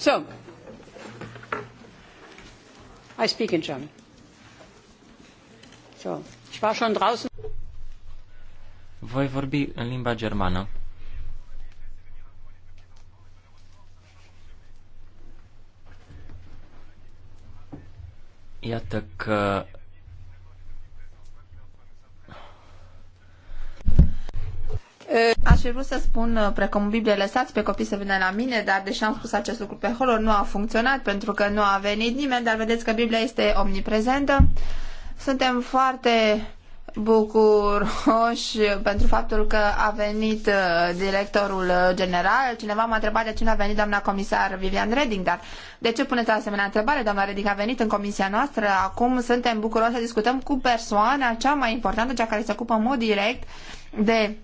So, I speak in German. So, ich war schon draußen. Voi vorbi în limba germană. Iată că Aș fi vrut să spun, uh, precum Biblie, lăsați pe copii să vină la mine, dar deși am spus acest lucru pe holor, nu a funcționat pentru că nu a venit nimeni, dar vedeți că Biblia este omniprezentă. Suntem foarte bucuroși pentru faptul că a venit uh, directorul uh, general. Cineva m-a întrebat de cine a venit doamna comisar Vivian Reding, dar de ce puneți o asemenea întrebare? Doamna Reding a venit în comisia noastră, acum suntem bucuroși să discutăm cu persoana cea mai importantă, cea care se ocupă în mod direct de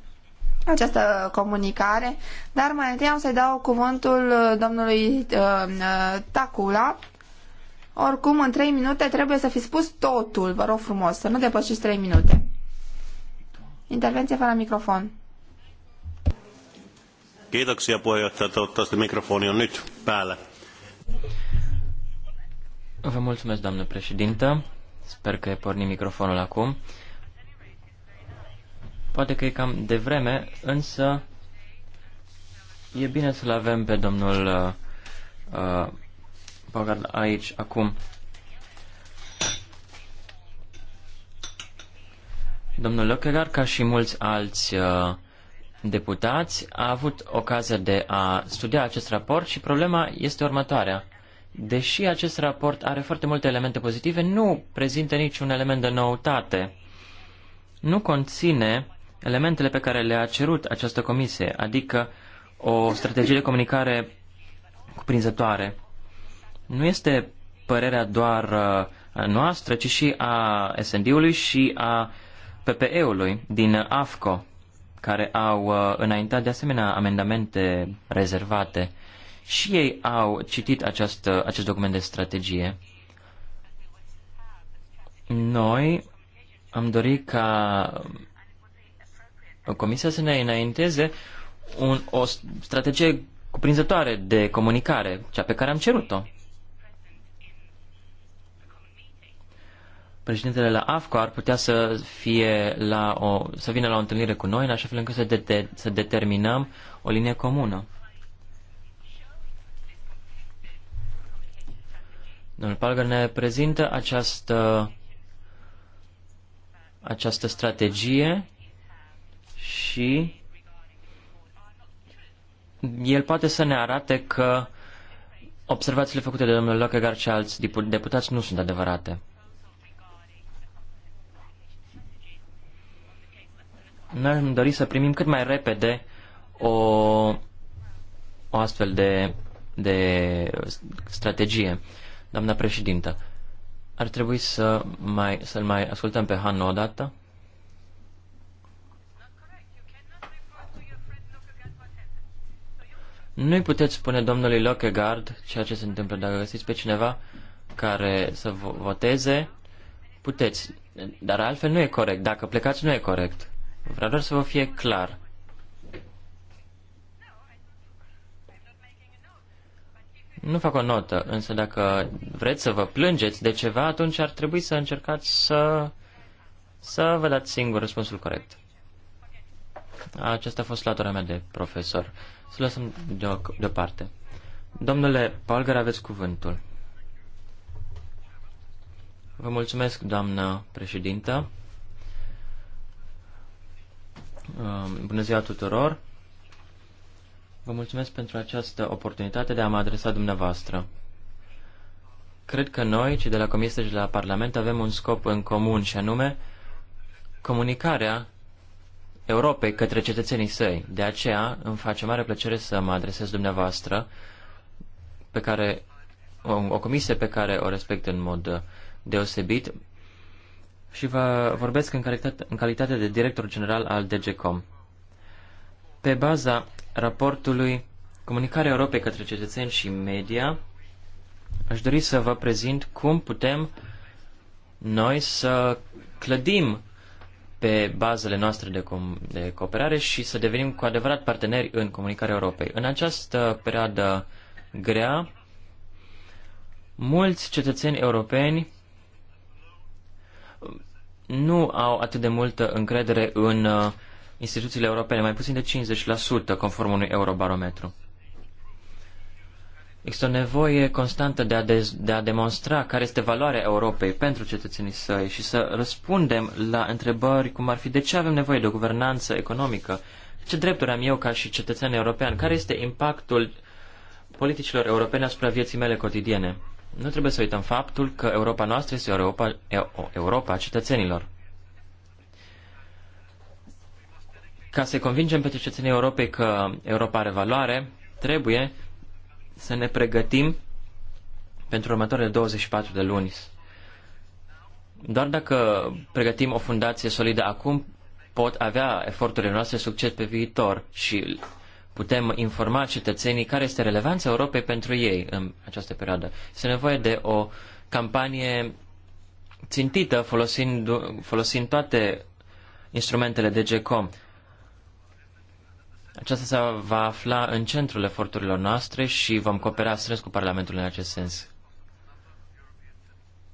această comunicare, dar mai întâi am să-i dau cuvântul uh, domnului uh, uh, Tacula. Oricum, în trei minute trebuie să fi spus totul, vă rog frumos, să nu depășiți trei minute. Intervenție fără microfon. Kiitoksia puheenjohtaja, toivottavasti mikrofoni on nyt päällä. Vă mulțumesc, doamnă președintă. Sper că e pornit microfonul acum. Poate că e cam devreme, însă e bine să-l avem pe domnul uh, uh, aici, acum. Domnul Lockegar, ca și mulți alți uh, deputați, a avut ocazia de a studia acest raport și problema este următoarea. Deși acest raport are foarte multe elemente pozitive, nu prezintă niciun element de noutate. Nu conține elementele pe care le-a cerut această comisie, adică o strategie de comunicare cuprinzătoare. Nu este părerea doar a uh, noastră, ci și a SND-ului și a PPE-ului din AFCO, care au uh, înaintat de asemenea amendamente rezervate. Și ei au citit acest uh, acest document de strategie. Noi am dorit ca Comisia să ne înainteze un, o strategie cuprinzătoare de comunicare, cea pe care am cerut-o. Președintele la AFCO ar putea să, fie la o, să vină la o întâlnire cu noi, în așa fel încât să, de, să determinăm o linie comună. Domnul Palgar ne prezintă această, această strategie și el poate să ne arate că observațiile făcute de domnul Lockegar și alți deputați nu sunt adevărate. Noi am dori să primim cât mai repede o, o astfel de, de strategie. Doamna președintă, ar trebui să mai, să-l mai ascultăm pe Han o dată? Nu-i puteți spune domnului Lockegard ceea ce se întâmplă dacă găsiți pe cineva care să voteze, puteți. Dar altfel nu e corect. Dacă plecați, nu e corect. Vreau doar să vă fie clar. Nu fac o notă, însă dacă vreți să vă plângeți de ceva, atunci ar trebui să încercați să, să vă dați singur răspunsul corect. Aceasta a fost latura mea de profesor. Să lăsăm deoparte. Domnule Palgar, aveți cuvântul. Vă mulțumesc, doamnă președintă. Um, bună ziua tuturor. Vă mulțumesc pentru această oportunitate de a mă adresa dumneavoastră. Cred că noi, cei de la Comisie și de la Parlament, avem un scop în comun și anume comunicarea Europei către cetățenii săi. De aceea îmi face mare plăcere să mă adresez dumneavoastră, pe care, o, o comisie pe care o respect în mod deosebit și vă vorbesc în calitate, în calitate de director general al DGCOM. Pe baza raportului Comunicarea Europei către cetățeni și media, aș dori să vă prezint cum putem noi să clădim pe bazele noastre de, com- de cooperare și să devenim cu adevărat parteneri în comunicarea Europei. În această perioadă grea, mulți cetățeni europeni nu au atât de multă încredere în uh, instituțiile europene, mai puțin de 50% conform unui eurobarometru. Există o nevoie constantă de a, de, de a demonstra care este valoarea Europei pentru cetățenii săi și să răspundem la întrebări cum ar fi de ce avem nevoie de o guvernanță economică, ce drepturi am eu ca și cetățean european, care este impactul politicilor europene asupra vieții mele cotidiene. Nu trebuie să uităm faptul că Europa noastră este Europa, Europa a cetățenilor. Ca să convingem pe cetățenii Europei că Europa are valoare, trebuie să ne pregătim pentru următoarele 24 de luni. Doar dacă pregătim o fundație solidă acum, pot avea eforturile noastre succes pe viitor și putem informa cetățenii care este relevanța Europei pentru ei în această perioadă. Este nevoie de o campanie țintită folosind, folosind toate instrumentele de GECOM. Aceasta se va afla în centrul eforturilor noastre și vom coopera strâns cu Parlamentul în acest sens.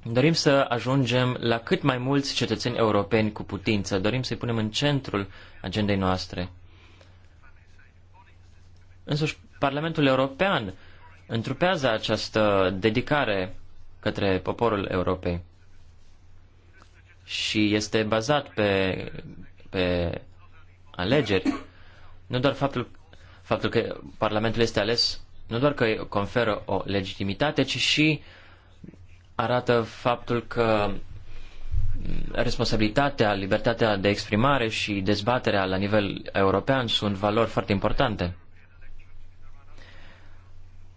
Dorim să ajungem la cât mai mulți cetățeni europeni cu putință. Dorim să-i punem în centrul agendei noastre. Însuși, Parlamentul European întrupează această dedicare către poporul Europei și este bazat pe, pe alegeri. Nu doar faptul, faptul că Parlamentul este ales, nu doar că conferă o legitimitate, ci și arată faptul că responsabilitatea, libertatea de exprimare și dezbaterea la nivel european sunt valori foarte importante.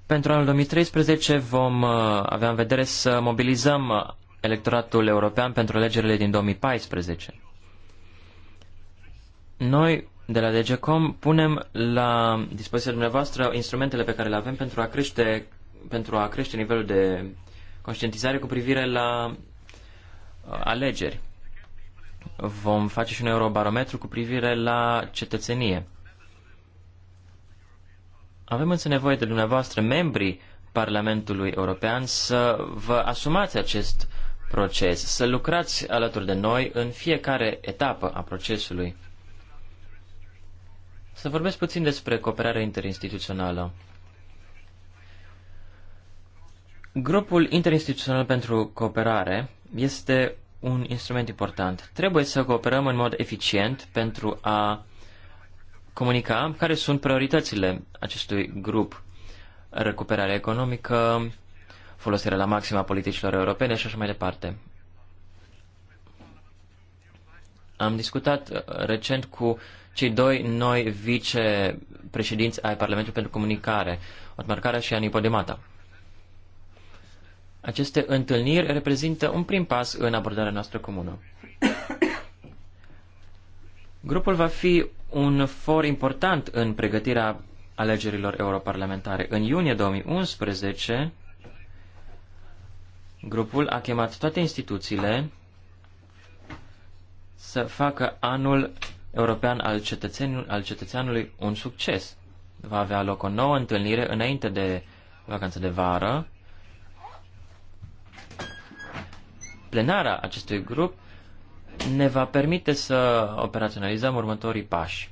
Pentru anul 2013 vom uh, avea în vedere să mobilizăm electoratul european pentru alegerile din 2014. Noi de la DGCOM punem la dispoziția dumneavoastră instrumentele pe care le avem pentru a crește, pentru a crește nivelul de conștientizare cu privire la uh, alegeri. Vom face și un eurobarometru cu privire la cetățenie. Avem însă nevoie de dumneavoastră, membrii Parlamentului European, să vă asumați acest proces, să lucrați alături de noi în fiecare etapă a procesului. Să vorbesc puțin despre cooperarea interinstituțională. Grupul interinstituțional pentru cooperare este un instrument important. Trebuie să cooperăm în mod eficient pentru a comunica care sunt prioritățile acestui grup. Recuperare economică, folosirea la maximă a politicilor europene și așa mai departe. Am discutat uh, recent cu cei doi noi vicepreședinți ai Parlamentului pentru Comunicare, Otmar Cara și Ani Podemata. Aceste întâlniri reprezintă un prim pas în abordarea noastră comună. Grupul va fi un for important în pregătirea alegerilor europarlamentare. În iunie 2011, grupul a chemat toate instituțiile să facă anul european al, al cetățeanului un succes. Va avea loc o nouă întâlnire înainte de vacanța de vară. Plenara acestui grup ne va permite să operaționalizăm următorii pași.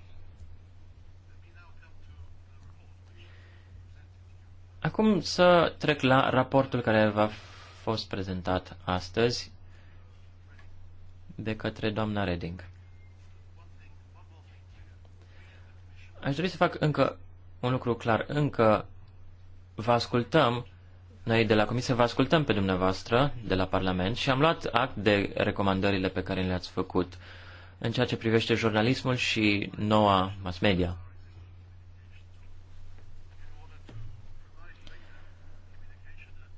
Acum să trec la raportul care va fost prezentat astăzi de către doamna Redding. Aș dori să fac încă un lucru clar. Încă vă ascultăm, noi de la Comisie vă ascultăm pe dumneavoastră de la Parlament și am luat act de recomandările pe care le-ați făcut în ceea ce privește jurnalismul și noua mass media.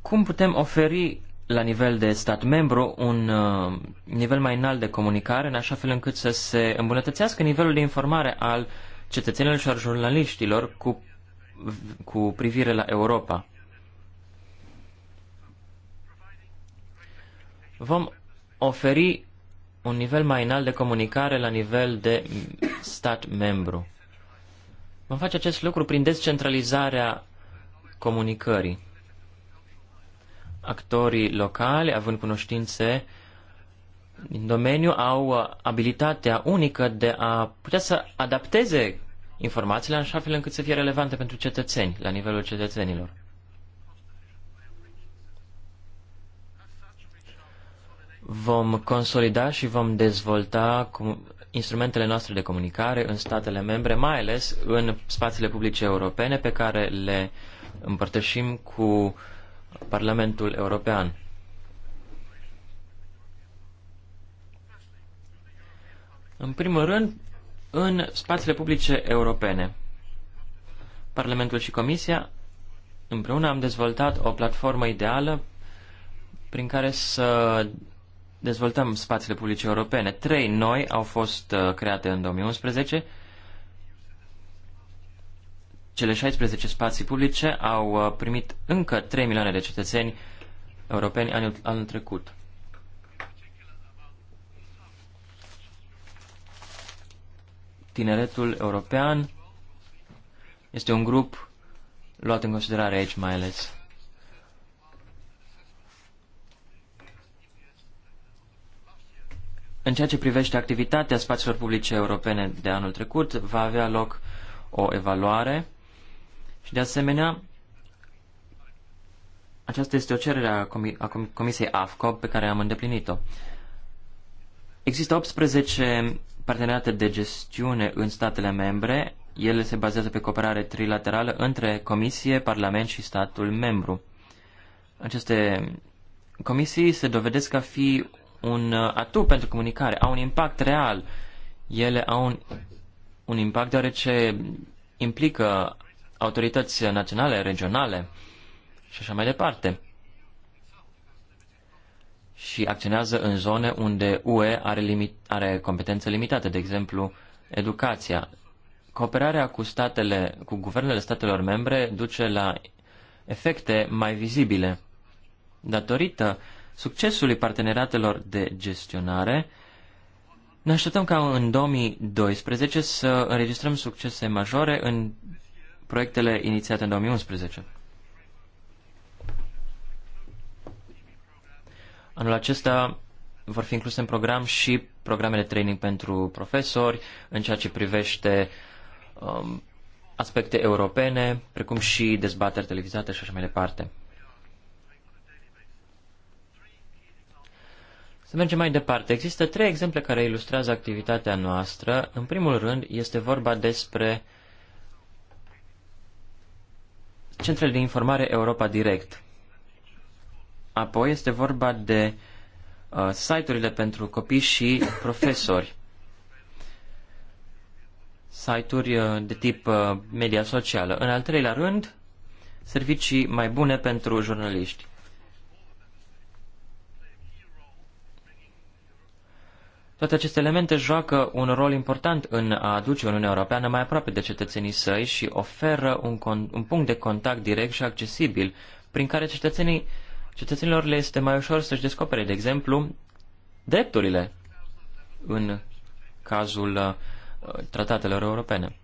Cum putem oferi la nivel de stat membru un uh, nivel mai înalt de comunicare, în așa fel încât să se îmbunătățească nivelul de informare al uh, cetățenilor și al jurnaliștilor cu, cu privire la Europa. Vom oferi un nivel mai înalt de comunicare la nivel de stat membru. Vom face acest lucru prin descentralizarea comunicării. Actorii locali, având cunoștințe din domeniu au uh, abilitatea unică de a putea să adapteze informațiile în așa fel încât să fie relevante pentru cetățeni, la nivelul cetățenilor. Vom consolida și vom dezvolta instrumentele noastre de comunicare în statele membre, mai ales în spațiile publice europene pe care le împărtășim cu Parlamentul European. În primul rând, în spațiile publice europene. Parlamentul și Comisia împreună am dezvoltat o platformă ideală prin care să dezvoltăm spațiile publice europene. Trei noi au fost uh, create în 2011. Cele 16 spații publice au uh, primit încă 3 milioane de cetățeni europeni anul, anul trecut. Tineretul European este un grup luat în considerare aici mai ales. În ceea ce privește activitatea spațiilor publice europene de anul trecut, va avea loc o evaluare și, de asemenea, aceasta este o cerere a, comi- a Comisiei AFCO pe care am îndeplinit-o. Există 18 parteneriate de gestiune în statele membre. Ele se bazează pe cooperare trilaterală între Comisie, Parlament și statul membru. Aceste comisii se dovedesc a fi un atu pentru comunicare, au un impact real. Ele au un, un impact deoarece implică autorități naționale, regionale și așa mai departe și acționează în zone unde UE are, limit, are competențe limitate, de exemplu, educația. Cooperarea cu statele, cu guvernele statelor membre duce la efecte mai vizibile. Datorită succesului parteneratelor de gestionare, ne așteptăm ca în 2012 să înregistrăm succese majore în proiectele inițiate în 2011. Anul acesta vor fi incluse în program și programele training pentru profesori în ceea ce privește um, aspecte europene, precum și dezbateri televizate și așa mai departe. Să mergem mai departe. Există trei exemple care ilustrează activitatea noastră. În primul rând, este vorba despre centrele de informare Europa Direct. Apoi este vorba de uh, site-urile pentru copii și profesori. Site-uri uh, de tip uh, media socială. În al treilea rând, servicii mai bune pentru jurnaliști. Toate aceste elemente joacă un rol important în a aduce Uniunea Europeană mai aproape de cetățenii săi și oferă un, un punct de contact direct și accesibil prin care cetățenii cetățenilor le este mai ușor să-și descopere, de exemplu, drepturile în cazul uh, tratatelor europene.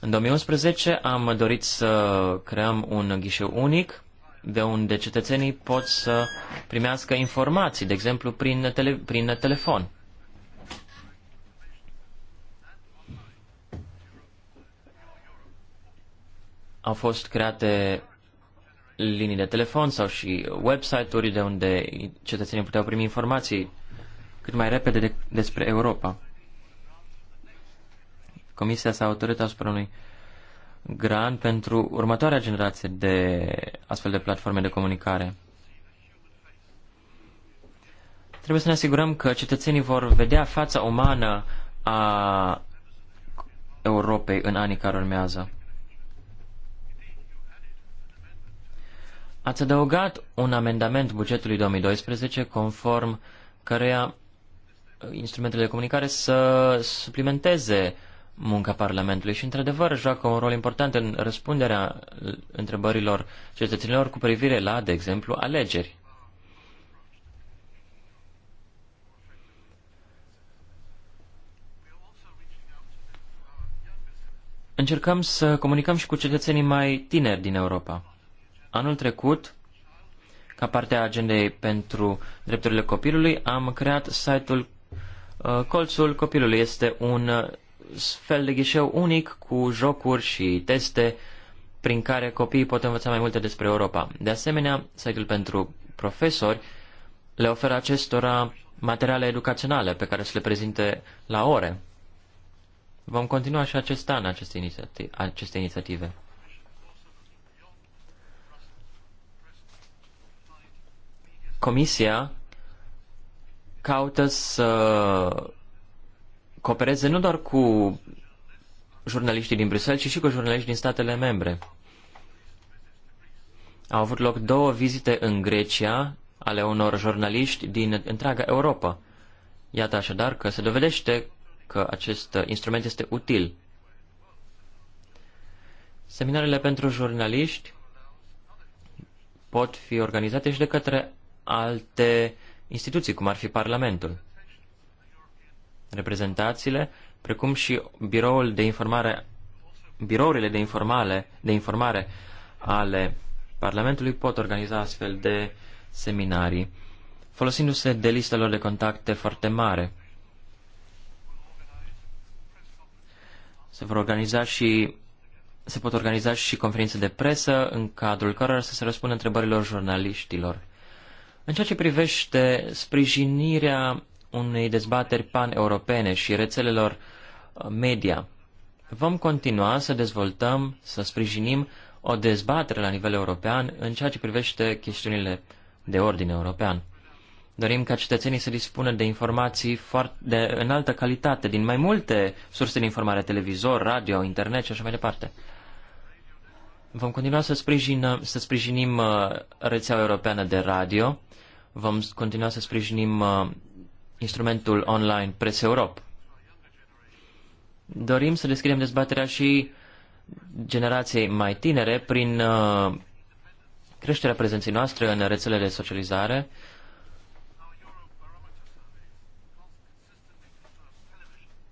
În 2011 am dorit să creăm un ghișeu unic de unde cetățenii pot să primească informații, de exemplu prin, tele, prin telefon. Au fost create linii de telefon sau și website-uri de unde cetățenii puteau primi informații cât mai repede de, despre Europa. Comisia s-a autorit asupra unui grant pentru următoarea generație de astfel de platforme de comunicare. Trebuie să ne asigurăm că cetățenii vor vedea fața umană a Europei în anii care urmează. Ați adăugat un amendament bugetului 2012 conform căreia instrumentele de comunicare să suplimenteze munca Parlamentului și, într-adevăr, joacă un rol important în răspunderea întrebărilor cetățenilor cu privire la, de exemplu, alegeri. Încercăm să comunicăm și cu cetățenii mai tineri din Europa. Anul trecut, ca parte a agendei pentru drepturile copilului, am creat site-ul uh, Colțul Copilului. Este un uh, fel de ghișeu unic cu jocuri și teste prin care copiii pot învăța mai multe despre Europa. De asemenea, site-ul pentru profesori le oferă acestora materiale educaționale pe care să le prezinte la ore. Vom continua și acest an aceste, inițiative. Comisia caută să coopereze nu doar cu jurnaliștii din Bruxelles, ci și cu jurnaliști din statele membre. Au avut loc două vizite în Grecia ale unor jurnaliști din întreaga Europa. Iată așadar că se dovedește că acest instrument este util. Seminarele pentru jurnaliști pot fi organizate și de către alte instituții, cum ar fi Parlamentul. Reprezentațiile, precum și biroul de informare, birourile de, informale, de informare ale Parlamentului pot organiza astfel de seminarii, folosindu-se de listelor de contacte foarte mare. Se vor organiza și se pot organiza și conferințe de presă în cadrul cărora să se răspundă întrebărilor jurnaliștilor. În ceea ce privește sprijinirea unei dezbateri pan-europene și rețelelor uh, media, vom continua să dezvoltăm, să sprijinim o dezbatere la nivel european în ceea ce privește chestiunile de ordine european. Dorim ca cetățenii să dispună de informații foarte, de înaltă calitate, din mai multe surse de informare, televizor, radio, internet și așa mai departe. Vom continua să, sprijină, să sprijinim uh, rețeaua europeană de radio, vom continua să sprijinim uh, instrumentul online Press Europe. Dorim să deschidem dezbaterea și generației mai tinere prin uh, creșterea prezenței noastre în rețelele de socializare,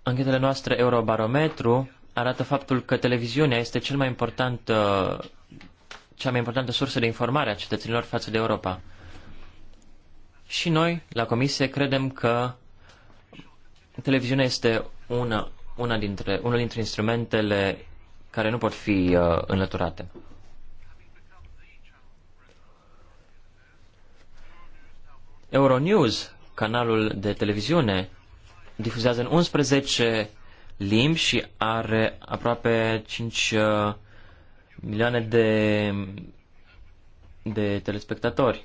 Anchetele noastre Eurobarometru arată faptul că televiziunea este cel mai important, uh, cea mai importantă sursă de informare a cetățenilor față de Europa. Și noi, la comisie, credem că televiziunea este una, una dintre, unul dintre instrumentele care nu pot fi uh, înlăturate. Euronews, canalul de televiziune, difuzează în 11 limbi și are aproape 5 uh, milioane de, de telespectatori.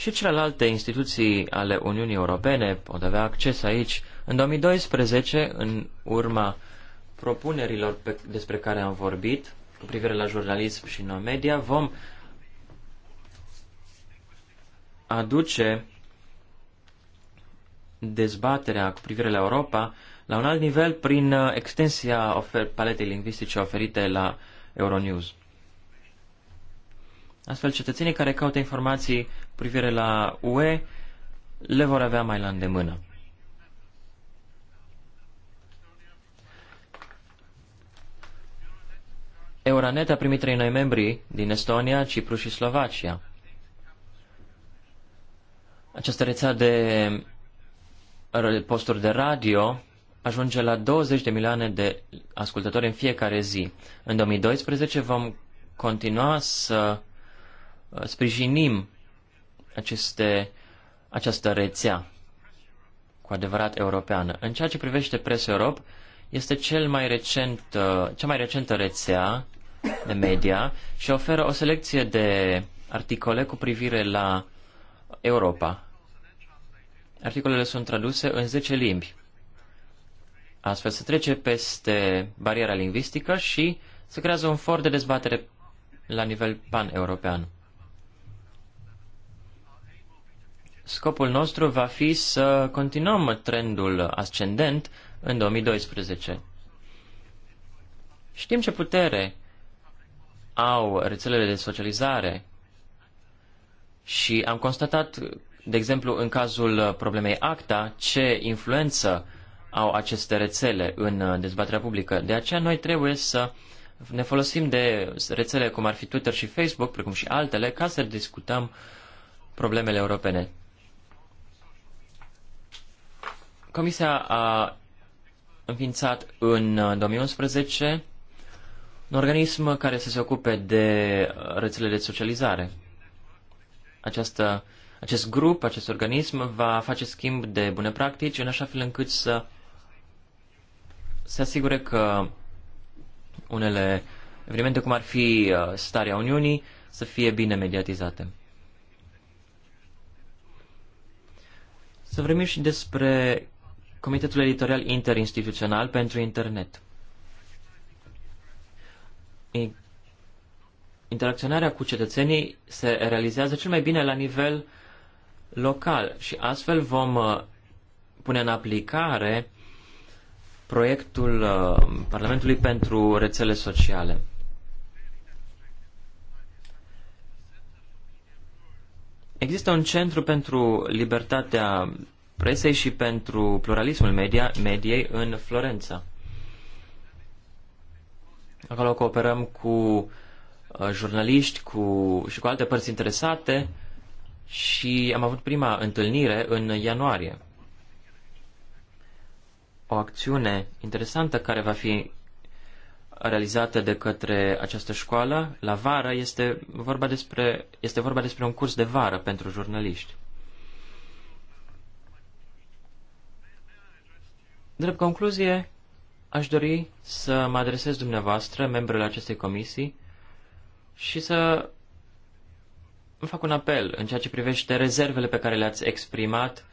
și celelalte instituții ale Uniunii Europene pot avea acces aici. În 2012, în urma propunerilor pe, despre care am vorbit, cu privire la jurnalism și non media, vom aduce dezbaterea cu privire la Europa la un alt nivel prin uh, extensia ofer- paletei lingvistice oferite la Euronews. Astfel, cetățenii care caută informații privire la UE le vor avea mai la îndemână. Euronet a primit trei noi membri din Estonia, Cipru și Slovacia. Această rețea de posturi de radio ajunge la 20 de milioane de ascultători în fiecare zi. În 2012 vom continua să uh, sprijinim aceste, această rețea cu adevărat europeană. În ceea ce privește Press Europe, este cel mai recent, uh, cea mai recentă rețea de media și oferă o selecție de articole cu privire la Europa. Articolele sunt traduse în 10 limbi. Astfel se trece peste bariera lingvistică și se creează un for de dezbatere la nivel pan-european. Scopul nostru va fi să continuăm trendul ascendent în 2012. Știm ce putere au rețelele de socializare și am constatat, de exemplu, în cazul problemei ACTA, ce influență au aceste rețele în dezbaterea publică. De aceea noi trebuie să ne folosim de rețele cum ar fi Twitter și Facebook, precum și altele, ca să discutăm problemele europene. Comisia a înființat în 2011 uh, un organism care să se ocupe de uh, rețelele de socializare. Această, acest grup, acest organism va face schimb de bune practici în așa fel încât să se asigure că unele evenimente, cum ar fi uh, starea Uniunii, să fie bine mediatizate. Să vorbim și despre Comitetul Editorial Interinstituțional pentru Internet. Interacționarea cu cetățenii se realizează cel mai bine la nivel local și astfel vom uh, pune în aplicare proiectul uh, Parlamentului pentru rețele sociale. Există un centru pentru libertatea presei și pentru pluralismul media, mediei în Florența. Acolo cooperăm cu uh, jurnaliști cu, și cu alte părți interesate și am avut prima întâlnire în ianuarie. O acțiune interesantă care va fi realizată de către această școală la vară este vorba despre, este vorba despre un curs de vară pentru jurnaliști. Drept concluzie, aș dori să mă adresez dumneavoastră, membrele acestei comisii, și să îmi fac un apel în ceea ce privește rezervele pe care le-ați exprimat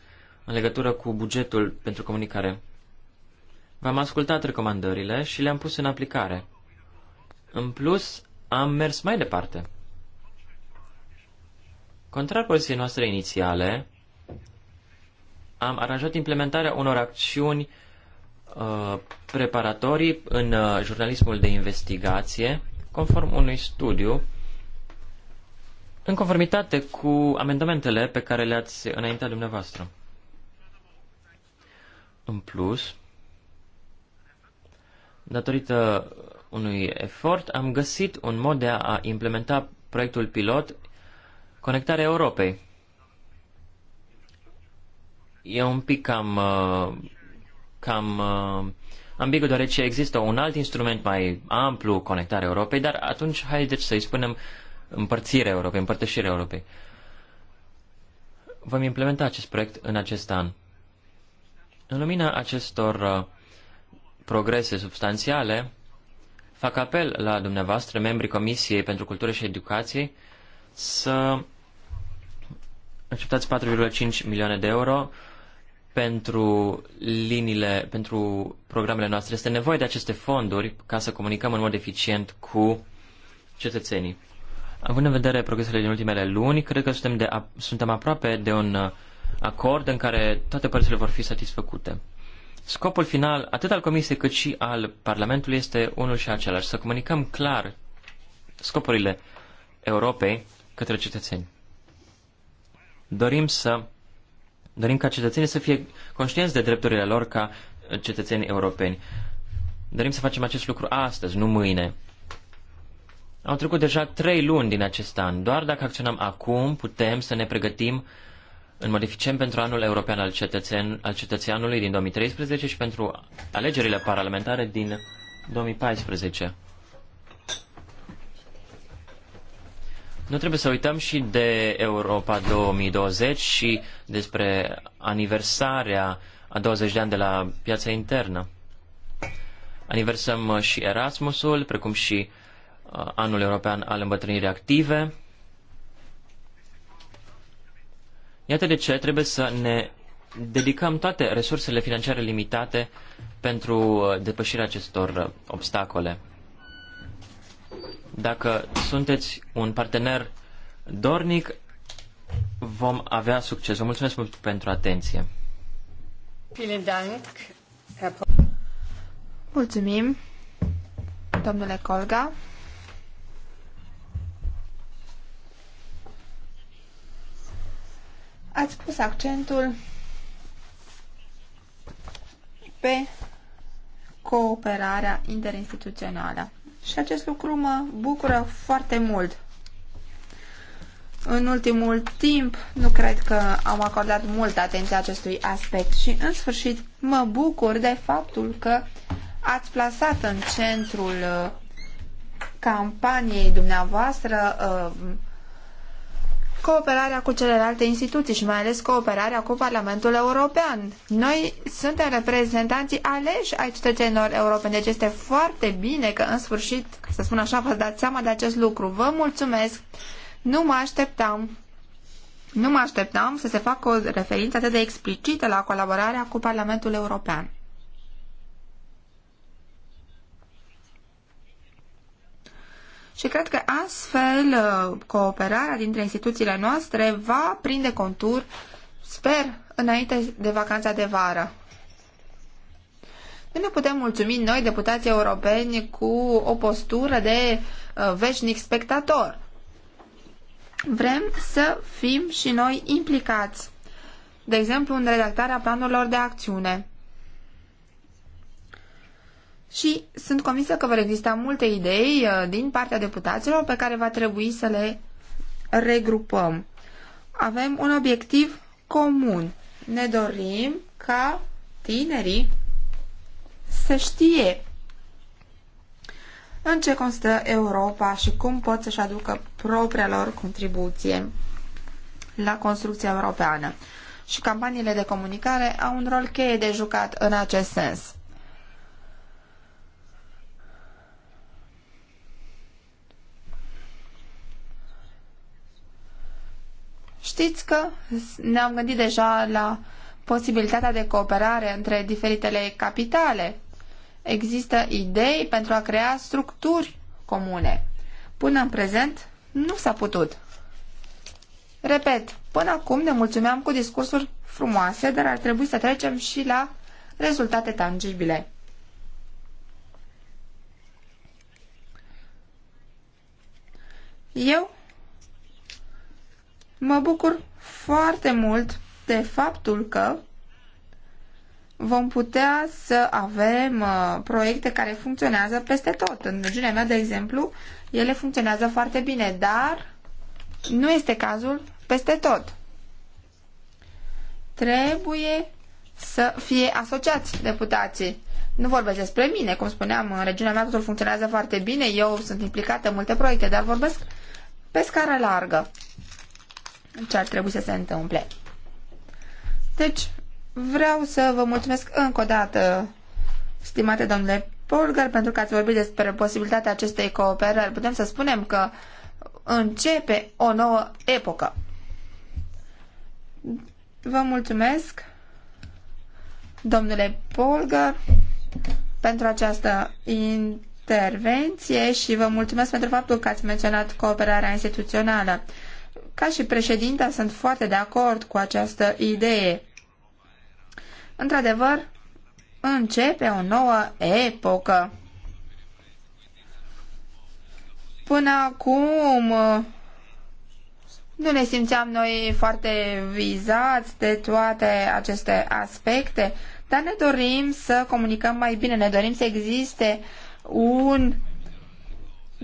în legătură cu bugetul pentru comunicare. V-am ascultat recomandările și le-am pus în aplicare. În plus, am mers mai departe. Contrar poziției noastre inițiale, am aranjat implementarea unor acțiuni Uh, preparatorii în uh, jurnalismul de investigație, conform unui studiu, în conformitate cu amendamentele pe care le-ați înaintat dumneavoastră. În plus, datorită unui efort, am găsit un mod de a implementa proiectul pilot Conectarea Europei. E un pic cam uh, cam uh, ambigu, deoarece există un alt instrument mai amplu, conectarea Europei, dar atunci haideți să-i spunem împărțirea Europei, împărtășirea Europei. Vom implementa acest proiect în acest an. În lumina acestor uh, progrese substanțiale, fac apel la dumneavoastră, membrii Comisiei pentru Cultură și Educație, să acceptați 4,5 milioane de euro pentru liniile, pentru programele noastre. Este nevoie de aceste fonduri ca să comunicăm în mod eficient cu cetățenii. Având în vedere progresele din ultimele luni, cred că suntem, de, suntem aproape de un acord în care toate părțile vor fi satisfăcute. Scopul final, atât al Comisiei cât și al Parlamentului, este unul și același, să comunicăm clar scopurile Europei către cetățeni. Dorim să Dorim ca cetățenii să fie conștienți de drepturile lor ca cetățeni europeni. Dorim să facem acest lucru astăzi, nu mâine. Au trecut deja trei luni din acest an. Doar dacă acționăm acum, putem să ne pregătim în modificăm pentru anul european al, cetățen, al cetățeanului din 2013 și pentru alegerile parlamentare din 2014. Nu trebuie să uităm și de Europa 2020 și despre aniversarea a 20 de ani de la piața internă. Aniversăm și Erasmusul, precum și uh, Anul European al Îmbătrânirii Active. Iată de ce trebuie să ne dedicăm toate resursele financiare limitate pentru uh, depășirea acestor uh, obstacole. Dacă sunteți un partener dornic, vom avea succes. Vă mulțumesc mult pentru atenție. Mulțumim, domnule Colga. Ați pus accentul pe cooperarea interinstituțională și acest lucru mă bucură foarte mult. În ultimul timp, nu cred că am acordat multă atenție acestui aspect și, în sfârșit, mă bucur de faptul că ați plasat în centrul uh, campaniei dumneavoastră uh, cooperarea cu celelalte instituții și mai ales cooperarea cu Parlamentul European. Noi suntem reprezentanții aleși ai cetățenilor europeni, deci este foarte bine că în sfârșit, ca să spun așa, vă dat seama de acest lucru. Vă mulțumesc! Nu mă așteptam nu mă așteptam să se facă o referință atât de explicită la colaborarea cu Parlamentul European. și cred că astfel uh, cooperarea dintre instituțiile noastre va prinde contur, sper, înainte de vacanța de vară. Nu ne putem mulțumi noi, deputații europeni, cu o postură de uh, veșnic spectator. Vrem să fim și noi implicați, de exemplu, în redactarea planurilor de acțiune și sunt convinsă că vor exista multe idei uh, din partea deputaților pe care va trebui să le regrupăm. Avem un obiectiv comun. Ne dorim ca tinerii să știe în ce constă Europa și cum pot să-și aducă propria lor contribuție la construcția europeană. Și campaniile de comunicare au un rol cheie de jucat în acest sens. Știți că ne-am gândit deja la posibilitatea de cooperare între diferitele capitale. Există idei pentru a crea structuri comune. Până în prezent, nu s-a putut. Repet, până acum ne mulțumeam cu discursuri frumoase, dar ar trebui să trecem și la rezultate tangibile. Eu Mă bucur foarte mult de faptul că vom putea să avem uh, proiecte care funcționează peste tot. În regiunea mea, de exemplu, ele funcționează foarte bine, dar nu este cazul peste tot. Trebuie să fie asociați deputații. Nu vorbesc despre mine, cum spuneam, în regiunea mea totul funcționează foarte bine, eu sunt implicată în multe proiecte, dar vorbesc pe scară largă ce ar trebui să se întâmple. Deci, vreau să vă mulțumesc încă o dată, stimate domnule Polgar, pentru că ați vorbit despre posibilitatea acestei cooperări. Putem să spunem că începe o nouă epocă. Vă mulțumesc, domnule Polgar, pentru această intervenție și vă mulțumesc pentru faptul că ați menționat cooperarea instituțională ca și președinta, sunt foarte de acord cu această idee. Într-adevăr, începe o nouă epocă. Până acum nu ne simțeam noi foarte vizați de toate aceste aspecte, dar ne dorim să comunicăm mai bine, ne dorim să existe un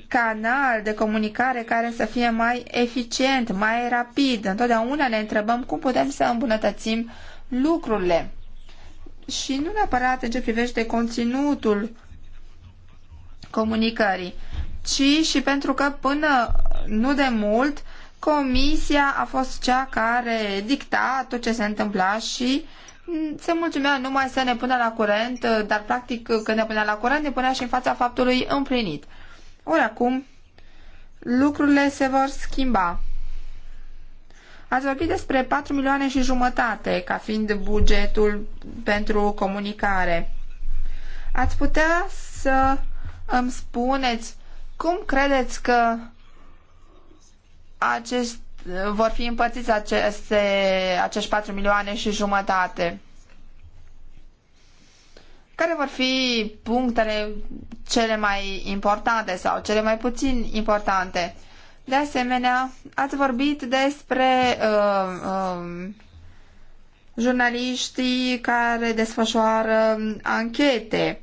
canal de comunicare care să fie mai eficient, mai rapid. Întotdeauna ne întrebăm cum putem să îmbunătățim lucrurile. Și nu neapărat în ce privește conținutul comunicării, ci și pentru că până nu de mult comisia a fost cea care dicta tot ce se întâmpla și se mulțumea numai să ne pună la curent, dar practic când ne punea la curent ne punea și în fața faptului împlinit. Ori acum lucrurile se vor schimba. Ați vorbit despre 4 milioane și jumătate ca fiind bugetul pentru comunicare. Ați putea să îmi spuneți cum credeți că acest, vor fi împărțiți aceste, acești 4 milioane și jumătate? Care vor fi punctele cele mai importante sau cele mai puțin importante? De asemenea, ați vorbit despre uh, uh, jurnaliștii care desfășoară anchete.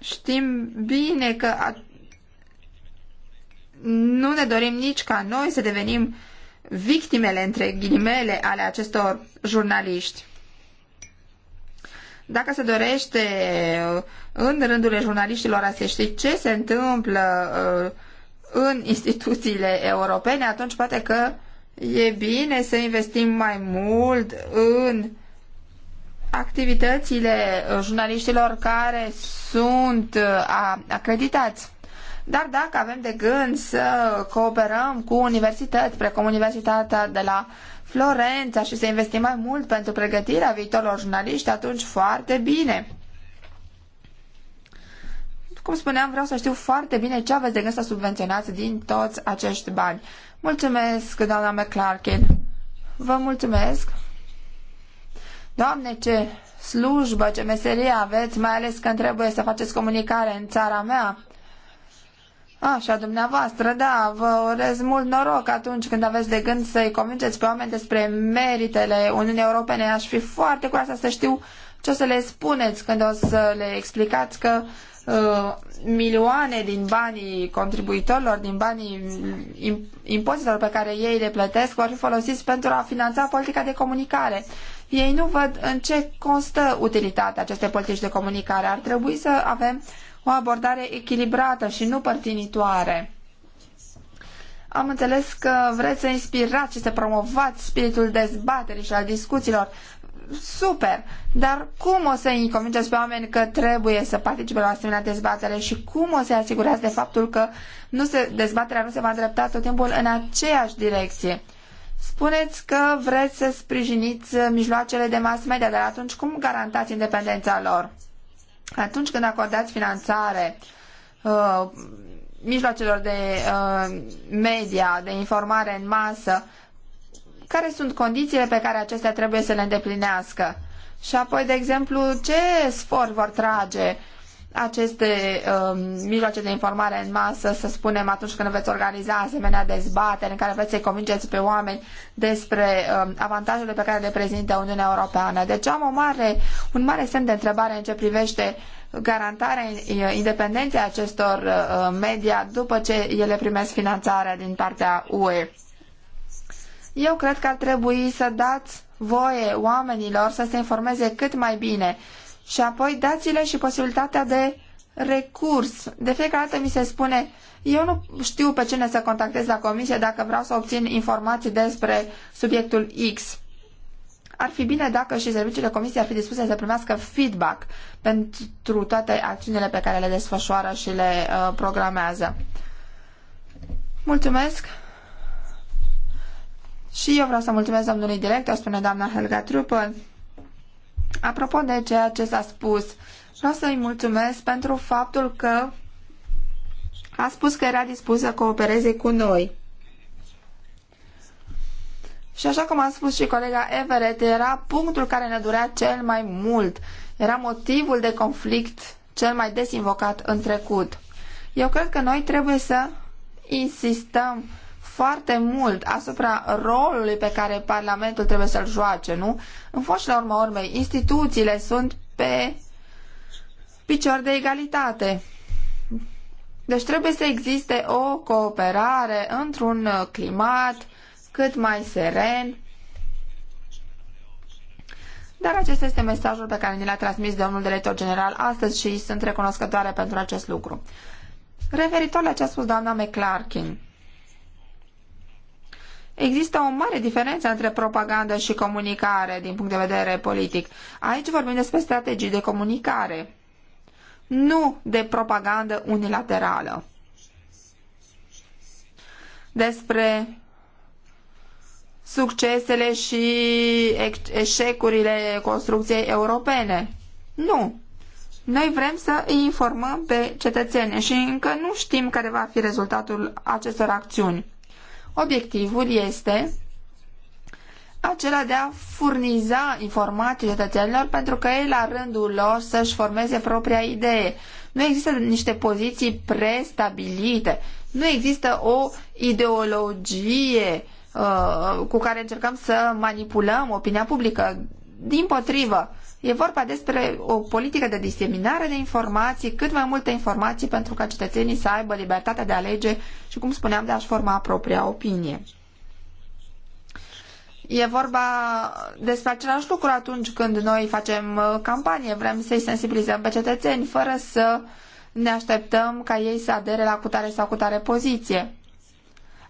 Știm bine că nu ne dorim nici ca noi să devenim victimele, între ghilimele, ale acestor jurnaliști dacă se dorește în rândurile jurnaliștilor a se ști ce se întâmplă uh, în instituțiile europene, atunci poate că e bine să investim mai mult în activitățile uh, jurnaliștilor care sunt uh, acreditați. Dar dacă avem de gând să cooperăm cu universități, precum Universitatea de la Florența și să investim mai mult pentru pregătirea viitorilor jurnaliști, atunci foarte bine. Cum spuneam, vreau să știu foarte bine ce aveți de gând să subvenționați din toți acești bani. Mulțumesc, doamna McClarkin. Vă mulțumesc. Doamne, ce slujbă, ce meserie aveți, mai ales când trebuie să faceți comunicare în țara mea. Așa, dumneavoastră, da, vă urez mult noroc atunci când aveți de gând să-i convingeți pe oameni despre meritele Uniunii Europene. Aș fi foarte curioasă să știu ce o să le spuneți când o să le explicați că uh, milioane din banii contribuitorilor, din banii mm, impozitelor pe care ei le plătesc, vor fi folosiți pentru a finanța politica de comunicare. Ei nu văd în ce constă utilitatea acestei politici de comunicare. Ar trebui să avem uh, o abordare echilibrată și nu părtinitoare. Am înțeles că vreți să inspirați și să promovați spiritul dezbaterii și al discuțiilor. Super! Dar cum o să îi convingeți pe oameni că trebuie să participe la asemenea dezbatere și cum o să asigurați de faptul că nu se, dezbaterea nu se va îndrepta tot timpul în aceeași direcție? Spuneți că vreți să sprijiniți mijloacele de mass media, dar atunci cum garantați independența lor? atunci când acordați finanțare uh, mijloacelor de uh, media, de informare în masă, care sunt condițiile pe care acestea trebuie să le îndeplinească? Și apoi, de exemplu, ce sfor vor trage aceste um, mijloace de informare în masă, să spunem, atunci când veți organiza asemenea dezbateri în care vreți să-i convingeți pe oameni despre um, avantajele pe care le prezintă Uniunea Europeană. Deci am o mare, un mare semn de întrebare în ce privește garantarea uh, independenței acestor uh, media după ce ele primesc finanțarea din partea UE. Eu cred că ar trebui să dați voie oamenilor să se informeze cât mai bine și apoi dați-le și posibilitatea de recurs. De fiecare dată mi se spune, eu nu știu pe cine să contactez la comisie dacă vreau să obțin informații despre subiectul X. Ar fi bine dacă și serviciile comisiei ar fi dispuse să primească feedback pentru toate acțiunile pe care le desfășoară și le uh, programează. Mulțumesc! Și eu vreau să mulțumesc domnului director, spune doamna Helga Trupel. Apropo de ceea ce s-a spus, vreau să-i mulțumesc pentru faptul că a spus că era dispus să coopereze cu noi. Și așa cum a spus și colega Everett, era punctul care ne durea cel mai mult. Era motivul de conflict cel mai des invocat în trecut. Eu cred că noi trebuie să insistăm foarte mult asupra rolului pe care Parlamentul trebuie să-l joace, nu? În fost și la urma urmei, instituțiile sunt pe picior de egalitate. Deci trebuie să existe o cooperare într-un climat cât mai seren. Dar acesta este mesajul pe care ni l-a transmis domnul director general astăzi și sunt recunoscătoare pentru acest lucru. Referitor la ce a spus doamna McClarkin, Există o mare diferență între propagandă și comunicare din punct de vedere politic. Aici vorbim despre strategii de comunicare, nu de propagandă unilaterală. Despre succesele și eșecurile construcției europene. Nu. Noi vrem să îi informăm pe cetățeni și încă nu știm care va fi rezultatul acestor acțiuni. Obiectivul este acela de a furniza informații cetățenilor pentru că ei la rândul lor să-și formeze propria idee. Nu există niște poziții prestabilite, nu există o ideologie uh, cu care încercăm să manipulăm opinia publică. Din potrivă, E vorba despre o politică de diseminare de informații, cât mai multe informații pentru ca cetățenii să aibă libertatea de a alege și, cum spuneam, de a-și forma propria opinie. E vorba despre același lucru atunci când noi facem uh, campanie, vrem să-i sensibilizăm pe cetățeni, fără să ne așteptăm ca ei să adere la cutare sau cutare poziție.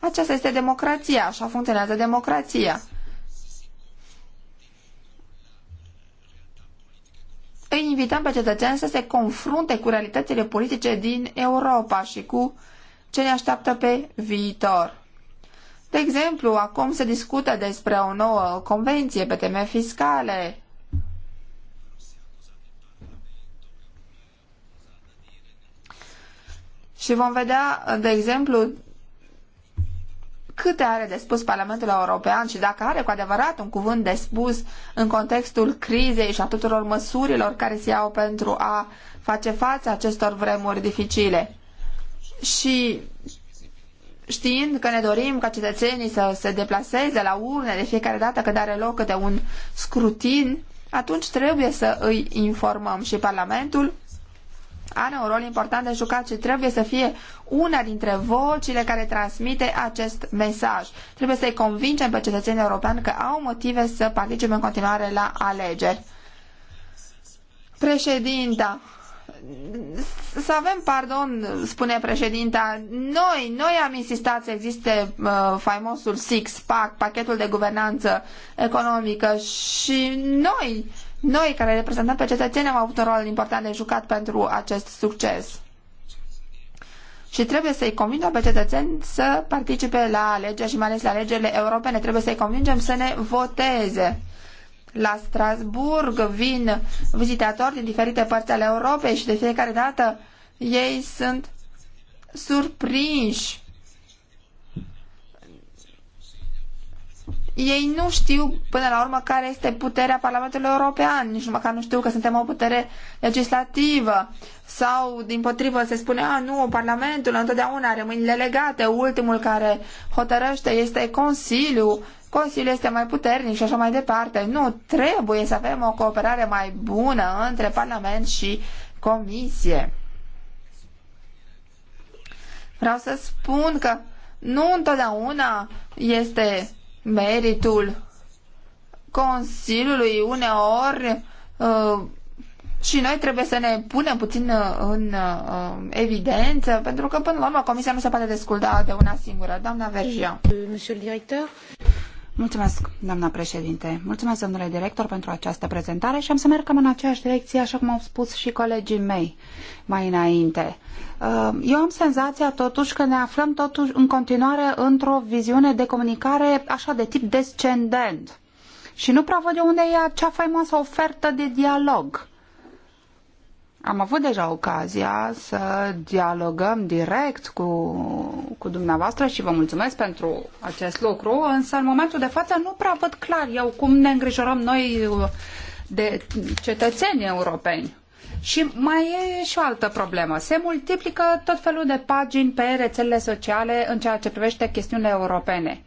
Aceasta este democrația, așa funcționează democrația. îi invităm pe cetățeni să se confrunte cu realitățile politice din Europa și cu ce ne așteaptă pe viitor. De exemplu, acum se discută despre o nouă convenție pe teme fiscale. Și vom vedea, de exemplu, câte are de spus Parlamentul European și dacă are cu adevărat un cuvânt de spus în contextul crizei și a tuturor măsurilor care se iau pentru a face față acestor vremuri dificile. Și știind că ne dorim ca cetățenii să se deplaseze la urne de fiecare dată când are loc câte un scrutin, atunci trebuie să îi informăm și Parlamentul are un rol important de jucat și trebuie să fie una dintre vocile care transmite acest mesaj. Trebuie să-i convingem pe cetățenii europeni că au motive să participe în continuare la alegeri. Președinta, să avem pardon, spune președinta, noi, noi am insistat să existe uh, faimosul six-pack, pachetul de guvernanță economică și noi noi, care reprezentăm pe cetățeni, am avut un rol important de jucat pentru acest succes. Și trebuie să-i convingem pe cetățeni să participe la alegeri și mai ales la alegerile europene. Trebuie să-i convingem să ne voteze. La Strasburg vin vizitatori din diferite părți ale Europei și de fiecare dată ei sunt surprinși Ei nu știu până la urmă care este puterea Parlamentului European, nici măcar nu știu că suntem o putere legislativă sau din potrivă se spune, a nu, Parlamentul întotdeauna are mâinile legate, ultimul care hotărăște este Consiliul, Consiliul este mai puternic și așa mai departe. Nu, trebuie să avem o cooperare mai bună între Parlament și Comisie. Vreau să spun că nu întotdeauna este meritul Consiliului uneori uh, și noi trebuie să ne punem puțin uh, în uh, evidență, pentru că până la urmă Comisia nu se poate desculda de una singură. Doamna Vergia. Monsieur le directeur. Mulțumesc, doamna președinte. Mulțumesc, domnule director, pentru această prezentare și am să merg cam în aceeași direcție, așa cum au spus și colegii mei mai înainte. Uh, eu am senzația, totuși, că ne aflăm totuși în continuare într-o viziune de comunicare așa de tip descendent. Și nu prea văd eu unde e cea faimoasă ofertă de dialog am avut deja ocazia să dialogăm direct cu, cu dumneavoastră și vă mulțumesc pentru acest lucru, însă în momentul de față nu prea văd clar eu cum ne îngrijorăm noi uh, de cetățeni europeni. Și mai e și o altă problemă. Se multiplică tot felul de pagini pe rețelele sociale în ceea ce privește chestiunile europene.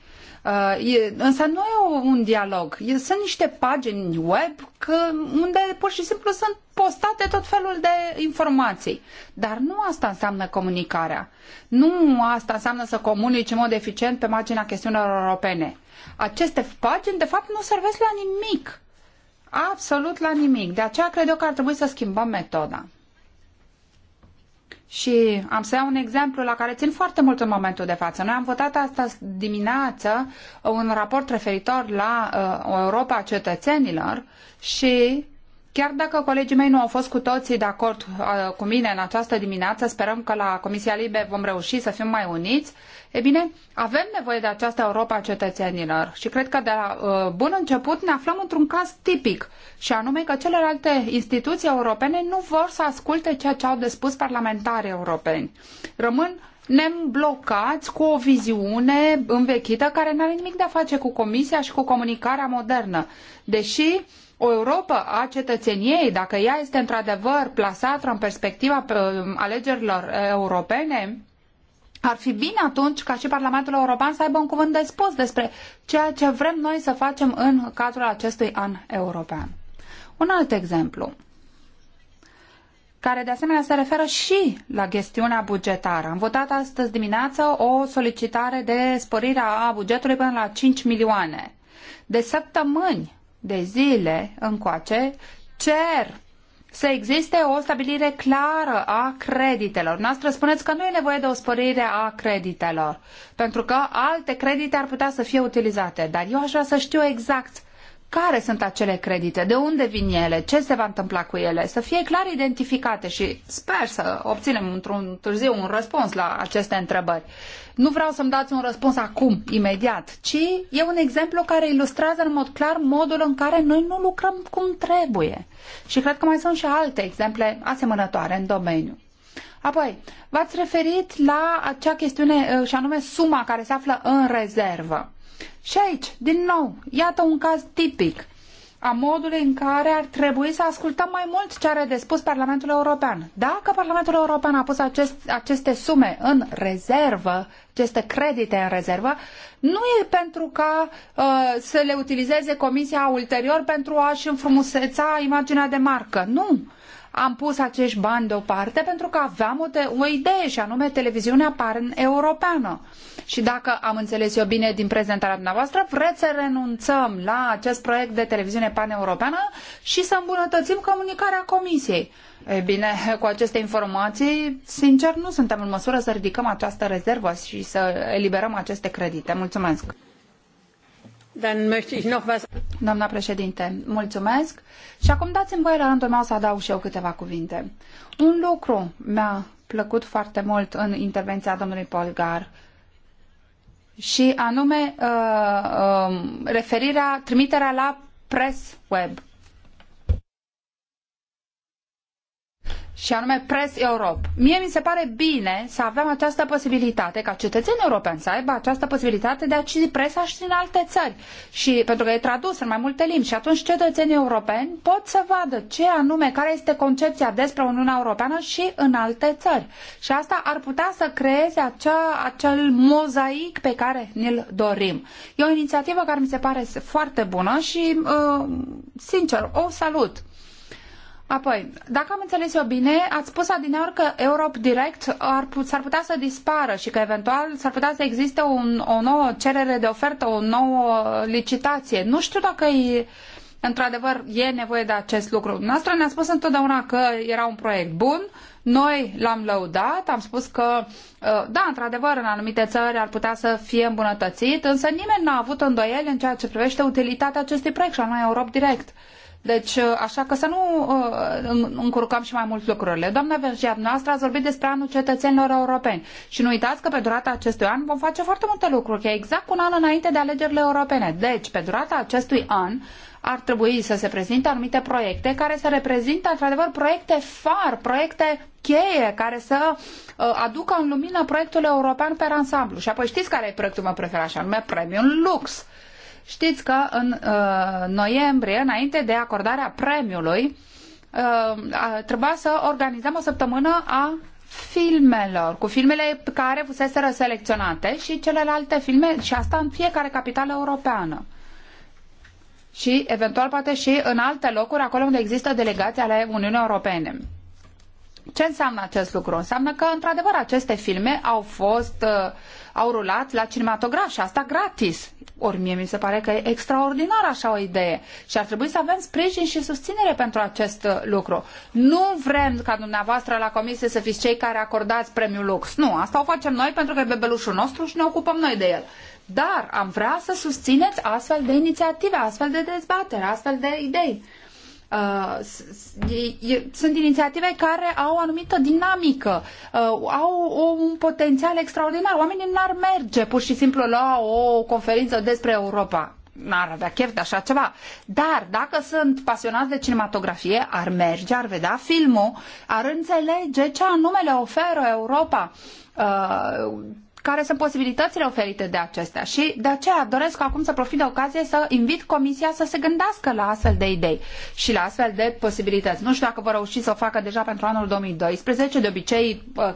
Uh, e, însă nu e un dialog. E, sunt niște pagini web că, unde pur și simplu sunt postate tot felul de informații. Dar nu asta înseamnă comunicarea. Nu asta înseamnă să comunici în mod eficient pe marginea chestiunilor europene. Aceste pagini, de fapt, nu servesc la nimic. Absolut la nimic. De aceea cred eu că ar trebui să schimbăm metoda. Și am să iau un exemplu la care țin foarte mult în momentul de față. Noi am votat asta dimineață un raport referitor la uh, Europa cetățenilor și Chiar dacă colegii mei nu au fost cu toții de acord uh, cu mine în această dimineață, sperăm că la Comisia Libe vom reuși să fim mai uniți, e bine, avem nevoie de această Europa a cetățenilor și cred că de la uh, bun început ne aflăm într-un caz tipic și anume că celelalte instituții europene nu vor să asculte ceea ce au de spus parlamentarii europeni. Rămân nemblocați cu o viziune învechită care nu are nimic de a face cu Comisia și cu comunicarea modernă, deși o Europa a cetățeniei, dacă ea este într-adevăr plasată în perspectiva um, alegerilor uh, europene, ar fi bine atunci ca și Parlamentul European să aibă un cuvânt de spus despre ceea ce vrem noi să facem în cadrul acestui an european. Un alt exemplu, care de asemenea se referă și la chestiunea bugetară. Am votat astăzi dimineață o solicitare de sporire a bugetului până la 5 milioane. De săptămâni de zile încoace cer să existe o stabilire clară a creditelor. Noastră spuneți că nu e nevoie de o spărire a creditelor, pentru că alte credite ar putea să fie utilizate, dar eu aș vrea să știu exact care sunt acele credite, de unde vin ele, ce se va întâmpla cu ele, să fie clar identificate și sper să obținem într-un târziu un răspuns la aceste întrebări. Nu vreau să-mi dați un răspuns acum, imediat, ci e un exemplu care ilustrează în mod clar modul în care noi nu lucrăm cum trebuie. Și cred că mai sunt și alte exemple asemănătoare în domeniu. Apoi, v-ați referit la acea chestiune eh, și anume suma care se află în rezervă. Și aici, din nou, iată un caz tipic a modului în care ar trebui să ascultăm mai mult ce are de spus Parlamentul European. Dacă Parlamentul European a pus acest, aceste sume în rezervă, aceste credite în rezervă, nu e pentru ca uh, să le utilizeze Comisia ulterior pentru a-și înfrumuseța imaginea de marcă. Nu! am pus acești bani deoparte pentru că aveam o, o idee și anume televiziunea pan-europeană. Și dacă am înțeles eu bine din prezentarea dumneavoastră, vreți să renunțăm la acest proiect de televiziune pan-europeană și să îmbunătățim comunicarea Comisiei. Ei bine, cu aceste informații, sincer, nu suntem în măsură să ridicăm această rezervă și să eliberăm aceste credite. Mulțumesc! Dann Doamna președinte, mulțumesc. Și acum dați-mi voie la rândul meu să adaug și eu câteva cuvinte. Un lucru mi-a plăcut foarte mult în intervenția domnului Polgar și anume uh, uh, referirea, trimiterea la press web. și anume Press Europe. Mie mi se pare bine să avem această posibilitate, ca cetățenii europeni să aibă această posibilitate de a citi presa și în alte țări, și, pentru că e tradus în mai multe limbi și atunci cetățenii europeni pot să vadă ce anume, care este concepția despre Uniunea Europeană și în alte țări. Și asta ar putea să creeze acea, acel mozaic pe care ne-l dorim. E o inițiativă care mi se pare foarte bună și, uh, sincer, o salut. Apoi, dacă am înțeles eu bine, ați spus adineori că Europe Direct ar, s-ar putea să dispară și că eventual s-ar putea să existe un, o nouă cerere de ofertă, o nouă licitație. Nu știu dacă e, într-adevăr e nevoie de acest lucru. Noastră ne-a spus întotdeauna că era un proiect bun, noi l-am lăudat, am spus că, ă, da, într-adevăr, în anumite țări ar putea să fie îmbunătățit, însă nimeni n-a avut îndoieli în ceea ce privește utilitatea acestui proiect, și anume Europe Direct. Deci, uh, așa că să nu uh, încurcăm și mai mult lucrurile. Doamna Vergea, noastră ați vorbit despre anul cetățenilor europeni și nu uitați că pe durata acestui an vom face foarte multe lucruri, că exact un an înainte de alegerile europene. Deci, pe durata acestui an ar trebui să se prezinte anumite proiecte care să reprezintă, într-adevăr, proiecte far, proiecte cheie, care să uh, aducă în lumină proiectul european pe ansamblu. Și apoi știți care e proiectul meu preferat, așa, anume Premium Lux Știți că în uh, noiembrie, înainte de acordarea premiului, uh, trebuia să organizăm o săptămână a filmelor, cu filmele care fuseseră selecționate și celelalte filme, și asta în fiecare capitală europeană. Și eventual poate și în alte locuri, acolo unde există delegații ale Uniunii Europene. Ce înseamnă acest lucru? Înseamnă că, într-adevăr, aceste filme au fost, uh, au rulat la cinematograf și asta gratis. Ori mie mi se pare că e extraordinar așa o idee și ar trebui să avem sprijin și susținere pentru acest uh, lucru. Nu vrem ca dumneavoastră la comisie să fiți cei care acordați premiul Lux. Nu, asta o facem noi pentru că e bebelușul nostru și ne ocupăm noi de el. Dar am vrea să susțineți astfel de inițiative, astfel de dezbatere, astfel de idei. Uh, sunt inițiative care au o anumită dinamică, uh, au un potențial extraordinar. Oamenii n-ar merge pur și simplu la o conferință despre Europa n-ar avea chef de așa ceva. Dar dacă sunt pasionați de cinematografie, ar merge, ar vedea filmul, ar înțelege ce anume le oferă Europa. Uh, care sunt posibilitățile oferite de acestea și de aceea doresc acum să profit de ocazie să invit Comisia să se gândească la astfel de idei și la astfel de posibilități. Nu știu dacă vor reuși să o facă deja pentru anul 2012, de obicei uh,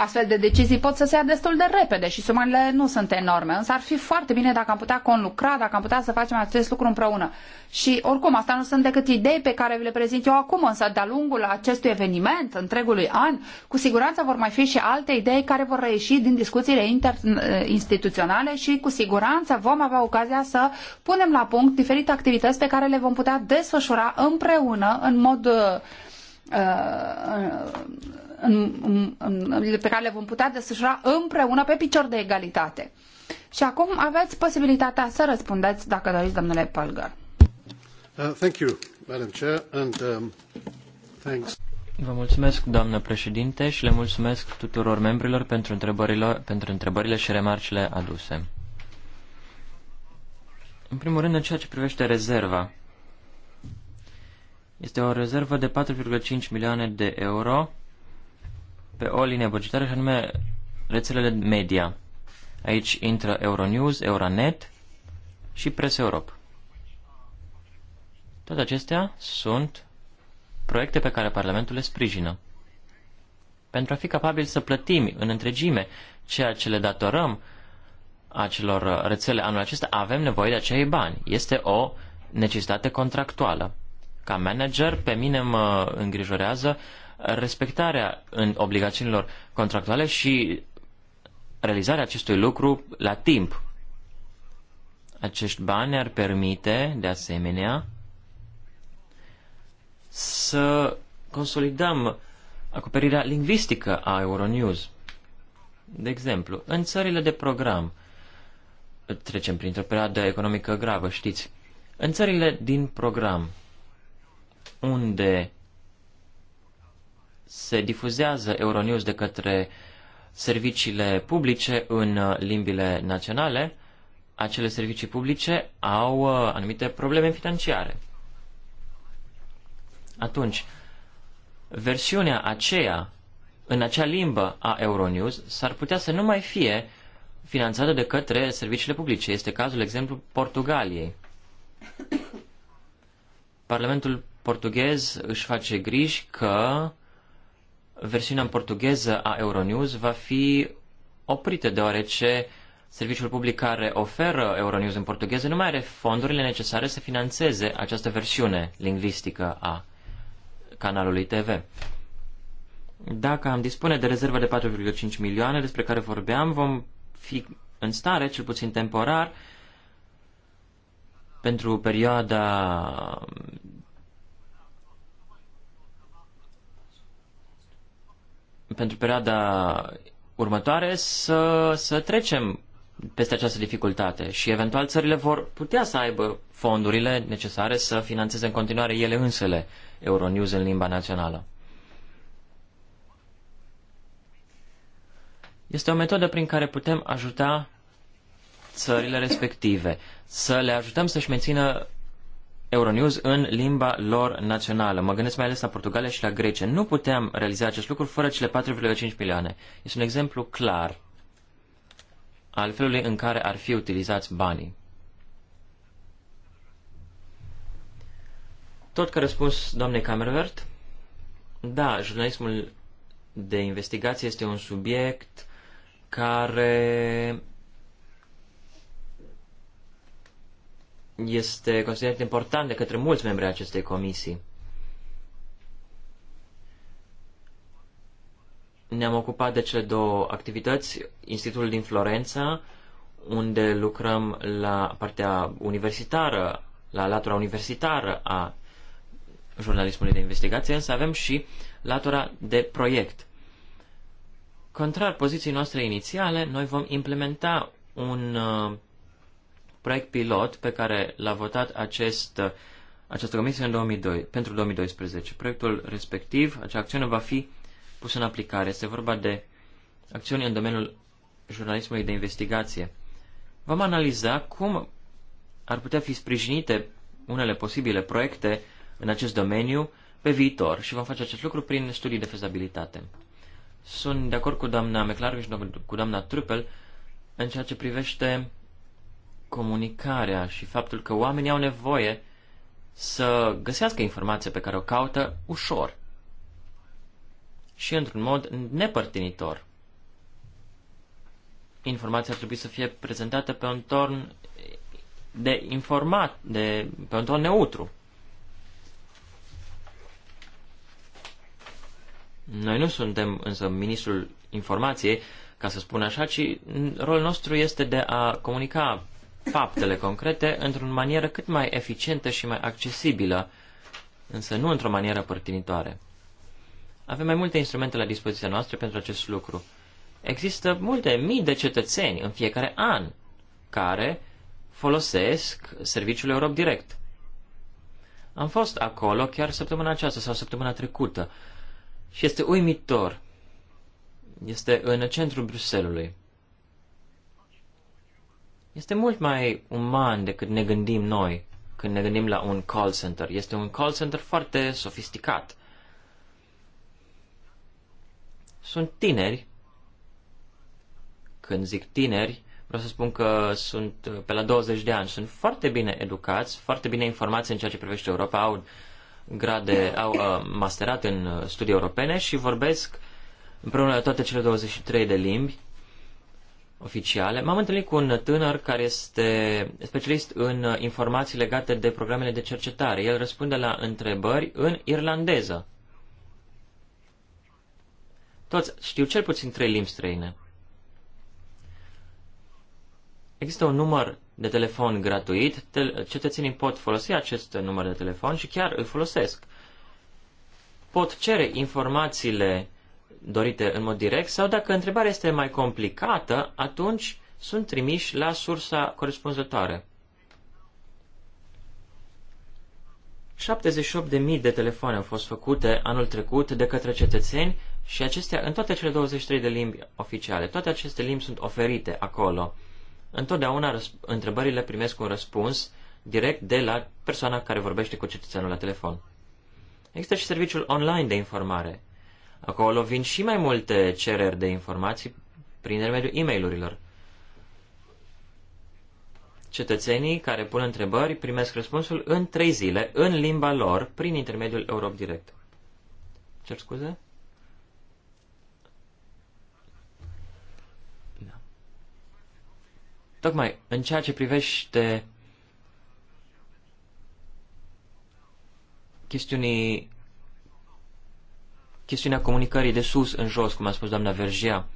Astfel de decizii pot să se ia destul de repede și sumele nu sunt enorme, însă ar fi foarte bine dacă am putea conlucra, dacă am putea să facem acest lucru împreună. Și oricum, asta nu sunt decât idei pe care vi le prezint eu acum, însă de-a lungul acestui eveniment, întregului an, cu siguranță vor mai fi și alte idei care vor reieși din discuțiile interinstituționale și cu siguranță vom avea ocazia să punem la punct diferite activități pe care le vom putea desfășura împreună în mod uh, uh, în, în, în, pe care le vom putea desfășura împreună pe picior de egalitate. Și acum aveți posibilitatea să răspundeți dacă doriți, domnule Polgar. Uh, thank you, Madam Chair, and um, thanks. Vă mulțumesc, doamnă președinte, și le mulțumesc tuturor membrilor pentru întrebările, pentru întrebările și remarcile aduse. În primul rând, în ceea ce privește rezerva, este o rezervă de 4,5 milioane de euro pe o linie bugetară și anume rețelele media. Aici intră Euronews, Euronet și Press Europe. Toate acestea sunt proiecte pe care Parlamentul le sprijină. Pentru a fi capabil să plătim în întregime ceea ce le datorăm acelor rețele anul acesta, avem nevoie de acei bani. Este o necesitate contractuală. Ca manager, pe mine mă îngrijorează respectarea în obligațiunilor contractuale și realizarea acestui lucru la timp. Acești bani ar permite, de asemenea, să consolidăm acoperirea lingvistică a Euronews. De exemplu, în țările de program, trecem printr-o perioadă economică gravă, știți, în țările din program, unde se difuzează Euronews de către serviciile publice în uh, limbile naționale, acele servicii publice au uh, anumite probleme financiare. Atunci, versiunea aceea, în acea limbă a Euronews, s-ar putea să nu mai fie finanțată de către serviciile publice. Este cazul, exemplu, Portugaliei. Parlamentul portughez își face griji că uh, versiunea în portugheză a Euronews va fi oprită, deoarece serviciul public care oferă Euronews în portugheză nu mai are fondurile necesare să financeze această versiune lingvistică a canalului TV. Dacă am dispune de rezervă de 4,5 milioane despre care vorbeam, vom fi în stare, cel puțin temporar, pentru perioada pentru perioada următoare să, să trecem peste această dificultate și eventual țările vor putea să aibă fondurile necesare să financeze în continuare ele însele Euronews în limba națională. Este o metodă prin care putem ajuta țările respective, să le ajutăm să-și mențină Euronews în limba lor națională. Mă gândesc mai ales la Portugalia și la Grecia. Nu puteam realiza acest lucru fără cele 4,5 milioane. Este un exemplu clar al felului în care ar fi utilizați banii. Tot că răspuns doamnei Camervert, da, jurnalismul de investigație este un subiect care este considerat important de către mulți membri ai acestei comisii. Ne-am ocupat de cele două activități, Institutul din Florența, unde lucrăm la partea universitară, la latura universitară a jurnalismului de investigație, însă avem și latura de proiect. Contrar poziției noastre inițiale, noi vom implementa un uh, proiect pilot pe care l-a votat acest, această comisie în 2002, pentru 2012. Proiectul respectiv, acea acțiune va fi pusă în aplicare. Este vorba de acțiuni în domeniul jurnalismului de investigație. Vom analiza cum ar putea fi sprijinite unele posibile proiecte în acest domeniu pe viitor și vom face acest lucru prin studii de fezabilitate. Sunt de acord cu doamna McLaren și cu doamna Truppel în ceea ce privește comunicarea și faptul că oamenii au nevoie să găsească informația pe care o caută ușor și într-un mod nepărtinitor. Informația ar trebui să fie prezentată pe un torn de informat, de, pe un torn neutru. Noi nu suntem însă ministrul informației, ca să spun așa, ci rolul nostru este de a comunica faptele concrete într-o manieră cât mai eficientă și mai accesibilă, însă nu într-o manieră părtinitoare. Avem mai multe instrumente la dispoziția noastră pentru acest lucru. Există multe mii de cetățeni în fiecare an care folosesc serviciul Europe Direct. Am fost acolo chiar săptămâna aceasta sau săptămâna trecută și este uimitor. Este în centrul Bruselului este mult mai uman decât ne gândim noi când ne gândim la un call center. Este un call center foarte sofisticat. Sunt tineri. Când zic tineri, vreau să spun că sunt uh, pe la 20 de ani. Sunt foarte bine educați, foarte bine informați în ceea ce privește Europa. Au grade, au uh, masterat în uh, studii europene și vorbesc împreună toate cele 23 de limbi oficiale. M-am întâlnit cu un tânăr care este specialist în informații legate de programele de cercetare. El răspunde la întrebări în irlandeză. Toți știu cel puțin trei limbi străine. Există un număr de telefon gratuit, cetățenii pot folosi acest număr de telefon și chiar îl folosesc. Pot cere informațiile dorite în mod direct sau dacă întrebarea este mai complicată, atunci sunt trimiși la sursa corespunzătoare. 78.000 de telefoane au fost făcute anul trecut de către cetățeni și acestea în toate cele 23 de limbi oficiale. Toate aceste limbi sunt oferite acolo. Întotdeauna întrebările primesc un răspuns direct de la persoana care vorbește cu cetățeanul la telefon. Există și serviciul online de informare. Acolo vin și mai multe cereri de informații prin intermediul e mail Cetățenii care pun întrebări primesc răspunsul în trei zile, în limba lor, prin intermediul Europe Direct. Cer scuze? Da. Tocmai în ceea ce privește chestiunii chestiunea comunicării de sus în jos, cum a spus doamna Vergia.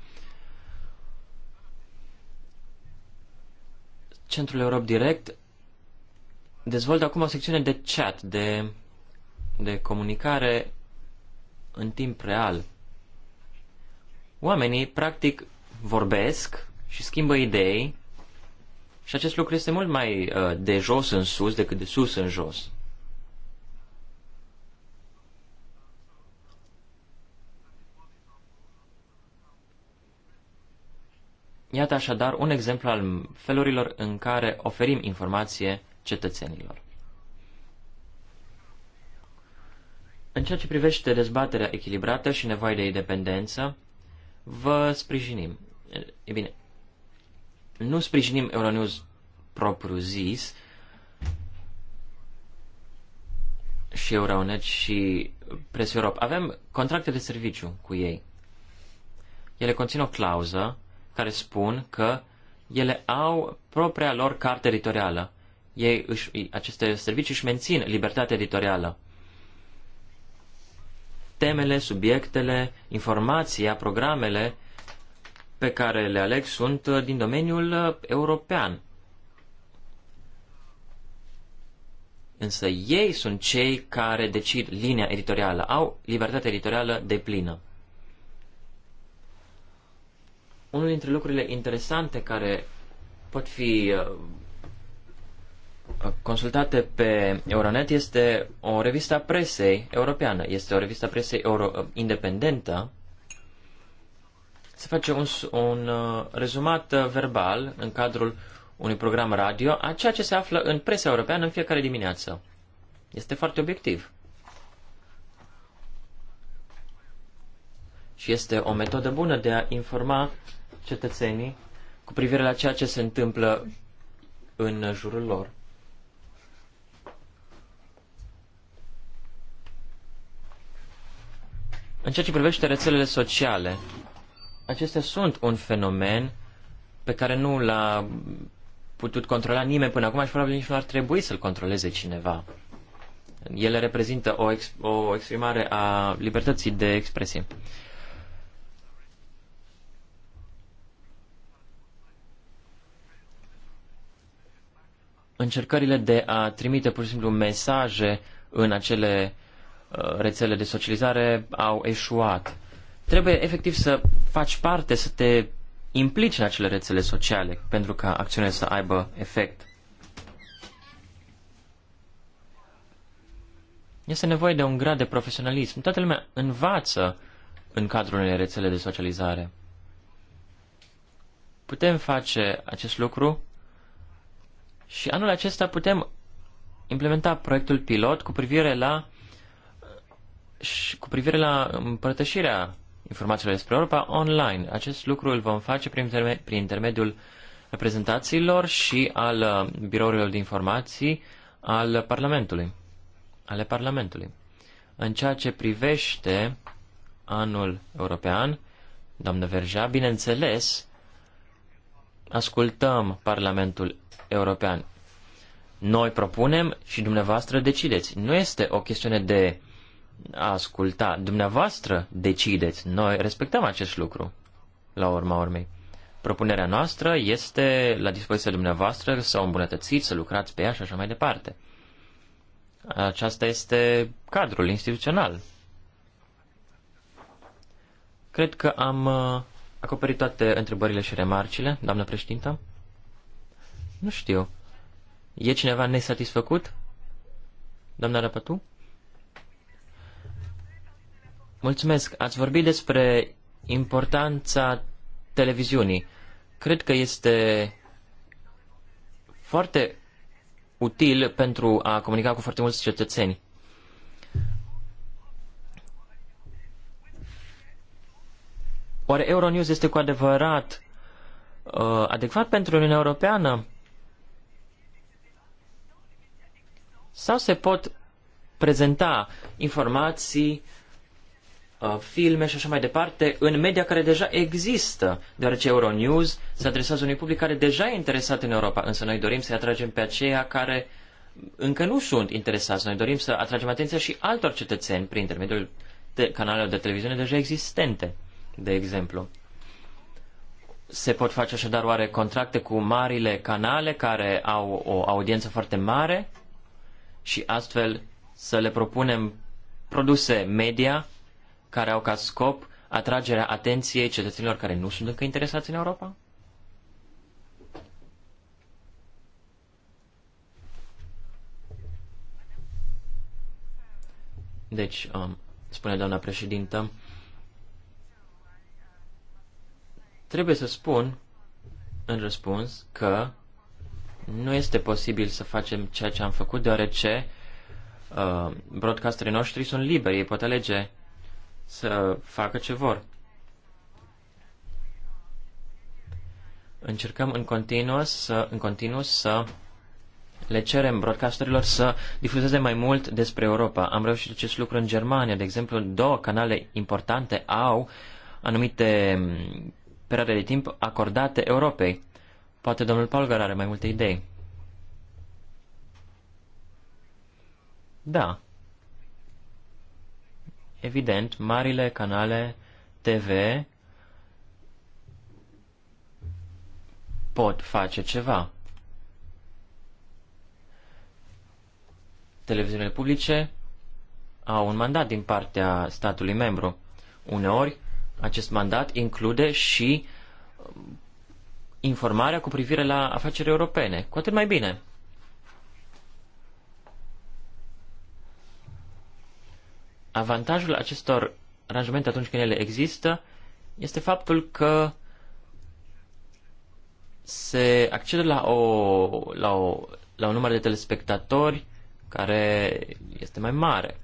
Centrul Europe Direct dezvoltă acum o secțiune de chat, de, de comunicare în timp real. Oamenii, practic, vorbesc și schimbă idei și acest lucru este mult mai uh, de jos în sus decât de sus în jos. Iată așadar un exemplu al felurilor în care oferim informație cetățenilor. În ceea ce privește dezbaterea echilibrată și nevoia de independență, vă sprijinim. E bine, nu sprijinim Euronews propriu-zis și Euronet și Press Europe. Avem contracte de serviciu cu ei. Ele conțin o clauză care spun că ele au propria lor carte teritorială. Ei își, aceste servicii își mențin libertatea teritorială. Temele, subiectele, informația, programele pe care le aleg sunt uh, din domeniul uh, european. Însă ei sunt cei care decid linia editorială, au libertatea editorială deplină. Unul dintre lucrurile interesante care pot fi uh, consultate pe Euronet este o revistă a presei europeană. Este o revistă a presei euro- uh, independentă. Se face un, un uh, rezumat verbal în cadrul unui program radio a ceea ce se află în presa europeană în fiecare dimineață. Este foarte obiectiv. Și este o metodă bună de a informa cetățenii cu privire la ceea ce se întâmplă în jurul lor. În ceea ce privește rețelele sociale, acestea sunt un fenomen pe care nu l-a putut controla nimeni până acum și probabil nici nu ar trebui să-l controleze cineva. Ele reprezintă o, ex- o exprimare a libertății de expresie. încercările de a trimite pur și simplu mesaje în acele uh, rețele de socializare au eșuat. Trebuie efectiv să faci parte, să te implici în acele rețele sociale pentru ca acțiunea să aibă efect. Este nevoie de un grad de profesionalism. Toată lumea învață în cadrul unei rețele de socializare. Putem face acest lucru și anul acesta putem implementa proiectul pilot cu privire la și cu privire la împărtășirea informațiilor despre Europa online. Acest lucru îl vom face prin, interme- prin intermediul reprezentațiilor și al uh, birourilor de informații al Parlamentului, ale Parlamentului. În ceea ce privește anul european, doamnă Verja, bineînțeles, ascultăm Parlamentul european. Noi propunem și dumneavoastră decideți. Nu este o chestiune de a asculta. Dumneavoastră decideți. Noi respectăm acest lucru, la urma urmei. Propunerea noastră este la dispoziția dumneavoastră să o îmbunătățiți, să lucrați pe ea și așa mai departe. Aceasta este cadrul instituțional. Cred că am uh, acoperit toate întrebările și remarcile, doamnă președintă. Nu știu. E cineva nesatisfăcut? Doamna Rapatu? Mulțumesc. Ați vorbit despre importanța televiziunii. Cred că este foarte util pentru a comunica cu foarte mulți cetățeni. Oare Euronews este cu adevărat uh, adecvat pentru Uniunea Europeană? sau se pot prezenta informații, uh, filme și așa mai departe în media care deja există, deoarece Euronews se adresează unui public care deja e interesat în Europa, însă noi dorim să-i atragem pe aceia care încă nu sunt interesați. Noi dorim să atragem atenția și altor cetățeni prin intermediul de canalelor de televiziune deja existente, de exemplu. Se pot face așadar oare contracte cu marile canale care au o audiență foarte mare și astfel să le propunem produse media care au ca scop atragerea atenției cetățenilor care nu sunt încă interesați în Europa? Deci, um, spune doamna președintă, trebuie să spun în răspuns că nu este posibil să facem ceea ce am făcut, deoarece uh, broadcasterii noștri sunt liberi, ei pot alege să facă ce vor. Încercăm în continuu să, în continuu să le cerem broadcasterilor să difuzeze mai mult despre Europa. Am reușit acest lucru în Germania, de exemplu, două canale importante au anumite mm, perioade de timp acordate Europei. Poate domnul Polgar are mai multe idei. Da. Evident, marile canale TV pot face ceva. Televiziunile publice au un mandat din partea statului membru. Uneori, acest mandat include și informarea cu privire la afaceri europene. Cu atât mai bine. Avantajul acestor aranjamente atunci când ele există este faptul că se accede la, o, la, o, la un număr de telespectatori care este mai mare.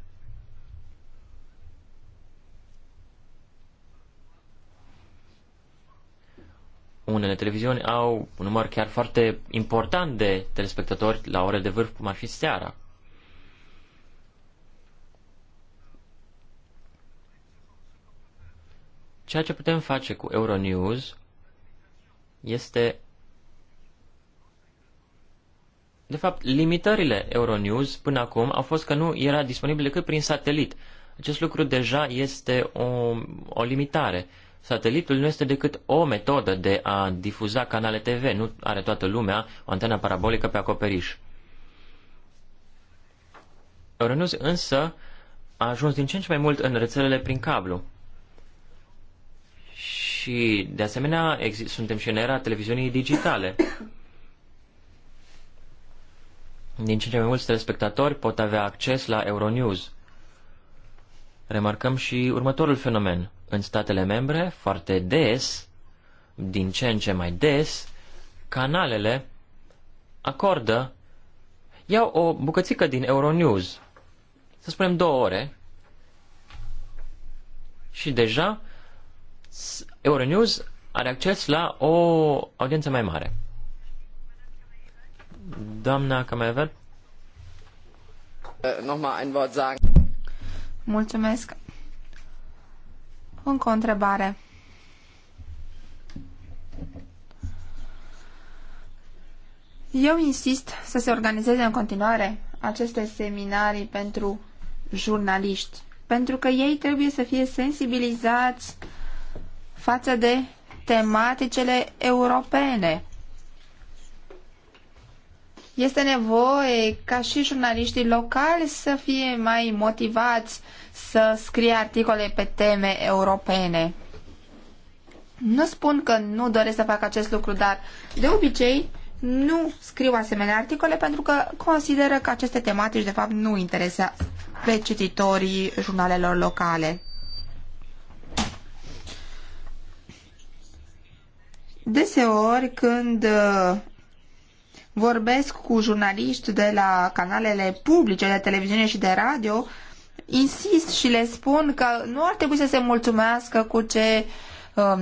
Unele televiziuni au un număr chiar foarte important de telespectatori la ore de vârf, cum ar fi seara. Ceea ce putem face cu Euronews este de fapt, limitările Euronews până acum au fost că nu era disponibil decât prin satelit. Acest lucru deja este o, o limitare. Satelitul nu este decât o metodă de a difuza canale TV. Nu are toată lumea o antenă parabolică pe acoperiș. Euronus însă a ajuns din ce în ce mai mult în rețelele prin cablu. Și, de asemenea, suntem și în era televiziunii digitale. Din ce în ce mai mulți telespectatori pot avea acces la Euronews. Remarcăm și următorul fenomen în statele membre, foarte des, din ce în ce mai des, canalele acordă, iau o bucățică din Euronews, să spunem două ore, și deja Euronews are acces la o audiență mai mare. Doamna Camever? Mulțumesc. Încă o întrebare. Eu insist să se organizeze în continuare aceste seminarii pentru jurnaliști, pentru că ei trebuie să fie sensibilizați față de tematicele europene este nevoie ca și jurnaliștii locali să fie mai motivați să scrie articole pe teme europene. Nu spun că nu doresc să fac acest lucru, dar de obicei nu scriu asemenea articole pentru că consideră că aceste tematici de fapt nu interesează pe cititorii jurnalelor locale. Deseori când uh, vorbesc cu jurnaliști de la canalele publice de televiziune și de radio, insist și le spun că nu ar trebui să se mulțumească cu ce um,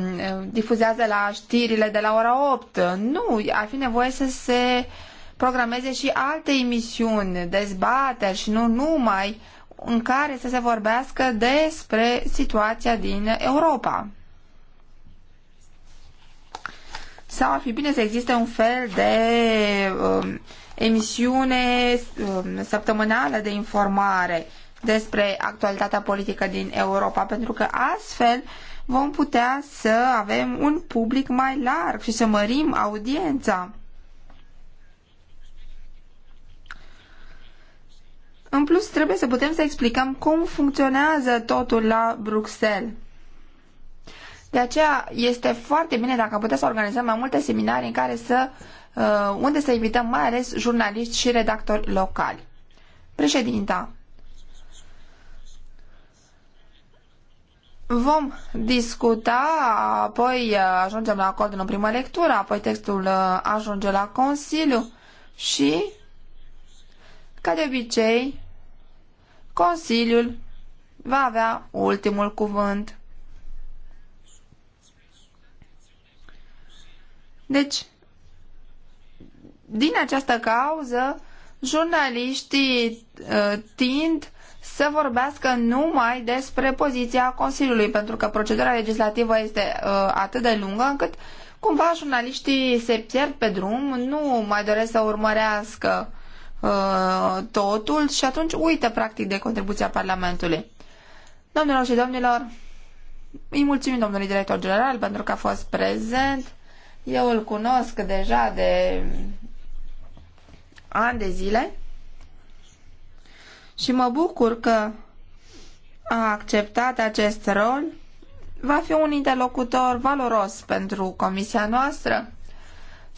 difuzează la știrile de la ora 8. Nu, ar fi nevoie să se programeze și alte emisiuni, dezbateri și nu numai în care să se vorbească despre situația din Europa. sau ar fi bine să existe un fel de um, emisiune um, săptămânală de informare despre actualitatea politică din Europa, pentru că astfel vom putea să avem un public mai larg și să mărim audiența. În plus, trebuie să putem să explicăm cum funcționează totul la Bruxelles. De aceea este foarte bine dacă puteți să organizăm mai multe seminarii în care să, uh, unde să invităm mai ales jurnaliști și redactori locali. Președinta, Vom discuta, apoi uh, ajungem la acord în primă lectură, apoi textul uh, ajunge la Consiliu și, ca de obicei, Consiliul va avea ultimul cuvânt. Deci, din această cauză, jurnaliștii uh, tind să vorbească numai despre poziția Consiliului, pentru că procedura legislativă este uh, atât de lungă încât cumva jurnaliștii se pierd pe drum, nu mai doresc să urmărească uh, totul și atunci uită practic de contribuția Parlamentului. Domnilor și domnilor, îi mulțumim domnului director general pentru că a fost prezent eu îl cunosc deja de ani de zile și mă bucur că a acceptat acest rol. Va fi un interlocutor valoros pentru comisia noastră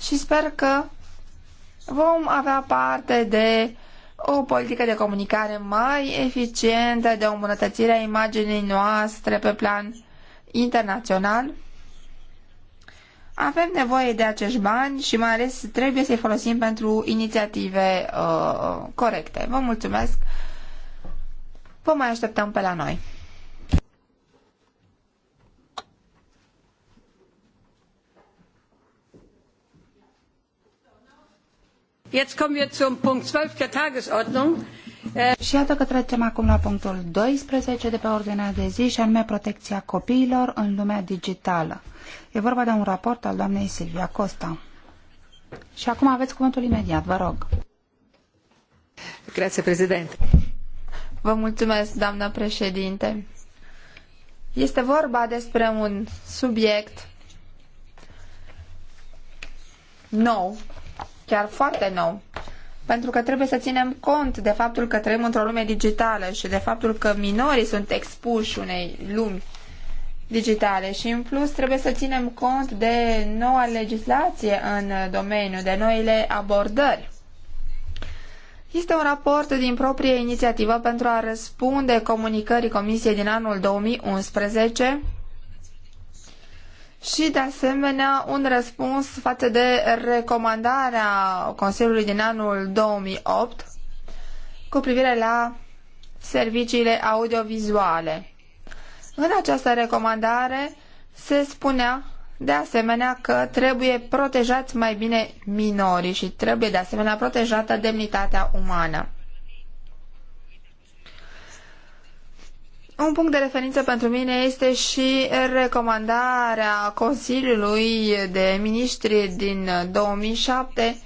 și sper că vom avea parte de o politică de comunicare mai eficientă, de o îmbunătățire a imaginii noastre pe plan internațional avem nevoie de acești bani și mai ales trebuie să-i folosim pentru inițiative uh, corecte. Vă mulțumesc! Vă mai așteptăm pe la noi! Jetzt kommen wir zum Punkt 12 der Tagesordnung. Äh, și iată că trecem acum la punctul 12 de pe ordinea de zi și anume protecția copiilor în lumea digitală. E vorba de un raport al doamnei Silvia Costa. Și acum aveți cuvântul imediat, vă rog. Grație, președinte. Vă mulțumesc, doamna președinte. Este vorba despre un subiect nou, chiar foarte nou, pentru că trebuie să ținem cont de faptul că trăim într-o lume digitală și de faptul că minorii sunt expuși unei lumi digitale și în plus trebuie să ținem cont de noua legislație în domeniu, de noile abordări. Este un raport din proprie inițiativă pentru a răspunde comunicării Comisiei din anul 2011 și, de asemenea, un răspuns față de recomandarea Consiliului din anul 2008 cu privire la serviciile audiovizuale. În această recomandare se spunea de asemenea că trebuie protejați mai bine minorii și trebuie de asemenea protejată demnitatea umană. Un punct de referință pentru mine este și recomandarea Consiliului de Ministri din 2007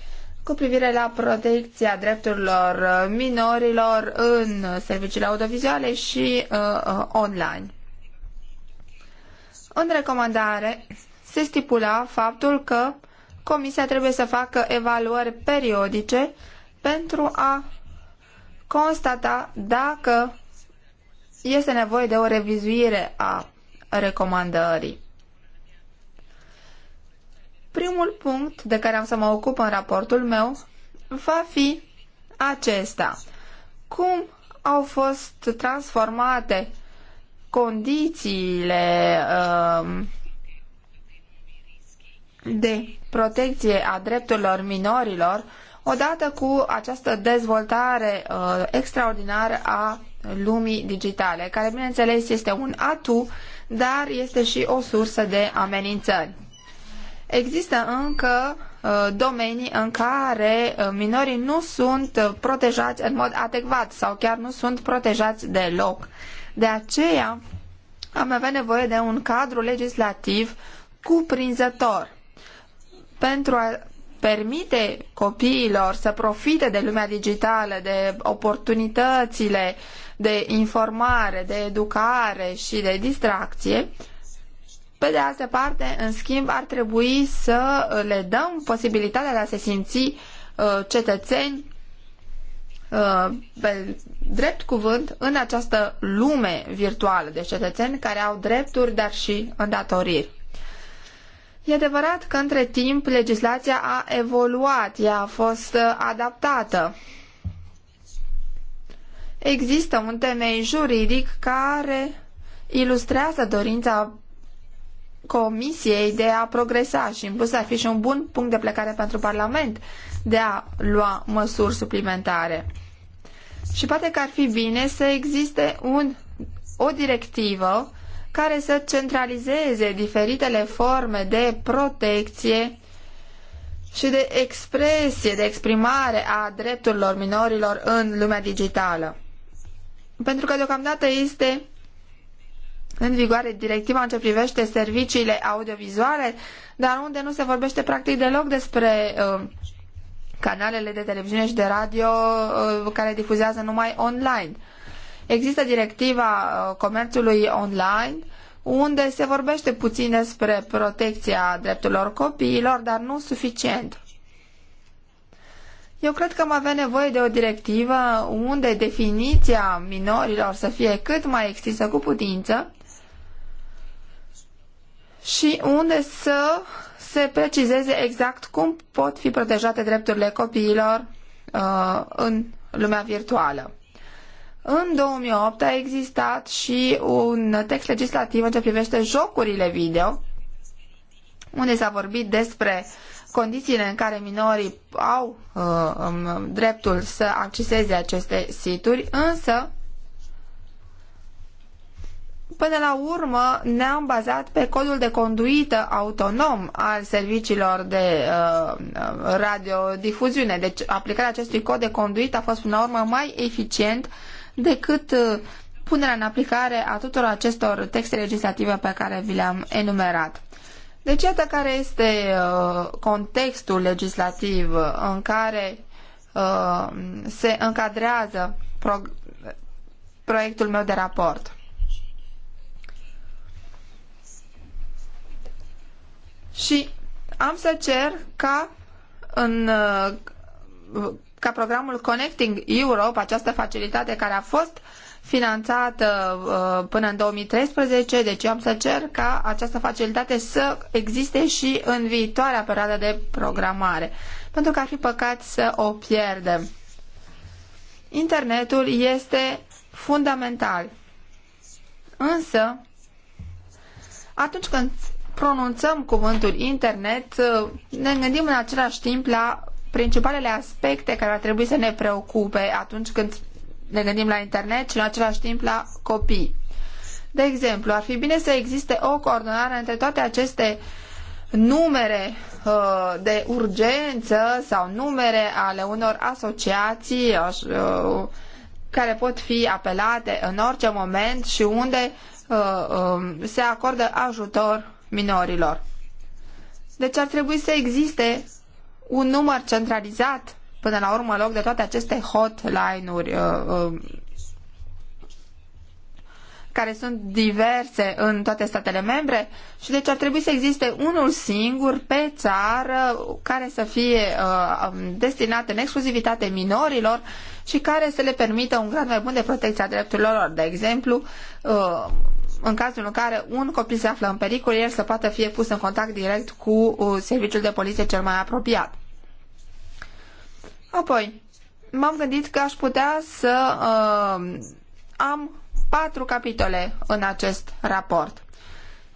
cu privire la protecția drepturilor minorilor în serviciile audiovizuale și uh, uh online. În recomandare se stipula faptul că Comisia trebuie să facă evaluări periodice pentru a constata dacă este nevoie de o revizuire a recomandării. Primul punct de care am să mă ocup în raportul meu va fi acesta. Cum au fost transformate condițiile um, de protecție a drepturilor minorilor odată cu această dezvoltare uh, extraordinară a lumii digitale, care bineînțeles este un atu, dar este și o sursă de amenințări. Există încă uh, domenii în care uh, minorii nu sunt protejați în mod adecvat sau chiar nu sunt protejați deloc. De aceea am avea nevoie de un cadru legislativ cuprinzător pentru a permite copiilor să profite de lumea digitală, de oportunitățile de informare, de educare și de distracție, pe de altă parte, în schimb, ar trebui să le dăm posibilitatea de a se simți uh, cetățeni Uh, pe drept cuvânt în această lume virtuală de cetățeni care au drepturi, dar și îndatoriri. E adevărat că între timp legislația a evoluat, ea a fost uh, adaptată. Există un temei juridic care ilustrează dorința Comisiei de a progresa și în plus ar fi și un bun punct de plecare pentru Parlament de a lua măsuri suplimentare. Și poate că ar fi bine să existe un, o directivă care să centralizeze diferitele forme de protecție și de expresie, de exprimare a drepturilor minorilor în lumea digitală. Pentru că deocamdată este în vigoare directiva în ce privește serviciile audiovizuale, dar unde nu se vorbește practic deloc despre uh, canalele de televiziune și de radio uh, care difuzează numai online. Există directiva uh, comerțului online unde se vorbește puțin despre protecția drepturilor copiilor, dar nu suficient. Eu cred că am avea nevoie de o directivă unde definiția minorilor să fie cât mai extinsă cu putință și unde să se precizeze exact cum pot fi protejate drepturile copiilor uh, în lumea virtuală. În 2008 a existat și un text legislativ în ce privește jocurile video, unde s-a vorbit despre condițiile în care minorii au uh, um, dreptul să acceseze aceste situri, însă Până la urmă ne-am bazat pe codul de conduită autonom al serviciilor de uh, radiodifuziune. Deci aplicarea acestui cod de conduită a fost până la urmă mai eficient decât uh, punerea în aplicare a tuturor acestor texte legislative pe care vi le-am enumerat. Deci iată care este uh, contextul legislativ în care uh, se încadrează proiectul meu de raport. Și am să cer ca în uh, ca programul Connecting Europe, această facilitate care a fost finanțată uh, până în 2013, deci eu am să cer ca această facilitate să existe și în viitoarea perioadă de programare, pentru că ar fi păcat să o pierdem. Internetul este fundamental, însă atunci când pronunțăm cuvântul internet, ne gândim în același timp la principalele aspecte care ar trebui să ne preocupe atunci când ne gândim la internet și în același timp la copii. De exemplu, ar fi bine să existe o coordonare între toate aceste numere uh, de urgență sau numere ale unor asociații uh, uh care pot fi apelate în orice moment și unde uh, um, se acordă ajutor minorilor. Deci ar trebui să existe un număr centralizat până la urmă loc de toate aceste hotline-uri uh, uh, care sunt diverse în toate statele membre și deci ar trebui să existe unul singur pe țară care să fie uh, um, destinat în exclusivitate minorilor și care să le permită un grad mai bun de protecție a drepturilor lor. De exemplu, uh, în cazul în care un copil se află în pericol, el să poată fi pus în contact direct cu uh, serviciul de poliție cel mai apropiat. Apoi, m-am gândit că aș putea să uh, am patru capitole în acest raport.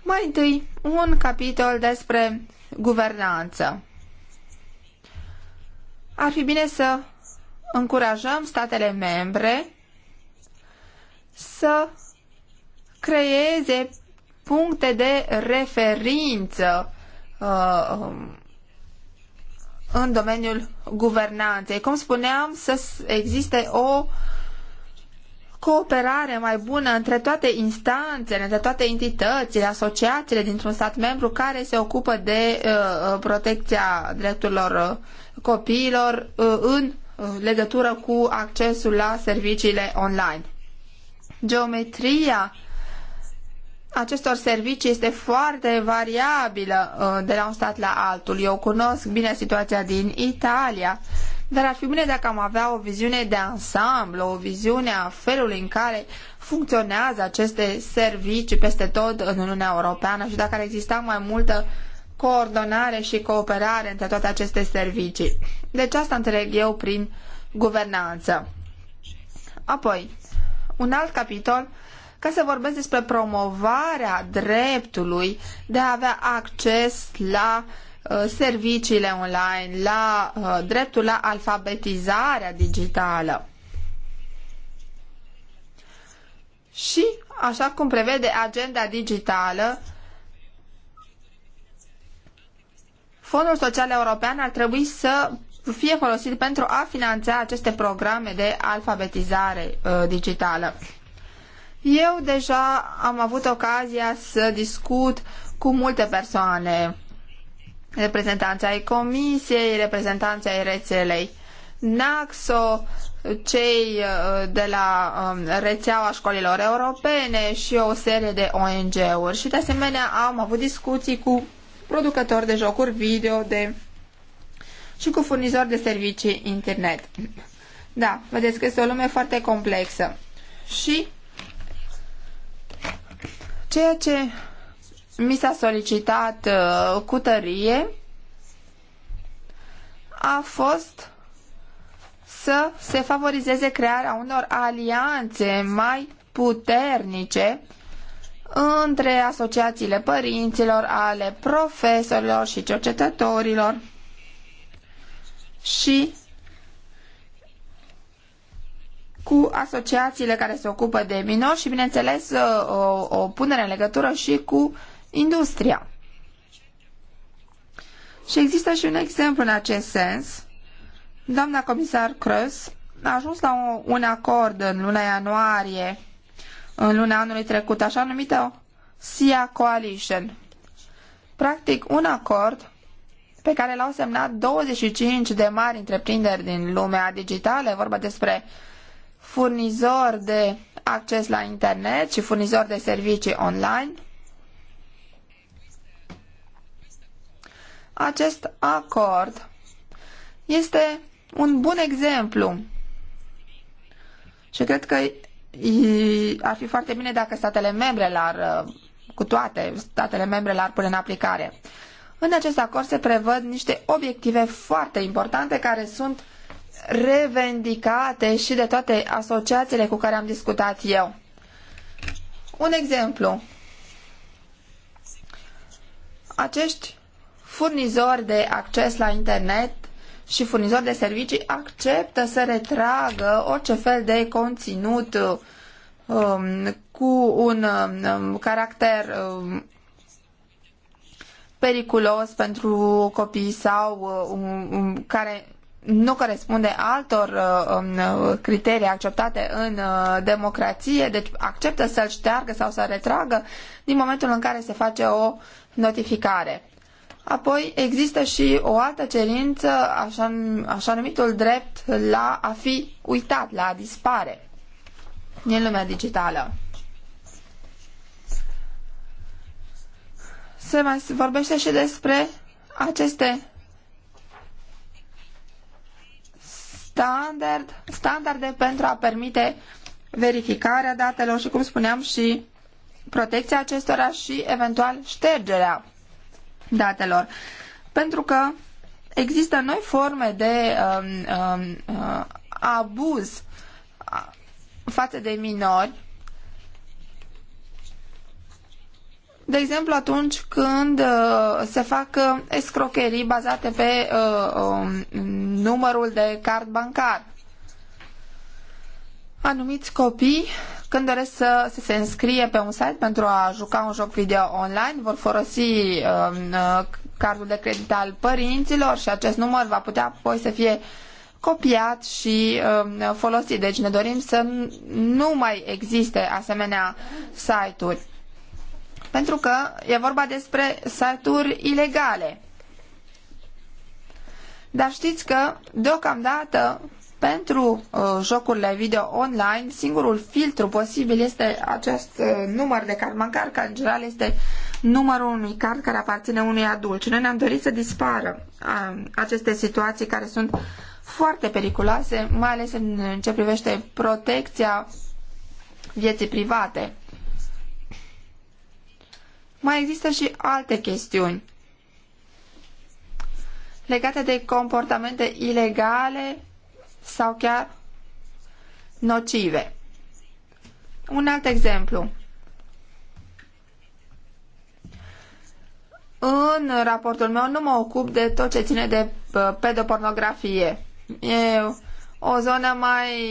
Mai întâi, un capitol despre guvernanță. Ar fi bine să încurajăm statele membre să creeze puncte de referință uh, um, în domeniul guvernanței. Cum spuneam, să existe o cooperare mai bună între toate instanțele, între toate entitățile, asociațiile dintr-un stat membru care se ocupă de uh, uh protecția drepturilor uh, copiilor uh, în uh, legătură cu accesul la serviciile online. Geometria acestor servicii este foarte variabilă uh, de la un stat la altul. Eu cunosc bine situația din Italia, dar ar fi bine dacă am avea o viziune de ansamblu, o viziune a felului în care funcționează aceste servicii peste tot în Uniunea Europeană și dacă ar exista mai multă coordonare și cooperare între toate aceste servicii. Deci asta înțeleg eu prin guvernanță. Apoi, un alt capitol ca să vorbesc despre promovarea dreptului de a avea acces la uh, serviciile online, la uh, dreptul la alfabetizarea digitală. Și, așa cum prevede agenda digitală, Fondul Social European ar trebui să fie folosit pentru a finanța aceste programe de alfabetizare uh, digitală. Eu deja am avut ocazia să discut cu multe persoane, reprezentanții ai comisiei, reprezentanții ai rețelei NAXO, cei uh, de la um, rețeaua școlilor europene și o serie de ONG-uri și de asemenea am avut discuții cu producători de jocuri video de și cu furnizori de servicii internet. Da, vedeți că este o lume foarte complexă. Și Ceea ce mi s-a solicitat uh, cu tărie a fost să se favorizeze crearea unor alianțe mai puternice între asociațiile părinților, ale profesorilor și cercetătorilor și cu asociațiile care se ocupă de minori și, bineînțeles, uh, o, o punere în legătură și cu industria. Și există și un exemplu în acest sens. Doamna comisar Crăs a ajuns la un, un acord în luna ianuarie, în luna anului trecut, așa numită SIA Coalition. Practic, un acord pe care l-au semnat 25 de mari întreprinderi din lumea digitală, vorba despre uh, furnizori de acces la internet și furnizori de servicii online. Acest acord este un bun exemplu și cred că ar fi foarte bine dacă statele membre l-ar, cu toate statele membre l-ar pune în aplicare. În acest acord se prevăd niște obiective foarte importante care sunt revendicate și de toate asociațiile cu care am discutat eu. Un exemplu. Acești furnizori de acces la internet și furnizori de servicii acceptă să retragă orice fel de conținut um, cu un um, caracter um, periculos pentru copii sau uh, care nu corespunde altor um, criterii acceptate în uh, democrație, deci acceptă să-l șteargă sau să retragă din momentul în care se face o notificare. Apoi există și o altă cerință, așa, așa numitul drept la a fi uitat, la a dispare din lumea digitală. Se mai vorbește și despre aceste standard, standarde pentru a permite verificarea datelor și, cum spuneam, și protecția acestora și, eventual, ștergerea datelor. Pentru că există noi forme de um, um, uh, abuz față de minori De exemplu, atunci când uh, se fac uh, escrocherii bazate pe uh, um, numărul de card bancar. Anumiți copii, când doresc să, se înscrie pe un site pentru a juca un joc video online, vor folosi um, cardul de credit al părinților și acest număr va putea apoi să fie copiat și um, folosit. Deci ne dorim să nu mai existe asemenea site-uri pentru că e vorba despre saturi ilegale. Dar știți că, deocamdată, pentru uh, jocurile video online, singurul filtru posibil este acest uh, număr de card bancar, care în general este numărul unui card care aparține unui adult. Și noi ne-am dorit să dispară uh, aceste situații care sunt foarte periculoase, mai ales în, în ce privește protecția vieții private mai există și alte chestiuni legate de comportamente ilegale sau chiar nocive. Un alt exemplu. În raportul meu nu mă ocup de tot ce ține de pedopornografie. E o zonă mai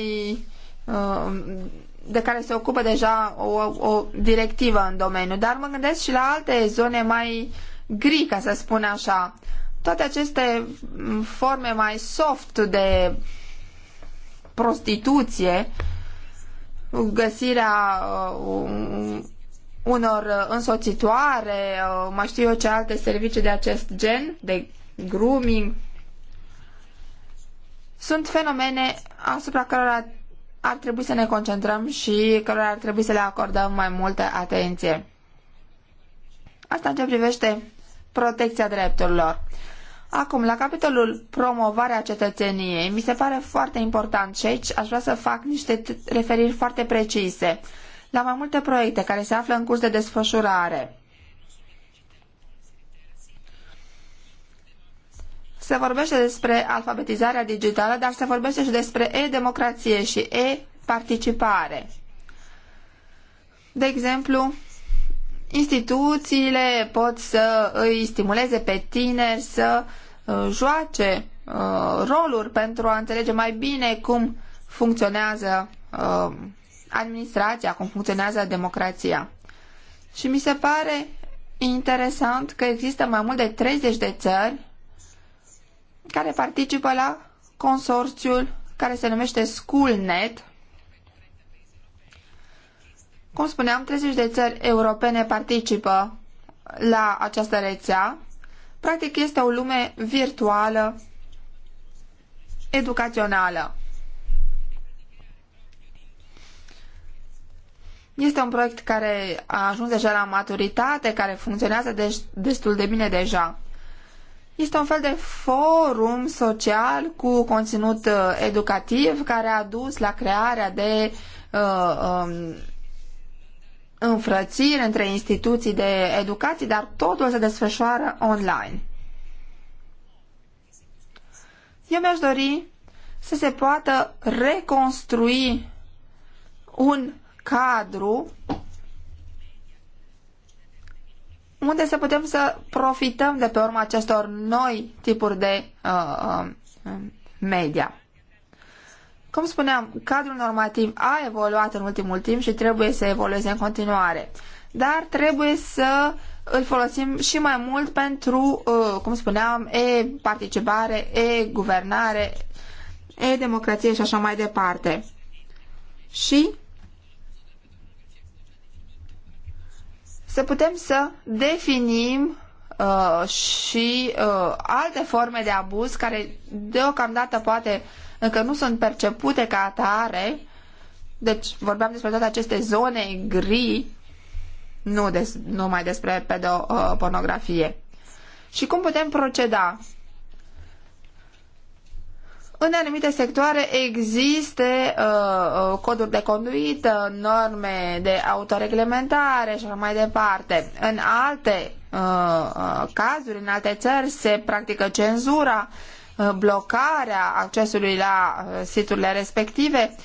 uh, de care se ocupă deja o, o directivă în domeniu, dar mă gândesc și la alte zone mai gri, ca să spun așa. Toate aceste forme mai soft de prostituție, găsirea uh, unor însoțitoare, uh, mai știu eu ce alte servicii de acest gen, de grooming, sunt fenomene asupra cărora ar trebui să ne concentrăm și cărora ar trebui să le acordăm mai multă atenție. Asta în ce privește protecția drepturilor. Acum, la capitolul promovarea cetățeniei, mi se pare foarte important și aici aș vrea să fac niște referiri foarte precise la mai multe proiecte care se află în curs de desfășurare. Se vorbește despre alfabetizarea digitală, dar se vorbește și despre e-democrație și e-participare. De exemplu, instituțiile pot să îi stimuleze pe tineri să uh, joace uh, roluri pentru a înțelege mai bine cum funcționează uh, administrația, cum funcționează democrația. Și mi se pare interesant că există mai mult de 30 de țări care participă la consorțiul care se numește SchoolNet. Cum spuneam, 30 de țări europene participă la această rețea. Practic este o lume virtuală educațională. Este un proiect care a ajuns deja la maturitate, care funcționează de destul de bine deja. Este un fel de forum social cu conținut uh, educativ care a dus la crearea de uh, um, înfrățiri între instituții de educație, dar totul se desfășoară online. Eu mi-aș dori să se poată reconstrui un cadru unde să putem să profităm de pe urma acestor noi tipuri de uh, uh, media. Cum spuneam, cadrul normativ a evoluat în ultimul timp și trebuie să evolueze în continuare, dar trebuie să îl folosim și mai mult pentru, uh, cum spuneam, e-participare, e-guvernare, e-democrație și așa mai departe. Și să putem să definim uh, și uh, alte forme de abuz care deocamdată poate încă nu sunt percepute ca atare. Deci vorbeam despre toate aceste zone gri, nu des, numai despre pedopornografie. și cum putem proceda? În anumite sectoare există uh, uh, coduri de conduită, norme de autoreglementare și așa mai departe. În alte uh, uh, cazuri, în alte țări, se practică cenzura, uh, blocarea accesului la uh, siturile respective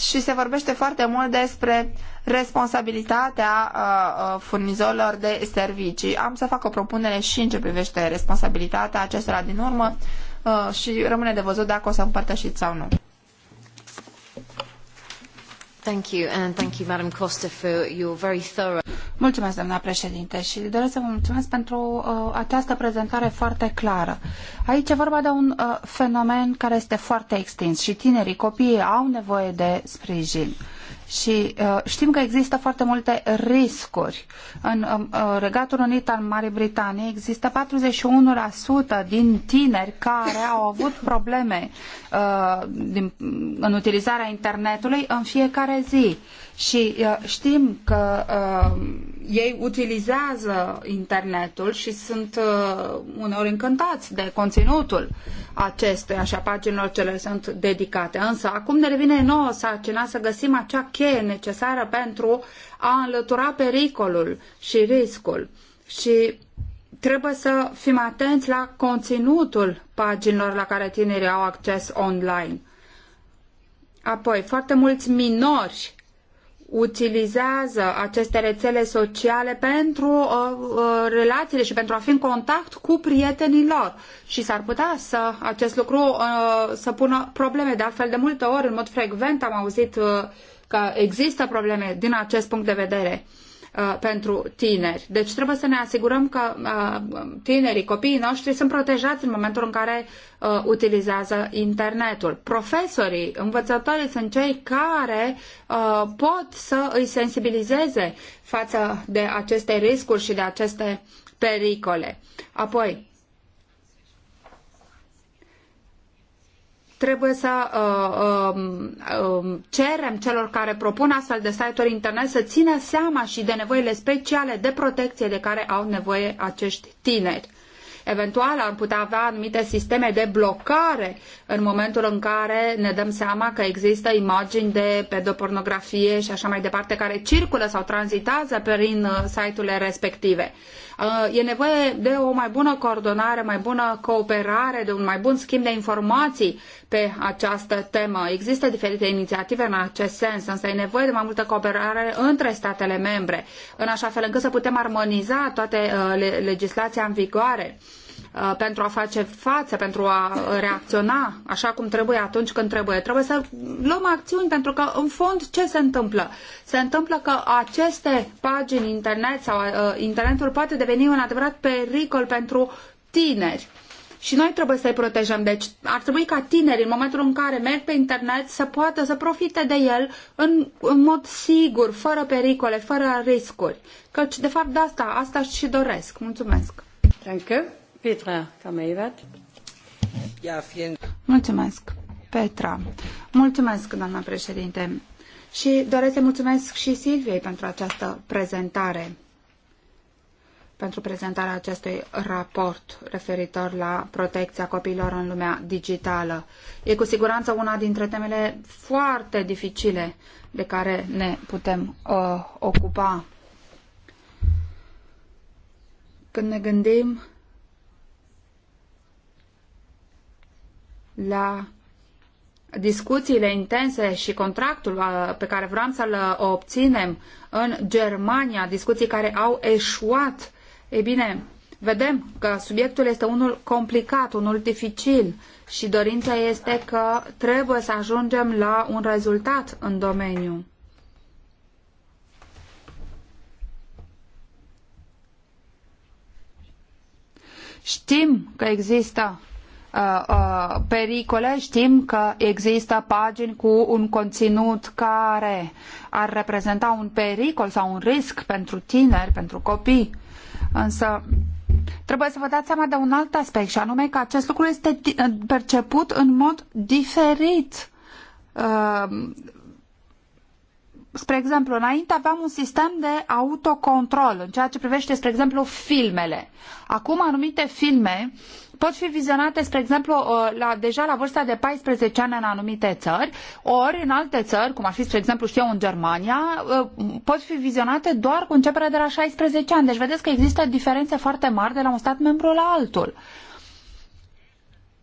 și se vorbește foarte mult despre responsabilitatea uh, uh furnizorilor de servicii. Am să fac o propunere și în ce privește responsabilitatea acestora din urmă Uh, și rămâne de văzut dacă o să împărtășiți sau nu. Thank you and thank you, Madam Costa, for your very thorough. Mulțumesc, doamna președinte, și doresc să vă mulțumesc pentru uh, această prezentare foarte clară. Aici e vorba de un uh, fenomen care este foarte extins și tinerii, copiii au nevoie de sprijin. Uh, și uh, știm că există foarte multe riscuri. În um, uh, Regatul Unit al Marii Britanii există 41% din tineri care au avut probleme uh, din, în utilizarea internetului în fiecare zi și uh, știm că uh, ei utilizează internetul și sunt uh, uneori încântați de conținutul acestuia și a paginilor ce le sunt dedicate. Însă acum ne revine nouă sarcina să găsim acea cheie necesară pentru a înlătura pericolul și riscul. Și trebuie să fim atenți la conținutul paginilor la care tinerii au acces online. Apoi, foarte mulți minori utilizează aceste rețele sociale pentru uh, uh, relațiile și pentru a fi în contact cu prietenii lor. Și s-ar putea să acest lucru uh, să pună probleme. De altfel, de multe ori, în mod frecvent, am auzit uh, că există probleme din acest punct de vedere. Uh, Uh, pentru tineri. Deci trebuie să ne asigurăm că uh, tinerii, copiii noștri sunt protejați în momentul în care uh, utilizează internetul. Profesorii, învățătorii sunt cei care pot să îi sensibilizeze față de aceste riscuri și de aceste pericole. Apoi, trebuie să uh, uh, uh, cerem celor care propun astfel de site-uri internet să țină seama și de nevoile speciale de protecție de care au nevoie acești tineri. Eventual ar putea avea anumite sisteme de blocare în momentul în care ne dăm seama că există imagini de pedopornografie și așa mai departe care circulă sau tranzitează prin uh, site-urile respective. Uh, e nevoie de o mai bună coordonare, mai bună cooperare, de un mai bun schimb de informații pe această temă. Există diferite inițiative în acest sens, însă e nevoie de mai multă cooperare între statele membre, în așa fel încât să putem armoniza toate uh, legislația în vigoare uh, pentru a face față, pentru a reacționa așa cum trebuie atunci când trebuie. Trebuie să luăm acțiuni pentru că, în fond, ce se întâmplă? Se întâmplă că aceste pagini internet sau uh, internetul poate deveni un adevărat pericol pentru tineri și noi trebuie să-i protejăm. Deci ar trebui ca tinerii, în momentul în care merg pe internet, să poată să profite de el în, în mod sigur, fără pericole, fără riscuri. Căci, de fapt, de asta, asta și doresc. Mulțumesc. Danke. Petra fiind. Mulțumesc, Petra. Mulțumesc, doamna președinte. Și doresc să mulțumesc și Silviei pentru această prezentare pentru prezentarea acestui raport referitor la protecția copiilor în lumea digitală. E cu siguranță una dintre temele foarte dificile de care ne putem uh, ocupa. Când ne gândim la discuțiile intense și contractul uh, pe care vreau să-l obținem în Germania, discuții care au eșuat ei bine, vedem că subiectul este unul complicat, unul dificil și dorința este că trebuie să ajungem la un rezultat în domeniu. Știm că există uh, uh, pericole, știm că există pagini cu un conținut care ar reprezenta un pericol sau un risc pentru tineri, pentru copii. Însă trebuie să vă dați seama de un alt aspect și anume că acest lucru este perceput în mod diferit. Uh, spre exemplu, înainte aveam un sistem de autocontrol în ceea ce privește, spre exemplu, filmele. Acum anumite filme uh, pot fi vizionate, spre exemplu, la, deja la vârsta de 14 ani în anumite țări, ori în alte țări, cum ar fi, spre exemplu, știu eu, în Germania, ă, pot fi vizionate doar cu începerea de la 16 ani. Deci vedeți că există diferențe foarte mari de la un stat membru la altul.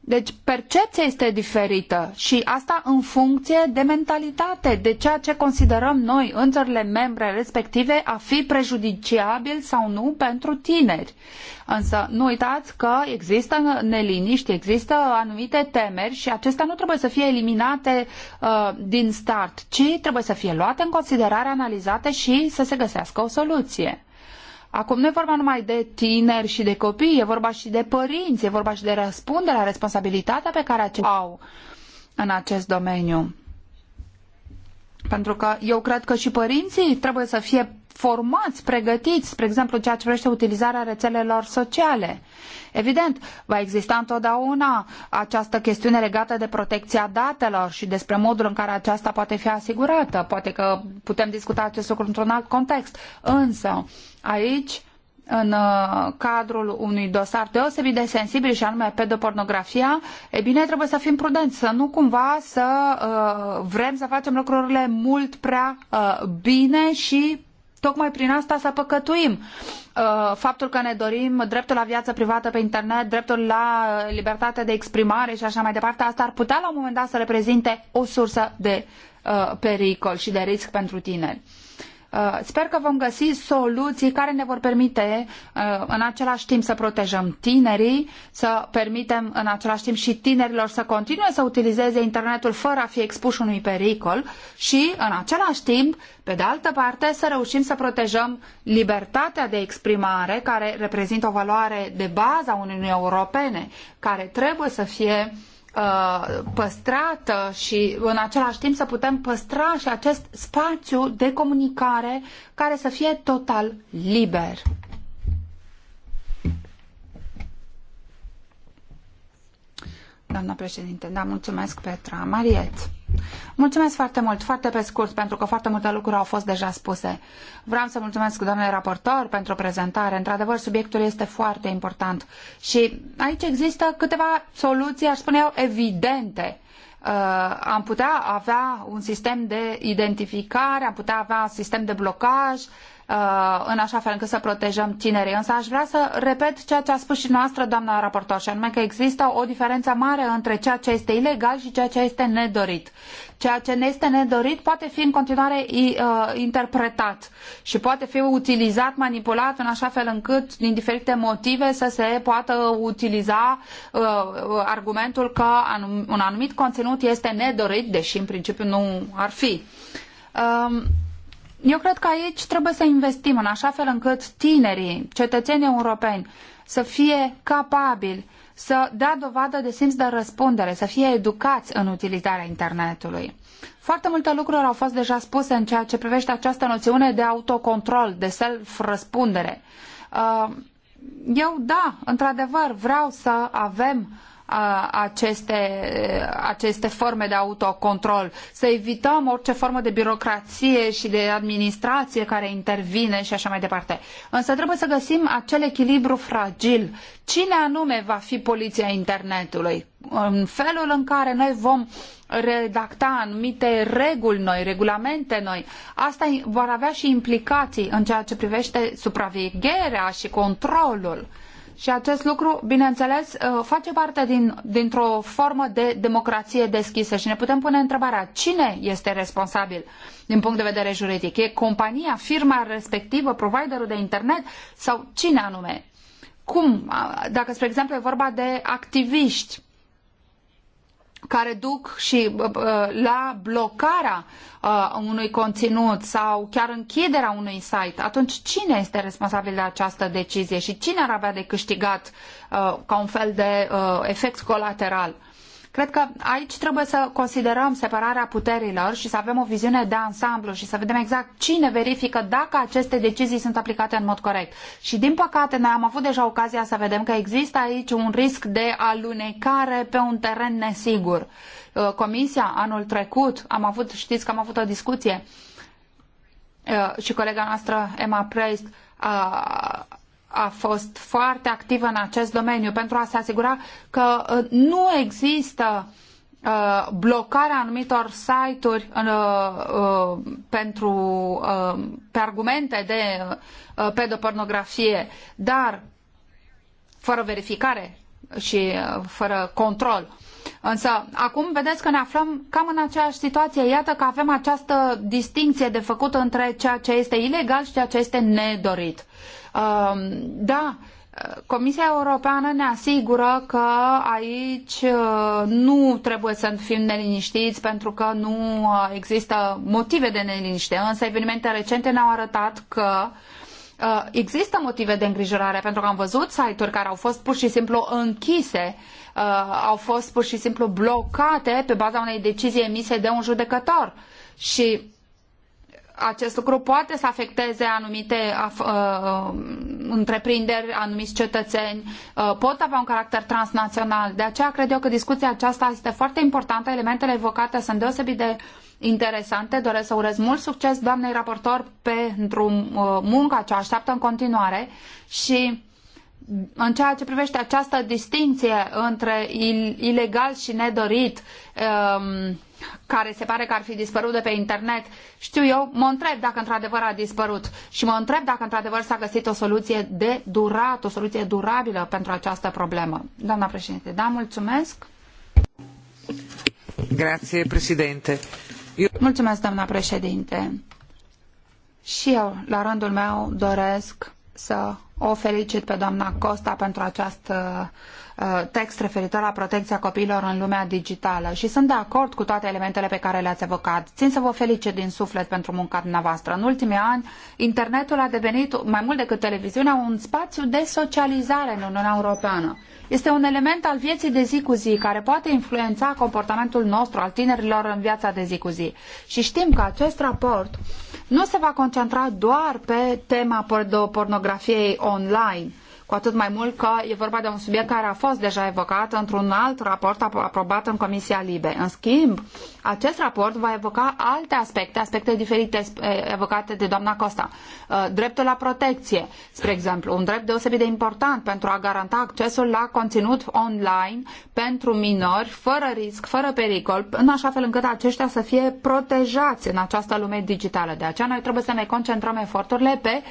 Deci percepția este diferită și asta în funcție de mentalitate, de ceea ce considerăm noi în țările membre respective a fi prejudiciabil sau nu pentru tineri. Însă nu uitați că există neliniști, există anumite temeri și acestea nu trebuie să fie eliminate uh, din start, ci trebuie să fie luate în considerare, analizate și să se găsească o soluție. Acum nu e vorba numai de tineri și de copii, e vorba și de părinți, e vorba și de răspunderea, responsabilitatea pe care aceștia au în acest domeniu. Pentru că eu cred că și părinții trebuie să fie formați, pregătiți, spre exemplu, ceea ce privește utilizarea rețelelor sociale. Evident, va exista întotdeauna această chestiune legată de protecția datelor și despre modul în care aceasta poate fi asigurată. Poate că putem discuta acest lucru într-un alt context. Însă, aici în uh, cadrul unui dosar deosebit de sensibil și anume pedopornografia, e bine, trebuie să fim prudenți, să nu cumva să uh, vrem să facem lucrurile mult prea uh, bine și Tocmai prin asta să păcătuim uh, faptul că ne dorim dreptul la viață privată pe internet, dreptul la libertate de exprimare și așa mai departe. Asta ar putea la un moment dat să reprezinte o sursă de uh, pericol și de risc pentru tineri. Uh, sper că vom găsi soluții care ne vor permite uh, în același timp să protejăm tinerii, să permitem în același timp și tinerilor să continue să utilizeze internetul fără a fi expuși unui pericol și în același timp, pe de altă parte, să reușim să protejăm libertatea de exprimare care reprezintă o valoare de bază a Uniunii Europene, care trebuie să fie uh, Uh, păstrată și în același timp să putem păstra și acest spațiu de comunicare care să fie total liber. Doamna președinte, da, mulțumesc, Petra. Mariet. Mulțumesc foarte mult, foarte pe scurt, pentru că foarte multe lucruri au fost deja spuse. Vreau să mulțumesc domnului raportor pentru prezentare. Într-adevăr, subiectul este foarte important. Și aici există câteva soluții, aș spune eu, evidente. Uh, am putea avea un sistem de identificare, am putea avea un sistem de blocaj, uh, Uh, în așa fel încât să protejăm tinerii. Însă aș vrea să repet ceea ce a spus și noastră, doamna raportor, și anume că există o diferență mare între ceea ce este ilegal și ceea ce este nedorit. Ceea ce ne este nedorit poate fi în continuare uh, interpretat și poate fi utilizat, manipulat în așa fel încât, din diferite motive, să se poată utiliza uh, argumentul că un anumit conținut este nedorit, deși în principiu nu ar fi. Um, eu cred că aici trebuie să investim în așa fel încât tinerii, cetățenii europeni, să fie capabili să dea dovadă de simț de răspundere, să fie educați în utilizarea internetului. Foarte multe lucruri au fost deja spuse în ceea ce privește această noțiune de autocontrol, de self-răspundere. Uh, eu, da, într-adevăr, vreau să avem aceste, aceste forme de autocontrol, să evităm orice formă de birocrație și de administrație care intervine și așa mai departe. Însă trebuie să găsim acel echilibru fragil. Cine anume va fi poliția internetului? În felul în care noi vom redacta anumite reguli noi, regulamente noi, asta vor avea și implicații în ceea ce privește supravegherea și controlul. Și acest lucru, bineînțeles, uh, face parte din, dintr-o formă de democrație deschisă și ne putem pune întrebarea cine este responsabil din punct de vedere juridic? E compania, firma respectivă, providerul de internet sau cine anume? Cum? Dacă, spre exemplu, e vorba de activiști care duc și uh, uh, la blocarea uh, unui conținut sau chiar închiderea unui site, atunci cine este responsabil de această decizie și cine ar avea de câștigat ca un fel de efect colateral? Cred că aici trebuie să considerăm separarea puterilor și să avem o viziune de ansamblu și să vedem exact cine verifică dacă aceste decizii sunt aplicate în mod corect. Și din păcate noi am avut deja ocazia să vedem că există aici un risc de alunecare pe un teren nesigur. Uh, comisia anul trecut, am avut, știți că am avut o discuție uh, și colega noastră Emma Preist a a fost foarte activă în acest domeniu pentru a se asigura că uh, nu există uh, blocarea anumitor site-uri uh, pentru pe argumente de pedopornografie, dar fără verificare și fără control. Însă, acum vedeți că ne aflăm cam în aceeași situație. Iată că avem această distinție de făcut între ceea ce este ilegal și ceea ce este nedorit. Um, da, Comisia Europeană ne asigură că aici uh, nu trebuie să fim neliniștiți pentru că nu uh, există motive de neliniște, însă evenimente recente ne-au arătat că uh, există motive de îngrijorare pentru că am văzut site-uri care au fost pur și simplu închise, au fost pur și simplu blocate pe baza unei decizii emise de un judecător și acest lucru poate să afecteze anumite uh, um, întreprinderi, anumiți cetățeni, uh, pot avea un caracter transnațional. De aceea cred eu că discuția aceasta este foarte importantă, elementele evocate sunt deosebit de interesante. Doresc să urez mult succes doamnei raportor pentru uh, munca ce o așteaptă în continuare și în ceea ce privește această distinție între ilegal și nedorit, um, care se pare că ar fi dispărut de pe internet, știu eu, mă întreb dacă într-adevăr a dispărut și mă întreb dacă într-adevăr s-a găsit o soluție de durat, o soluție durabilă pentru această problemă. Doamna președinte, da, mulțumesc. Grazie, președinte. Eu... Mulțumesc, doamna președinte. Și eu, la rândul meu, doresc să o felicit pe doamna Costa pentru acest uh, uh, text referitor la protecția copiilor în lumea digitală și sunt de acord cu toate elementele pe care le-ați evocat. Țin să vă felicit din suflet pentru munca dumneavoastră. În ultimii ani, internetul a devenit, mai mult decât televiziunea, un spațiu de socializare în Uniunea Europeană. Este un element al vieții de zi cu zi care poate influența comportamentul nostru al tinerilor în viața de zi cu zi. Și știm că acest raport nu se va concentra doar pe tema pornografiei online. Cu atât mai mult că e vorba de un subiect care a fost deja evocat într-un alt raport aprobat în Comisia Libe. În schimb, acest raport va evoca alte aspecte, aspecte diferite evocate de doamna Costa. Uh, dreptul la protecție, spre exemplu, un drept deosebit de important pentru a garanta accesul la conținut online pentru minori, fără risc, fără pericol, în așa fel încât aceștia să fie protejați în această lume digitală. De aceea noi trebuie să ne concentrăm eforturile pe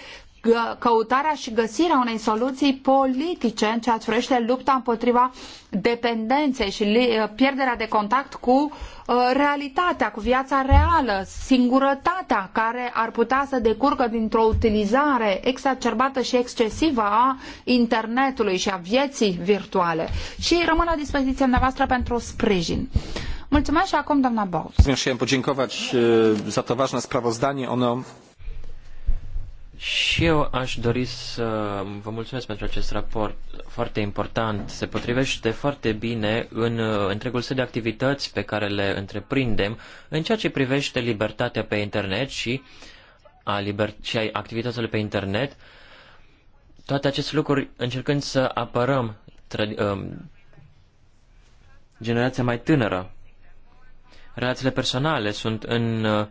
căutarea și găsirea unei soluții politice în ceea ce privește lupta împotriva dependenței și uh, pierderea de contact cu uh, realitatea, cu viața reală, singurătatea care ar putea să decurgă dintr-o utilizare exacerbată și excesivă a internetului și a vieții virtuale. Și rămân la dispoziția noastră pentru sprijin. Mulțumesc și acum, doamna Baus. să chciałem podziękować za to ważne sprawozdanie. Ono și eu aș dori să vă mulțumesc pentru acest raport foarte important. Se potrivește foarte bine în uh, întregul set de activități pe care le întreprindem în ceea ce privește libertatea pe internet și, a liber- și a activitățile pe internet. Toate aceste lucruri încercând să apărăm uh, generația mai tânără. Relațiile personale sunt în uh,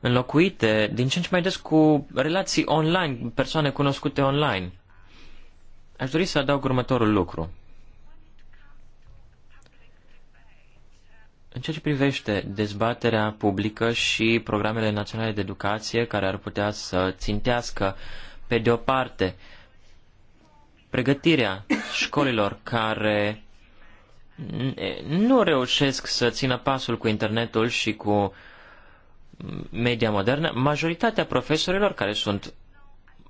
înlocuite din ce în ce mai des cu relații online, persoane cunoscute online. Aș dori să adaug următorul lucru. În ceea ce privește dezbaterea publică și programele naționale de educație care ar putea să țintească, pe de o parte, pregătirea școlilor care nu reușesc să țină pasul cu internetul și cu media modernă, majoritatea profesorilor care sunt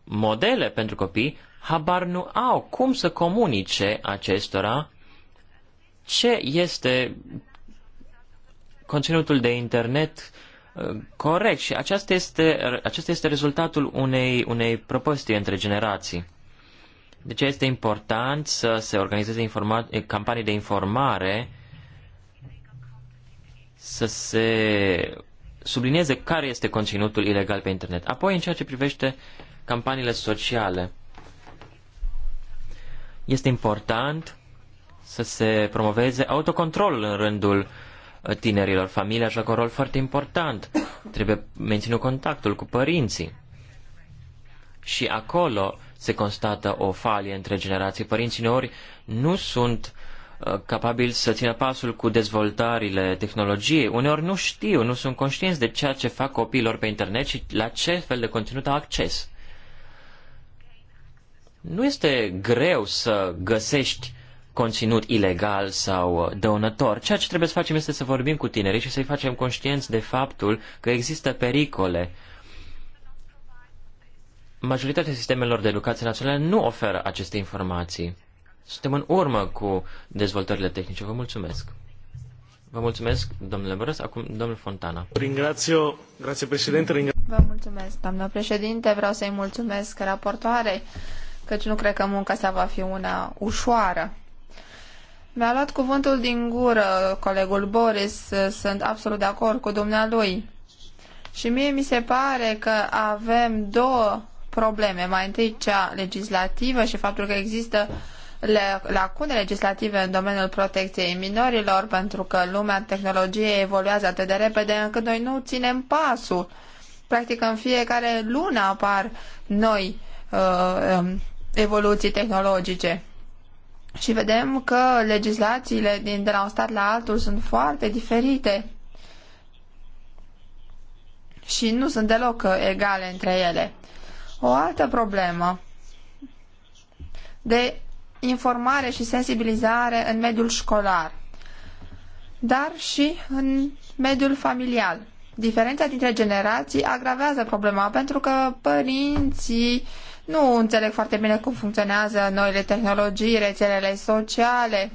modele pentru copii, habar nu au cum să comunice acestora ce este conținutul de internet uh, corect și aceasta este, acesta este rezultatul unei, unei prăpăstii între generații. De deci ce este important să se organizeze campanii de informare, să se sublinieze care este conținutul ilegal pe internet. Apoi, în ceea ce privește campaniile sociale, este important să se promoveze autocontrolul în rândul uh, tinerilor. Familia joacă un rol foarte important. Trebuie menținut contactul cu părinții. Și acolo se constată o falie între generații. Părinții uneori nu sunt uh, Uh, capabili să țină pasul cu dezvoltările tehnologiei. Uneori nu știu, nu sunt conștienți de ceea ce fac copiilor pe internet și la ce fel de conținut au acces. Nu este greu să găsești conținut ilegal sau dăunător. Ceea ce trebuie să facem este să vorbim cu tinerii și să-i facem conștienți de faptul că există pericole. Majoritatea sistemelor de educație națională nu oferă aceste informații. Suntem în urmă cu dezvoltările tehnice. Vă mulțumesc. Vă mulțumesc, domnule Bărăs. Acum, domnul Fontana. Ringrazio, grazie președinte. Ringra... Vă mulțumesc, doamnă președinte. Vreau să-i mulțumesc raportoarei, căci nu cred că munca sa va fi una ușoară. Mi-a luat cuvântul din gură colegul Boris, sunt absolut de acord cu dumnealui. Și mie mi se pare că avem două probleme. Mai întâi cea legislativă și faptul că există uh, lacune legislative în domeniul protecției minorilor, pentru că lumea tehnologiei evoluează atât de repede încât noi nu ținem pasul. Practic în fiecare lună apar noi uh, um, evoluții tehnologice. Și vedem că legislațiile din, de la un stat la altul sunt foarte diferite și nu sunt deloc uh, egale între ele. O altă problemă de informare și sensibilizare în mediul școlar, dar și în mediul familial. Diferența dintre generații agravează problema pentru că părinții nu înțeleg foarte bine cum funcționează noile tehnologii, rețelele sociale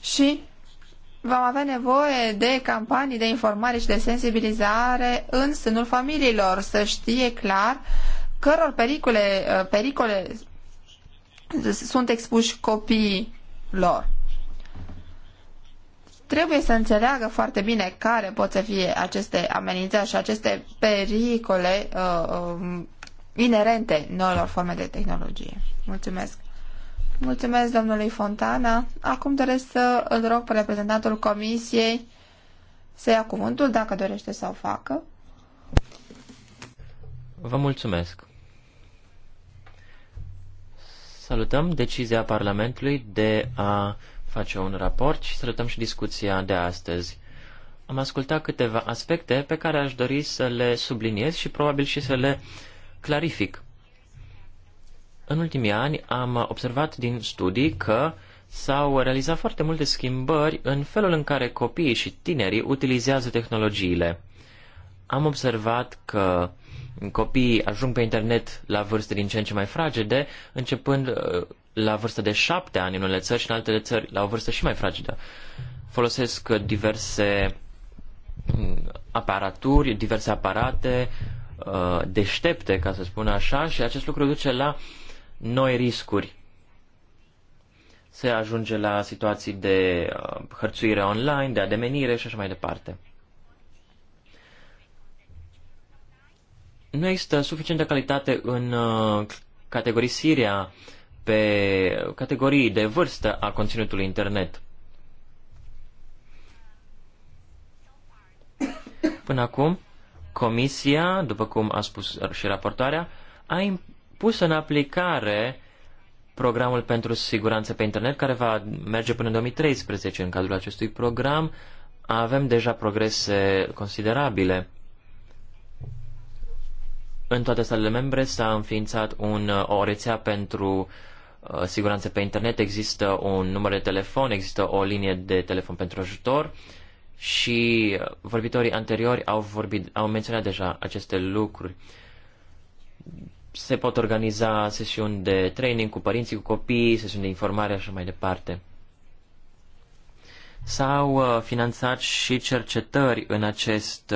și vom avea nevoie de campanii de informare și de sensibilizare în sânul familiilor, să știe clar căror uh, pericole, pericole sunt expuși copiii lor. Trebuie să înțeleagă foarte bine care pot să fie aceste amenințări și aceste pericole uh, uh, inerente noilor forme de tehnologie. Mulțumesc! Mulțumesc domnului Fontana. Acum doresc să îl rog pe reprezentantul comisiei să ia cuvântul, dacă dorește să o facă. Vă mulțumesc. Salutăm decizia Parlamentului de a face un raport și salutăm și discuția de astăzi. Am ascultat câteva aspecte pe care aș dori să le subliniez și probabil și să le clarific. În ultimii ani am observat din studii că s-au realizat foarte multe schimbări în felul în care copiii și tinerii utilizează tehnologiile. Am observat că copiii ajung pe internet la vârste din ce în ce mai fragede, începând uh, la vârstă de șapte ani în unele țări și în altele țări la o vârstă și mai fragedă. Folosesc uh, diverse mm, aparaturi, diverse aparate uh, deștepte, ca să spun așa, și acest lucru duce la noi riscuri. Se ajunge la situații de hărțuire online, de ademenire și așa mai departe. nu există suficientă calitate în uh, categorisirea pe categorii de vârstă a conținutului internet. Până acum, Comisia, după cum a spus și raportoarea, a pus în aplicare programul pentru siguranță pe internet, care va merge până în 2013. În cadrul acestui program avem deja progrese considerabile. În toate statele membre s-a înființat un, uh, o rețea pentru uh, siguranță pe internet, există un număr de telefon, există o linie de telefon pentru ajutor și uh, vorbitorii anteriori au, vorbit, au menționat deja aceste lucruri. Se pot organiza sesiuni de training cu părinții, cu copii sesiuni de informare și așa mai departe. S-au finanțat și cercetări în acest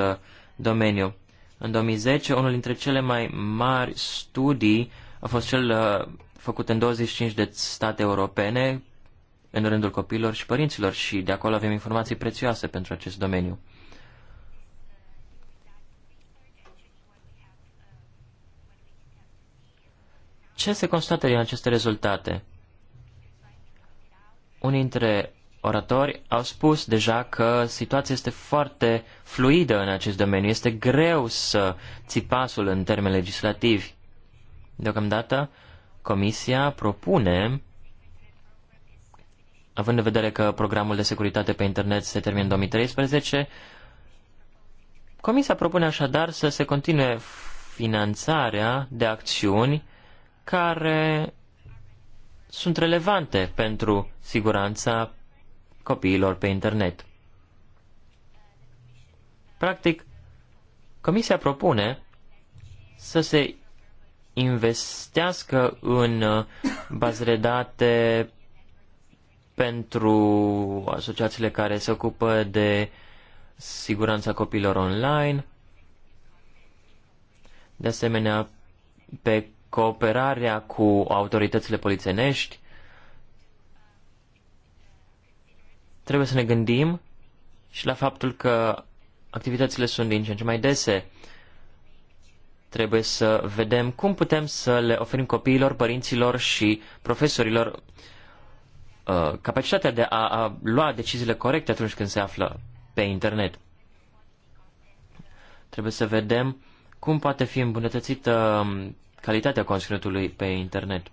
domeniu. În 2010, unul dintre cele mai mari studii a fost cel uh, făcut în 25 de state europene, în rândul copiilor și părinților și de acolo avem informații prețioase pentru acest domeniu. Ce se constată din aceste rezultate? Unii dintre oratori au spus deja că situația este foarte fluidă în acest domeniu. Este greu să ții pasul în termeni legislativi. Deocamdată, Comisia propune, având în vedere că programul de securitate pe internet se termină în 2013, Comisia propune așadar să se continue finanțarea de acțiuni care sunt relevante pentru siguranța copiilor pe internet. Practic, Comisia propune să se investească în uh, bază de date pentru asociațiile care se ocupă de siguranța copiilor online, de asemenea pe cooperarea cu autoritățile polițenești, Trebuie să ne gândim și la faptul că activitățile sunt din ce în ce mai dese. Trebuie să vedem cum putem să le oferim copiilor, părinților și profesorilor uh, capacitatea de a, a lua deciziile corecte atunci când se află pe internet. Trebuie să vedem cum poate fi îmbunătățită um, calitatea conținutului pe internet.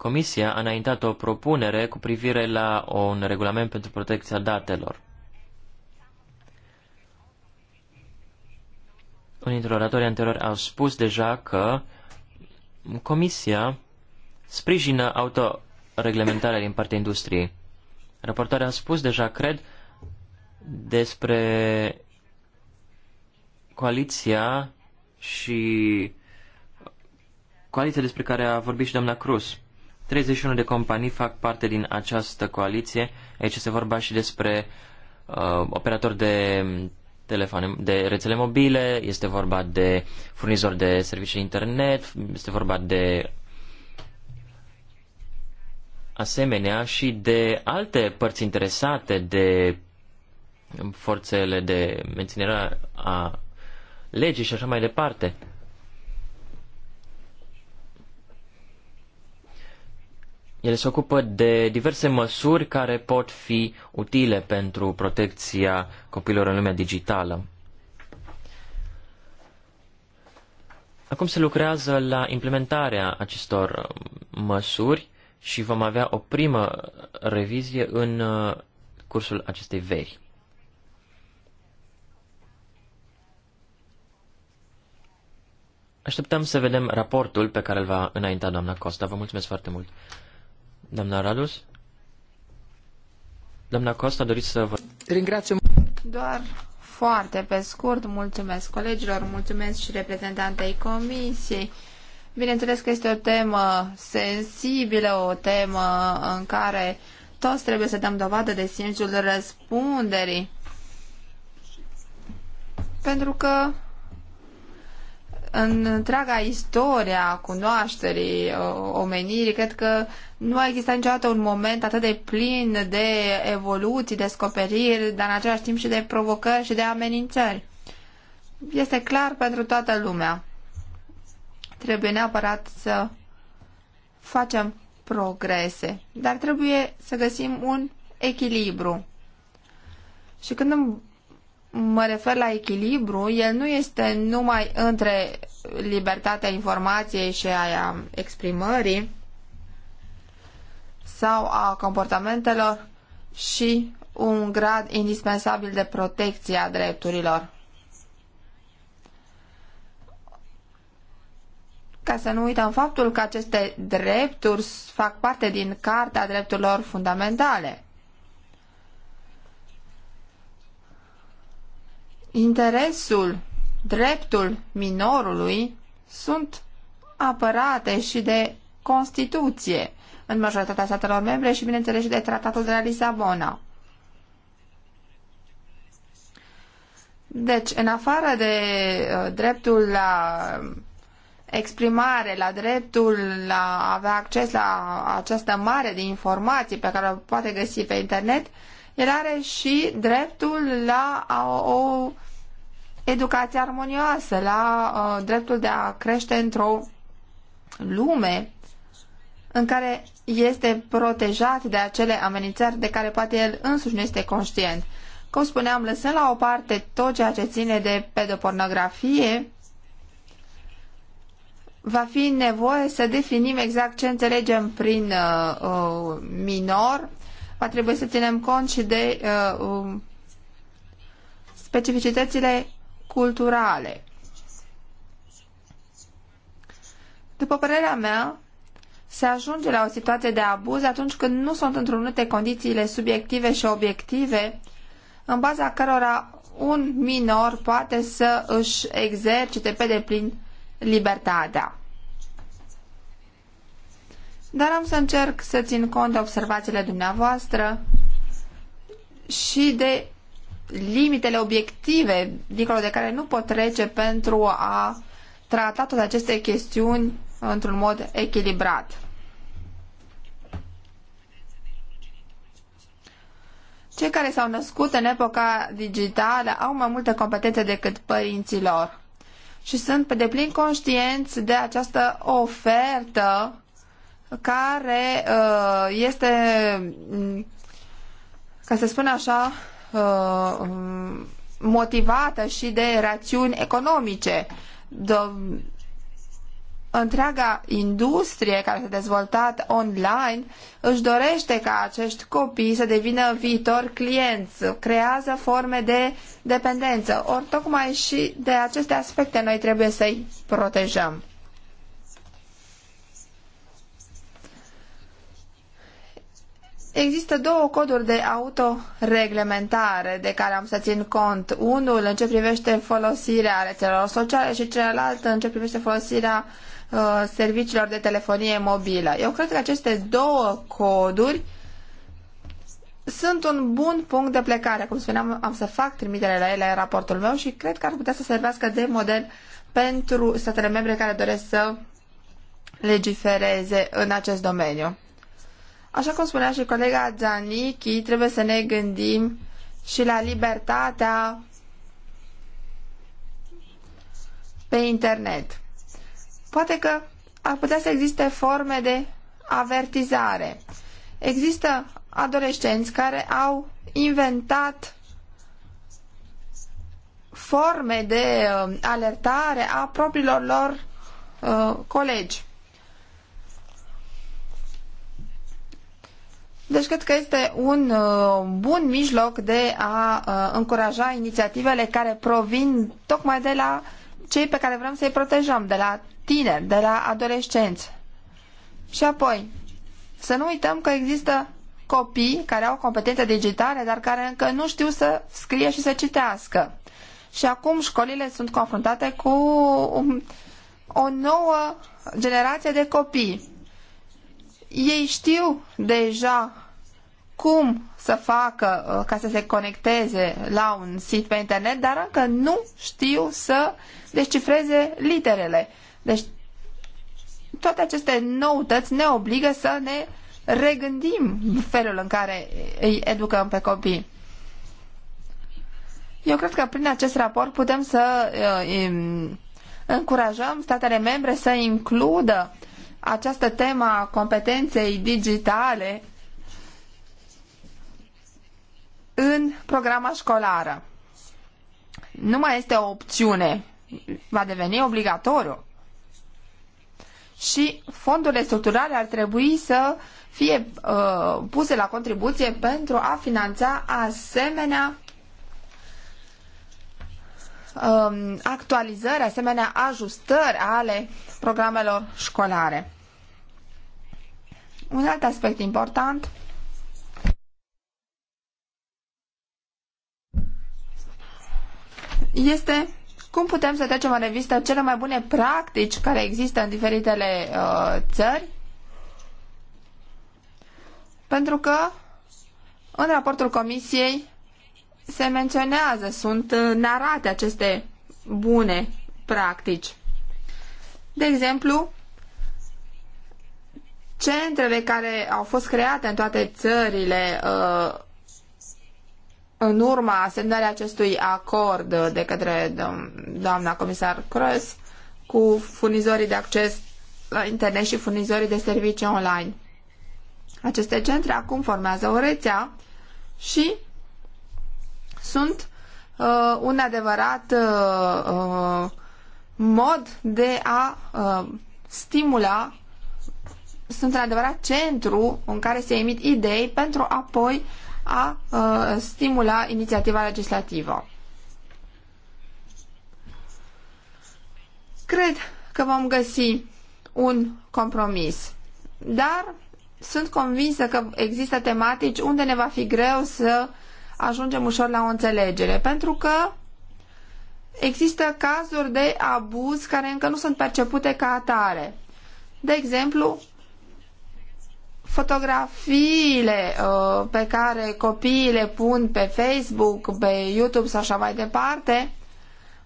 Comisia a înaintat o propunere cu privire la un regulament pentru protecția datelor. Unii dintre oratorii anteriori au spus deja că Comisia sprijină autoreglementarea din partea industriei. Raportoarea a spus deja, cred, despre coaliția și coaliția despre care a vorbit și doamna Cruz. 31 de companii fac parte din această coaliție. Aici se vorba și despre uh, operatori de telefoane, de rețele mobile, este vorba de furnizori de servicii internet, este vorba de asemenea și de alte părți interesate de forțele de menținere a legii și așa mai departe. Ele se ocupă de diverse măsuri care pot fi utile pentru protecția copiilor în lumea digitală. Acum se lucrează la implementarea acestor um, măsuri și vom avea o primă revizie în uh, cursul acestei veri. Așteptăm să vedem raportul pe care îl va înainta doamna Costa. Vă mulțumesc foarte mult! Doamna Radus? Doamna Costa, doriți să vă... Ringrațiu. Doar foarte pe scurt, mulțumesc colegilor, mulțumesc și reprezentantei comisiei. Bineînțeles că este o temă sensibilă, o temă în care toți trebuie să dăm dovadă de simțul răspunderii. Pentru că în întreaga istoria cunoașterii uh, omenirii, cred că nu a existat niciodată un moment atât de plin de evoluții, descoperiri, dar în același timp și de provocări și de amenințări. Este clar pentru toată lumea. Trebuie neapărat să facem progrese, dar trebuie să găsim un echilibru. Și când mă refer la echilibru, el nu este numai între libertatea informației și a exprimării sau a comportamentelor și un grad indispensabil de protecție a drepturilor. Ca să nu uităm faptul că aceste drepturi fac parte din Carta Drepturilor Fundamentale. interesul, dreptul minorului sunt apărate și de Constituție în majoritatea statelor membre și, bineînțeles, și de Tratatul de la Lisabona. Deci, în afară de uh, dreptul la exprimare, la dreptul la avea acces la această mare de informații pe care o poate găsi pe internet, uh, el are și dreptul la o educație armonioasă, la uh, dreptul de a crește într-o lume în care este protejat de acele amenințări de care poate el însuși nu este conștient. Cum spuneam, lăsând la o parte tot ceea ce ține de pedopornografie, va fi nevoie să definim exact ce înțelegem prin uh, uh minor va trebui să ținem cont și de uh, um, specificitățile culturale. După părerea mea, se ajunge la o situație de abuz atunci când nu sunt întrunite condițiile subiective și obiective în baza cărora un minor poate să își exercite pe deplin libertatea. Dar am să încerc să țin cont de observațiile dumneavoastră și de limitele obiective, dincolo de care nu pot trece pentru a trata toate aceste chestiuni într-un mod echilibrat. Cei care s-au născut în epoca digitală au mai multe competențe decât părinților și sunt pe deplin conștienți de această ofertă care uh, este, mm, ca să spun așa, uh, mm, motivată și de rațiuni economice. De întreaga industrie care s-a dezvoltat online își dorește ca acești copii să devină viitor clienți, creează forme de dependență. Ori tocmai și de aceste aspecte noi trebuie să-i protejăm. Există două coduri de autoreglementare de care am să țin cont. Unul în ce privește folosirea rețelelor sociale și celălalt în ce privește folosirea uh, serviciilor de telefonie mobilă. Eu cred că aceste două coduri sunt un bun punct de plecare. Cum spuneam, am să fac trimitere la ele în raportul meu și cred că ar putea să servească de model pentru statele membre care doresc să legifereze în acest domeniu. Așa cum spunea și colega Giannichi, trebuie să ne gândim și la libertatea pe internet. Poate că ar putea să existe forme de avertizare. Există adolescenți care au inventat forme de uh, alertare a propriilor lor uh, colegi. Deci cred că este un uh, bun mijloc de a uh, încuraja inițiativele care provin tocmai de la cei pe care vrem să-i protejăm, de la tineri, de la adolescenți. Și apoi, să nu uităm că există copii care au competențe digitale, dar care încă nu știu să scrie și să citească. Și acum școlile sunt confruntate cu o nouă generație de copii. Ei știu deja cum să facă uh, ca să se conecteze la un sit pe internet, dar încă nu știu să descifreze literele. Deci toate aceste noutăți ne obligă să ne regândim felul în care îi educăm pe copii. Eu cred că prin acest raport putem să uh, încurajăm statele membre să includă această temă a competenței digitale în programa școlară. Nu mai este o opțiune, va deveni obligatoriu. Și fondurile structurale ar trebui să fie uh, puse la contribuție pentru a finanța asemenea uh, actualizări, asemenea ajustări ale programelor școlare. Un alt aspect important este cum putem să trecem în revistă cele mai bune practici care există în diferitele uh, țări? Pentru că în raportul comisiei se menționează, sunt uh, narate aceste bune practici. De exemplu, centrele care au fost create în toate țările uh, în urma semnării acestui acord de către doamna comisar Crăs cu furnizorii de acces la internet și furnizorii de servicii online. Aceste centre acum formează o rețea și sunt uh, un adevărat uh, uh mod de a uh, stimula, sunt un adevărat centru în care se emit idei pentru apoi a stimula inițiativa legislativă. Cred că vom găsi un compromis, dar sunt convinsă că există tematici unde ne va fi greu să ajungem ușor la o înțelegere, pentru că există cazuri de abuz care încă nu sunt percepute ca atare. De exemplu, fotografiile uh, pe care copiii le pun pe Facebook, pe YouTube sau așa mai departe,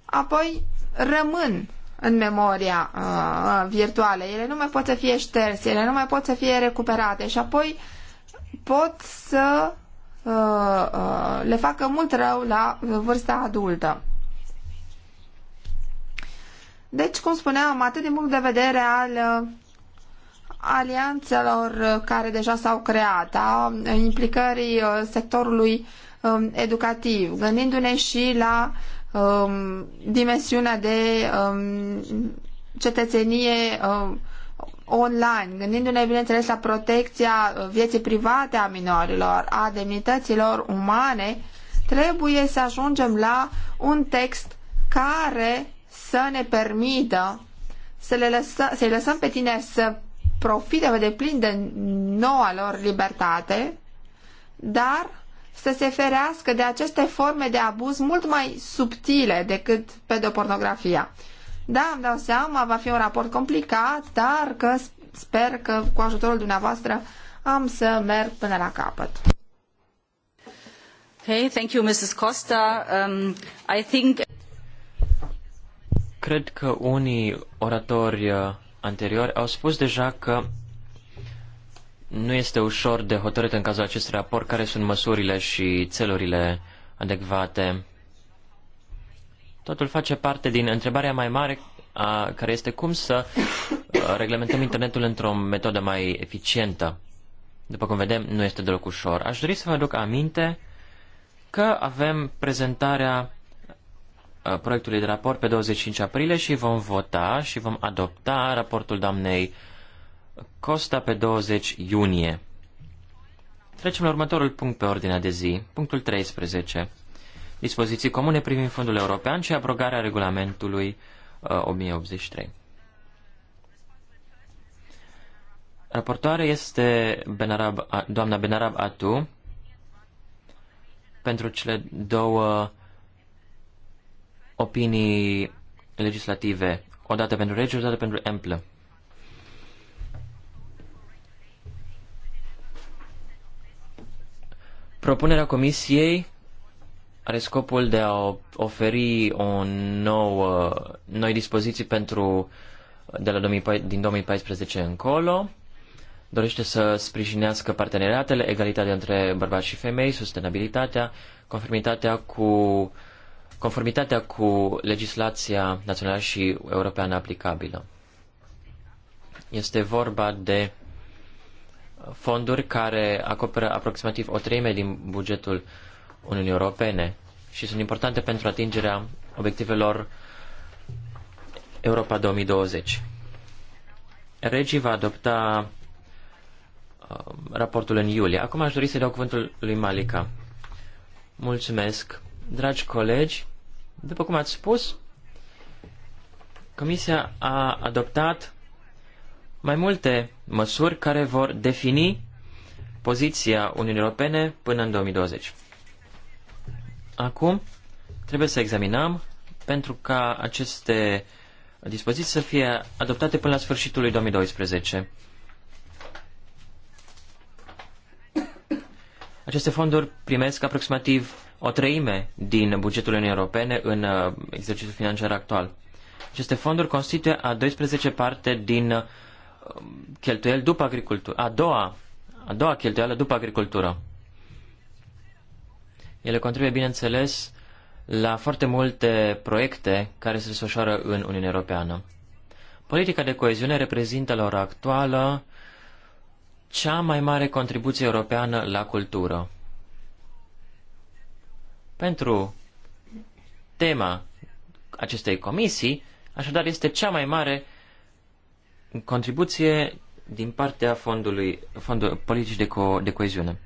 apoi rămân în memoria uh, virtuală. Ele nu mai pot să fie șterse, ele nu mai pot să fie recuperate și apoi pot să uh, uh, le facă mult rău la vârsta adultă. Deci, cum spuneam, atât din punct de vedere al uh, alianțelor uh, care deja s-au creat, a uh, implicării uh, sectorului um, educativ, gândindu-ne și la um, dimensiunea de um, cetățenie um, online, gândindu-ne, bineînțeles, la protecția vieții private a minorilor, a demnităților umane, trebuie să ajungem la un text care să ne permită să le lăsă, să-i lăsăm pe tineri să profite pe de deplin de noua lor libertate, dar să se ferească de aceste forme de abuz mult mai subtile decât pedopornografia. Da, îmi dau seama, va fi un raport complicat, dar că sper că cu ajutorul dumneavoastră am să merg până la capăt. Okay, thank you, Mrs. Costa. Um, I think... Cred că unii oratori uh, anterior, au spus deja că nu este ușor de hotărât în cazul acestui raport care sunt măsurile și țelurile adecvate. Totul face parte din întrebarea mai mare a, care este cum să reglementăm internetul într-o metodă mai eficientă. După cum vedem, nu este deloc ușor. Aș dori să vă aduc aminte că avem prezentarea Uh, proiectului de raport pe 25 aprilie și vom vota și vom adopta raportul doamnei Costa pe 20 iunie. Trecem la următorul punct pe ordinea de zi, punctul 13. Dispoziții comune privind Fondul European și abrogarea regulamentului 1083. Uh, Raportoare este Benarab, doamna Benarab Atu pentru cele două opinii legislative, o dată pentru rege, o dată pentru amplă. Propunerea comisiei are scopul de a oferi o nouă, noi dispoziții pentru de la 2000, din 2014 încolo. Dorește să sprijinească parteneriatele, egalitatea între bărbați și femei, sustenabilitatea, conformitatea cu conformitatea cu legislația națională și europeană aplicabilă. Este vorba de fonduri care acoperă aproximativ o treime din bugetul Uniunii Europene și sunt importante pentru atingerea obiectivelor Europa 2020. Regii va adopta um, raportul în iulie. Acum aș dori să dau cuvântul lui Malika. Mulțumesc. Dragi colegi, după cum ați spus, Comisia a adoptat mai multe măsuri care vor defini poziția Uniunii Europene până în 2020. Acum trebuie să examinăm pentru ca aceste dispoziții să fie adoptate până la sfârșitul lui 2012. Aceste fonduri primesc aproximativ o treime din bugetul Uniunii Europene în uh, exercițiul financiar actual. Aceste fonduri constituie a 12 parte din uh, cheltuieli după agricultură, a doua, a doua cheltuială după agricultură. Ele contribuie, bineînțeles, la foarte multe proiecte care se desfășoară în Uniunea Europeană. Politica de coeziune reprezintă la ora actuală cea mai mare contribuție europeană la cultură pentru tema acestei comisii, așadar este cea mai mare contribuție din partea fondului, fondul politici de, co, de coeziune.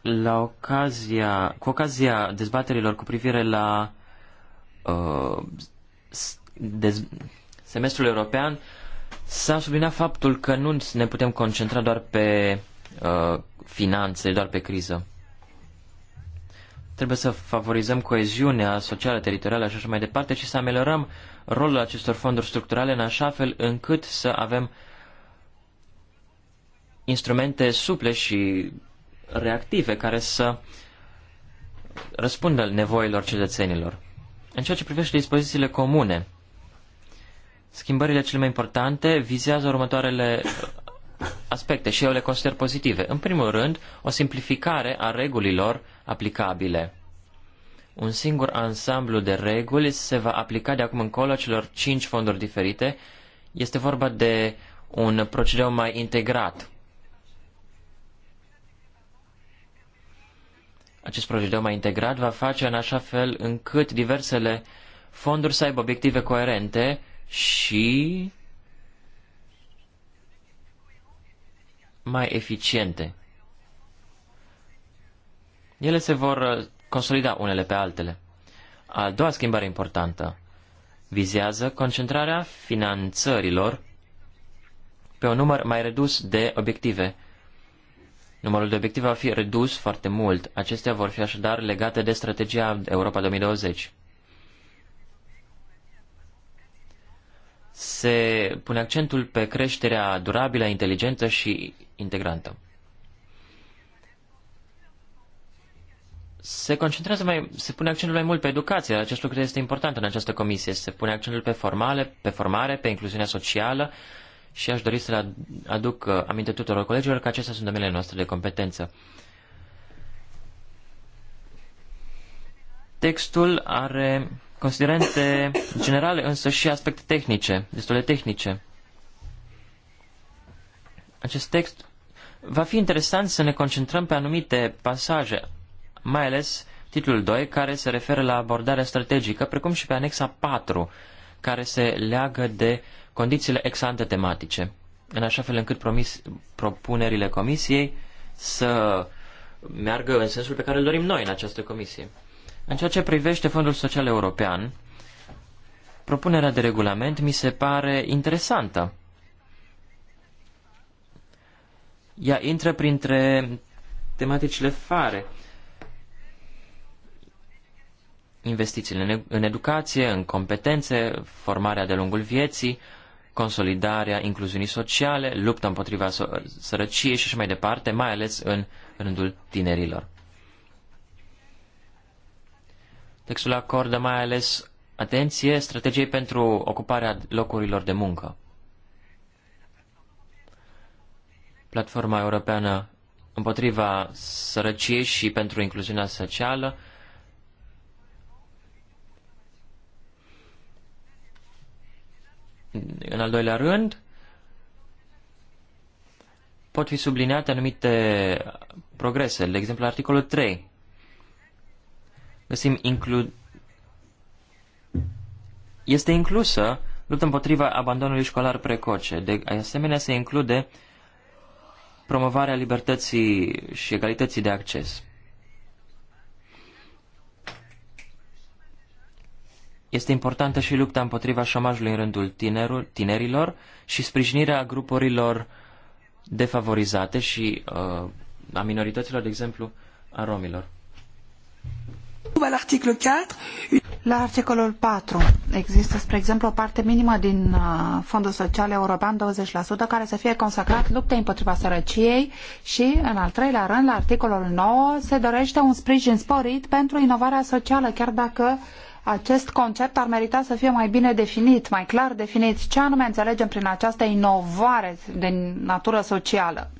La ocazia, cu ocazia dezbaterilor cu privire la uh, dez, semestrul european, s-a subliniat faptul că nu ne putem concentra doar pe uh, finanțe, doar pe criză. Trebuie să favorizăm coeziunea socială, teritorială și așa mai departe și să ameliorăm rolul acestor fonduri structurale în așa fel încât să avem instrumente suple și reactive care să răspundă nevoilor cetățenilor. În ceea ce privește dispozițiile comune, schimbările cele mai importante vizează următoarele aspecte și eu le consider pozitive. În primul rând, o simplificare a regulilor aplicabile. Un singur ansamblu de reguli se va aplica de acum încolo celor cinci fonduri diferite. Este vorba de un procedeu mai integrat. Acest procedeu mai integrat va face în așa fel încât diversele fonduri să aibă obiective coerente și mai eficiente. Ele se vor uh, consolida unele pe altele. A doua schimbare importantă vizează concentrarea finanțărilor pe un număr mai redus de obiective. Numărul de obiective va fi redus foarte mult. Acestea vor fi așadar legate de strategia Europa 2020. se pune accentul pe creșterea durabilă, inteligentă și integrantă. Se concentrează mai, se pune accentul mai mult pe educație, acest lucru este important în această comisie. Se pune accentul pe formale, pe formare, pe incluziunea socială și aș dori să le aduc uh, aminte tuturor colegilor că acestea sunt domeniile noastre de competență. Textul are considerente generale, însă și aspecte tehnice, destul de tehnice. Acest text va fi interesant să ne concentrăm pe anumite pasaje, mai ales titlul 2, care se referă la abordarea strategică, precum și pe anexa 4, care se leagă de condițiile ex-ante tematice, în așa fel încât promis, propunerile comisiei să meargă în sensul pe care îl dorim noi în această comisie. În ceea ce privește Fondul Social European, propunerea de regulament mi se pare interesantă. Ea intră printre tematicile fare. Investițiile în educație, în competențe, formarea de lungul vieții, consolidarea incluziunii sociale, lupta împotriva sărăciei și așa mai departe, mai ales în rândul tinerilor. Textul acordă mai ales atenție strategiei pentru ocuparea locurilor de muncă. Platforma Europeană împotriva sărăciei și pentru incluziunea socială În al doilea rând, pot fi subliniate anumite progrese. De exemplu, articolul 3 găsim inclu... este inclusă lupta împotriva abandonului școlar precoce. De asemenea, se include promovarea libertății și egalității de acces. Este importantă și lupta împotriva șomajului în rândul tinerul, tinerilor și sprijinirea grupurilor defavorizate și uh, a minorităților, de exemplu, a romilor cum 4. La articolul 4 există, spre exemplu, o parte minimă din uh, Fondul Social European, 20%, care să fie consacrat luptei împotriva sărăciei și, în al treilea rând, la articolul 9 se dorește un sprijin sporit pentru inovarea socială, chiar dacă acest concept ar merita să fie mai bine definit, mai clar definit. Ce anume înțelegem prin această inovare de natură socială?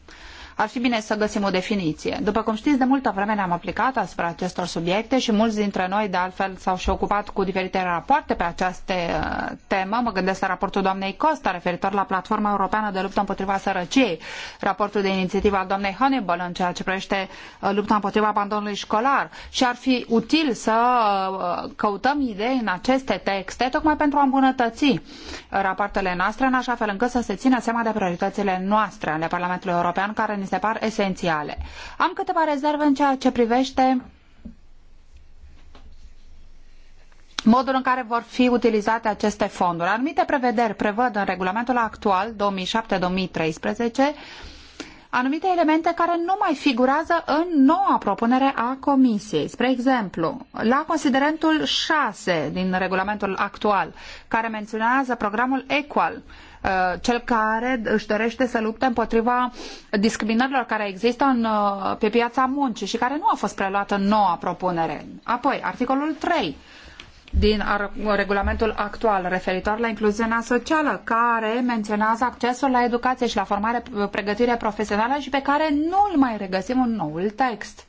ar fi bine să găsim o definiție. După cum știți, de multă vreme ne-am aplicat asupra acestor subiecte și mulți dintre noi, de altfel, s-au și ocupat cu diferite rapoarte pe această uh, temă. Mă gândesc la raportul doamnei Costa referitor la Platforma Europeană de Luptă împotriva Sărăciei, raportul de inițiativă al doamnei Honeyball în ceea ce privește uh, lupta împotriva abandonului școlar și ar fi util să uh, căutăm idei în aceste texte tocmai pentru a îmbunătăți rapoartele noastre în așa fel încât să se țină seama de prioritățile noastre ale Parlamentului European care mi se par esențiale. Am câteva rezerve în ceea ce privește modul în care vor fi utilizate aceste fonduri. Anumite prevederi prevăd în regulamentul actual 2007-2013 anumite elemente care nu mai figurează în noua propunere a Comisiei. Spre exemplu, la considerentul 6 din regulamentul actual, care menționează programul EQUAL, Uh, cel care își dorește să lupte împotriva discriminărilor care există în, uh, pe piața muncii și care nu a fost preluată în noua propunere. Apoi, articolul 3 din regulamentul actual referitor la incluziunea socială, care menționează accesul la educație și la formare, pregătire profesională și pe care nu îl mai regăsim în noul text.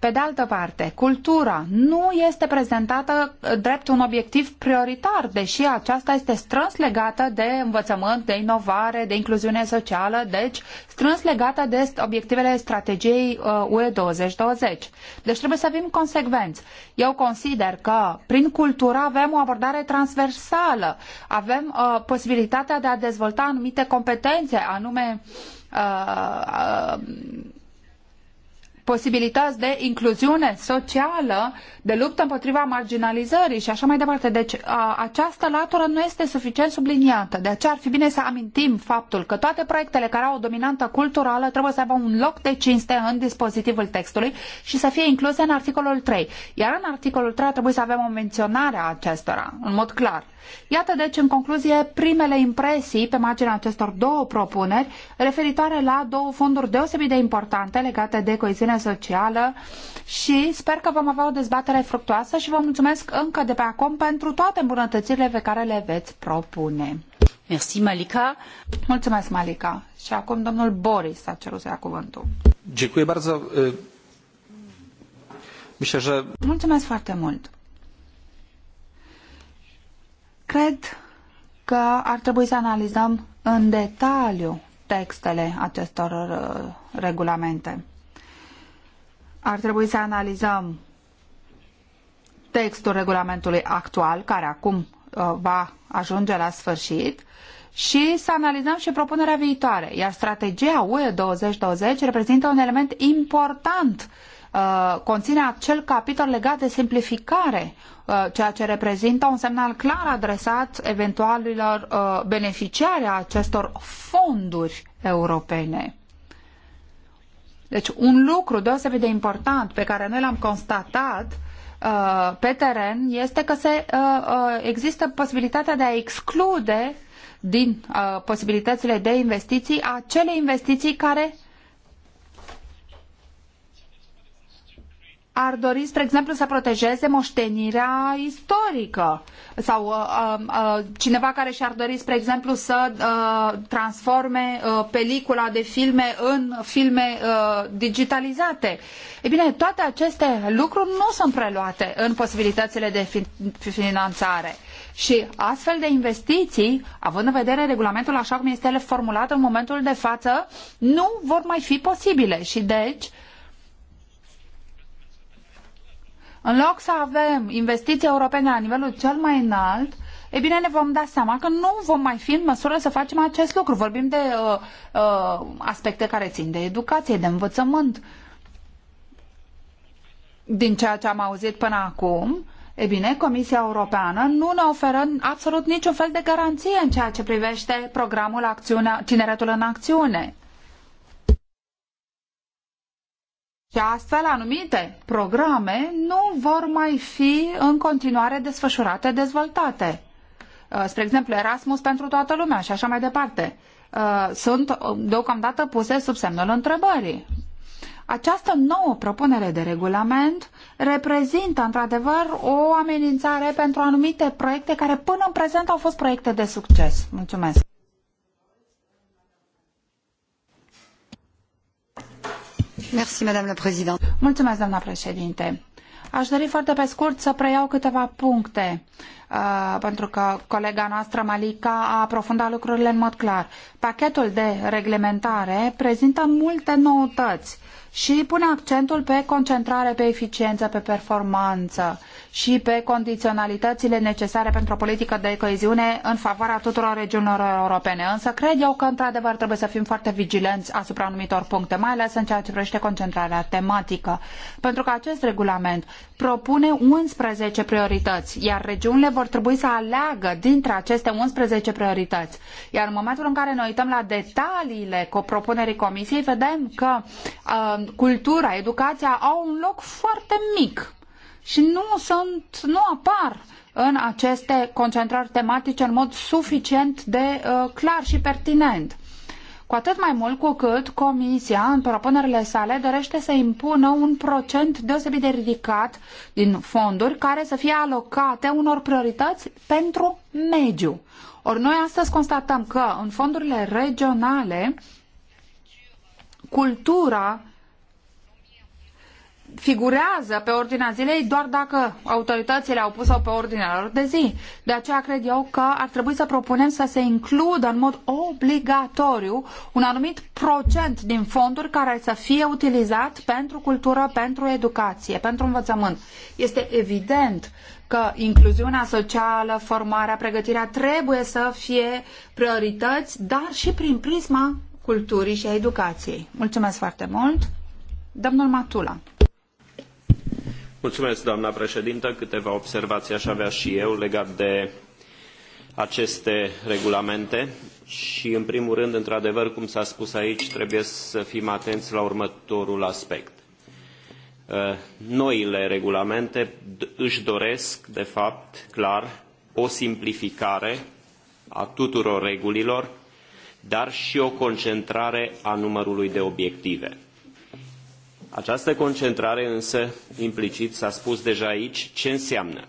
Pe de altă parte, cultura nu este prezentată uh, drept un obiectiv prioritar, deși aceasta este strâns legată de învățământ, de inovare, de incluziune socială, deci strâns legată de obiectivele strategiei uh, UE 2020. Deci trebuie să fim consecvenți. Eu consider că prin cultură avem o abordare transversală, avem uh, posibilitatea de a dezvolta anumite competențe, anume uh, uh, posibilități de incluziune socială, de luptă împotriva marginalizării și așa mai departe. Deci această latură nu este suficient subliniată. De aceea ar fi bine să amintim faptul că toate proiectele care au o dominantă culturală trebuie să aibă un loc de cinste în dispozitivul textului și să fie incluse în articolul 3. Iar în articolul 3 trebuie să avem o menționare a acestora, în mod clar. Iată deci, în concluzie, primele impresii pe marginea acestor două propuneri referitoare la două fonduri deosebit de importante legate de coeziunea socială și sper că vom avea o dezbatere fructuoasă și vă mulțumesc încă de pe acum pentru toate îmbunătățirile pe care le veți propune. Merci, Malika. Mulțumesc, Malika. Și acum domnul Boris a cerut să ia cuvântul. Dziękuję bardzo. Myślę, że... Mulțumesc foarte mult. Cred că ar trebui să analizăm în detaliu textele acestor uh, regulamente ar trebui să analizăm textul regulamentului actual, care acum uh, va ajunge la sfârșit, și să analizăm și propunerea viitoare. Iar strategia UE 2020 reprezintă un element important uh, conține acel capitol legat de simplificare, uh, ceea ce reprezintă un semnal clar adresat eventualilor beneficiari a acestor fonduri europene. Deci un lucru deosebit de important pe care noi l-am constatat uh, pe teren este că se, uh, uh, există posibilitatea de a exclude din posibilitățile de investiții acele investiții care ar dori, spre exemplu, să protejeze moștenirea istorică sau uh, uh, uh cineva care și-ar dori, spre exemplu, să uh, transforme uh, pelicula de filme în filme uh, digitalizate. E bine, toate aceste lucruri nu sunt preluate în posibilitățile de fi- finanțare. Și astfel de investiții, având în vedere regulamentul așa cum este formulat în momentul de față, nu vor mai fi posibile și deci În loc să avem investiții europene la nivelul cel mai înalt, e bine, ne vom da seama că nu vom mai fi în măsură să facem acest lucru. Vorbim de uh, uh, aspecte care țin de educație, de învățământ. Din ceea ce am auzit până acum, e bine, Comisia Europeană nu ne oferă absolut niciun fel de garanție în ceea ce privește programul acțiunea, Tineretul în Acțiune. Și astfel anumite programe nu vor mai fi în continuare desfășurate, dezvoltate. Uh, spre exemplu, Erasmus pentru toată lumea și așa mai departe. Uh, sunt uh, deocamdată puse sub semnul întrebării. Această nouă propunere de regulament reprezintă într-adevăr o amenințare pentru anumite proiecte care până în prezent au fost proiecte de succes. Mulțumesc! Mulțumesc, președinte. Aș dori foarte pe scurt să preiau câteva puncte, uh, pentru că colega noastră Malika a aprofundat lucrurile în mod clar. Pachetul de reglementare prezintă multe noutăți și pune accentul pe concentrare, pe eficiență, pe performanță și pe condiționalitățile necesare pentru o politică de coeziune în favoarea tuturor regiunilor europene. Însă cred eu că, într-adevăr, trebuie să fim foarte vigilenți asupra anumitor puncte, mai ales în ceea ce privește concentrarea tematică. Pentru că acest regulament propune 11 priorități, iar regiunile vor trebui să aleagă dintre aceste 11 priorități. Iar în momentul în care ne uităm la detaliile cu propunerii comisiei, vedem că uh, cultura, educația au un loc foarte mic și nu sunt, nu apar în aceste concentrări tematice în mod suficient de uh, clar și pertinent. Cu atât mai mult cu cât Comisia, în propunerile sale, dorește să impună un procent deosebit de ridicat din fonduri care să fie alocate unor priorități pentru mediu. Ori noi astăzi constatăm că în fondurile regionale cultura figurează pe ordinea zilei doar dacă autoritățile au pus-o pe ordinea lor de zi. De aceea cred eu că ar trebui să propunem să se includă în mod obligatoriu un anumit procent din fonduri care să fie utilizat pentru cultură, pentru educație, pentru învățământ. Este evident că incluziunea socială, formarea, pregătirea trebuie să fie priorități, dar și prin prisma culturii și a educației. Mulțumesc foarte mult! Domnul Matula. Mulțumesc, doamna președintă. Câteva observații aș avea și eu legat de aceste regulamente și, în primul rând, într-adevăr, cum s-a spus aici, trebuie să fim atenți la următorul aspect. Uh, noile regulamente își doresc, de fapt, clar, o simplificare a tuturor regulilor, dar și o concentrare a numărului de obiective această concentrare însă, implicit, s-a spus deja aici, ce înseamnă?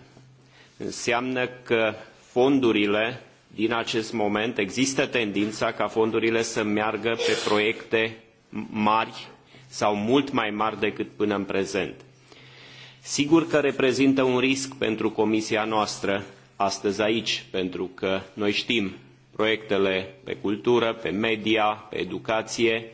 Înseamnă că fondurile din acest moment există tendința ca fondurile să meargă pe proiecte mari sau mult mai mari decât până în prezent. Sigur că reprezintă un risc pentru comisia noastră astăzi aici, pentru că noi știm proiectele pe cultură, pe media, pe educație,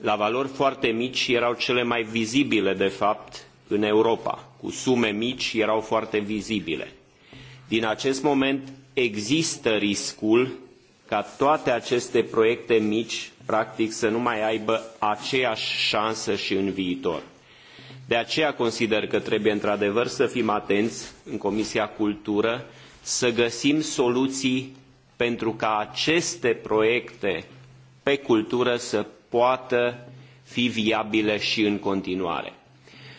la valori foarte mici erau cele mai vizibile, de fapt, în Europa. Cu sume mici erau foarte vizibile. Din acest moment există riscul ca toate aceste proiecte mici, practic, să nu mai aibă aceeași șansă și în viitor. De aceea consider că trebuie într-adevăr să fim atenți în Comisia Cultură, să găsim soluții pentru ca aceste proiecte pe cultură să poată fi viabile și în continuare.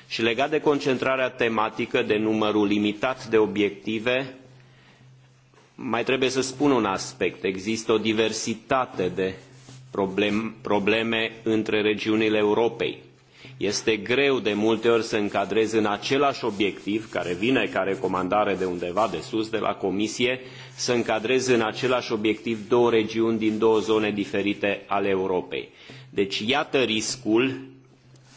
Și legat de concentrarea tematică, de numărul limitat de obiective, mai trebuie să spun un aspect. Există o diversitate de problem, probleme între regiunile Europei. Este greu de multe ori să încadrezi în același obiectiv, care vine ca recomandare de undeva de sus, de la Comisie, să încadrezi în același obiectiv două regiuni din două zone diferite ale Europei. Deci iată riscul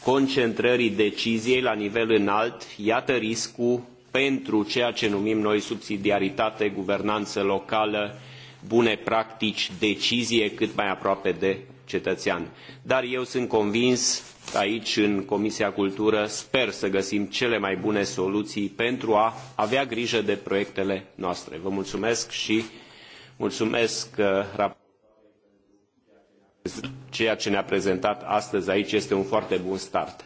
concentrării deciziei la nivel înalt, iată riscul pentru ceea ce numim noi subsidiaritate, guvernanță locală, bune practici, decizie cât mai aproape de cetățean. Dar eu sunt convins că aici, în Comisia Cultură, sper să găsim cele mai bune soluții pentru a avea grijă de proiectele noastre. Vă mulțumesc și mulțumesc uh, raportului. Ceea ce ne-a prezentat astăzi aici este un foarte bun start.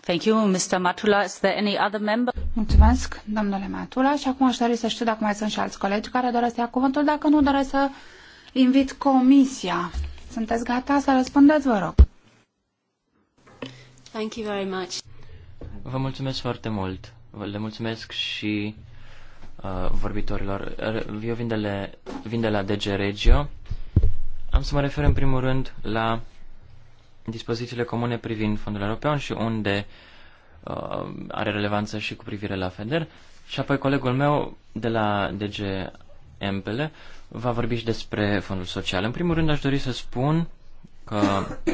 Thank you, Mr. Matula. Is there any other member? Mulțumesc, domnule Matula. Și acum aș dori să știu dacă mai sunt și alți colegi care doresc să ia cuvântul. Dacă nu, doresc să invit comisia. Sunteți gata să răspundeți, vă rog. Thank you very much. Vă mulțumesc foarte mult. le mulțumesc și Uh, vorbitorilor. Uh, eu vin de, le, vin de la DG Regio. Am să mă refer în primul rând la dispozițiile comune privind fondul european și unde uh, are relevanță și cu privire la FEDER. Și apoi colegul meu de la DG MPL va vorbi și despre fondul social. În primul rând aș dori să spun că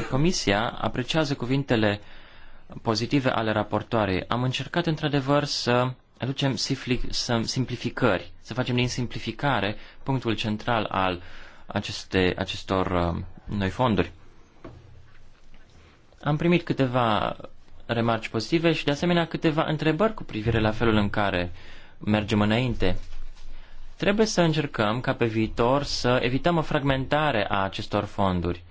Comisia apreciază cuvintele pozitive ale raportoarei. Am încercat într-adevăr să aducem simplificări, să facem din simplificare punctul central al aceste, acestor uh, noi fonduri. Am primit câteva remarci pozitive și de asemenea câteva întrebări cu privire la felul în care mergem înainte. Trebuie să încercăm ca pe viitor să evităm o fragmentare a acestor fonduri.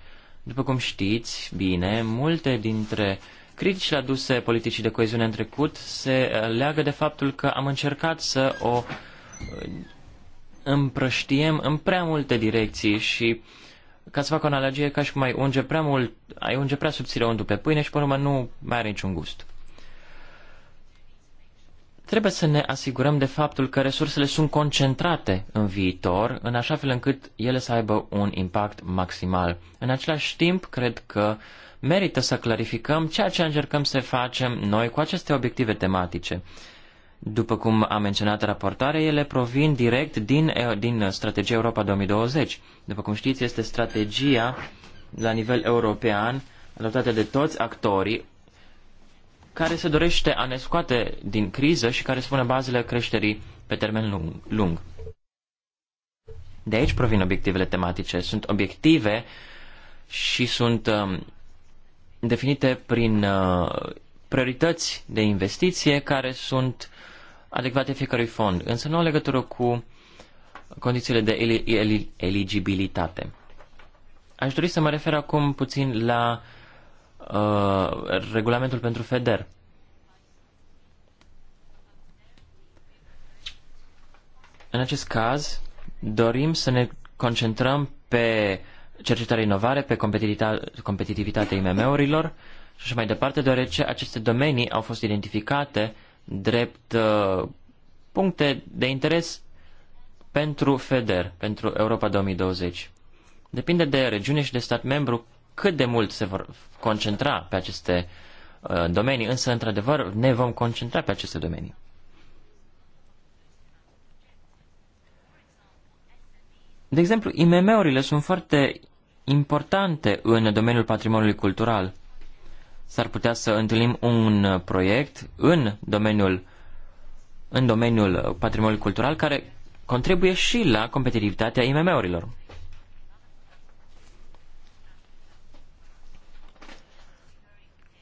După cum știți bine, multe dintre uh, Criticile aduse politicii de coeziune în trecut se uh, leagă de faptul că am încercat să o uh, împrăștiem în prea multe direcții și uh, ca să fac o analogie, ca și cum ai unge prea mult, ai unge prea subțire untul pe pâine și până urmă nu mai are niciun gust. Trebuie să ne asigurăm de faptul că resursele sunt concentrate în viitor, în așa fel încât ele să aibă un impact maximal. În același timp, cred că uh, merită să clarificăm ceea ce încercăm să facem noi cu aceste obiective tematice. După cum a menționat raportarea, ele provin direct din, din strategia Europa 2020. După cum știți, este strategia la nivel european adoptată de toți actorii care se dorește a ne scoate din criză și care spune bazele creșterii pe termen lung. lung. De aici provin obiectivele tematice. Sunt obiective și sunt um, definite prin uh, priorități de investiție care sunt adecvate fiecărui fond, însă nu au legătură cu condițiile de eligibilitate. Aș dori să mă refer acum puțin la uh, regulamentul pentru FEDER. În acest caz, dorim să ne concentrăm pe cercetare inovare, pe competitivitatea IMM-urilor și așa mai departe, deoarece aceste domenii au fost identificate drept uh, puncte de interes pentru FEDER, pentru Europa 2020. Depinde de regiune și de stat membru cât de mult se vor concentra pe aceste uh, domenii, însă, într-adevăr, ne vom concentra pe aceste domenii. De exemplu, IMM-urile sunt foarte importante în domeniul patrimoniului cultural. S-ar putea să întâlnim un proiect în domeniul, în domeniul patrimoniului cultural care contribuie și la competitivitatea IMM-urilor.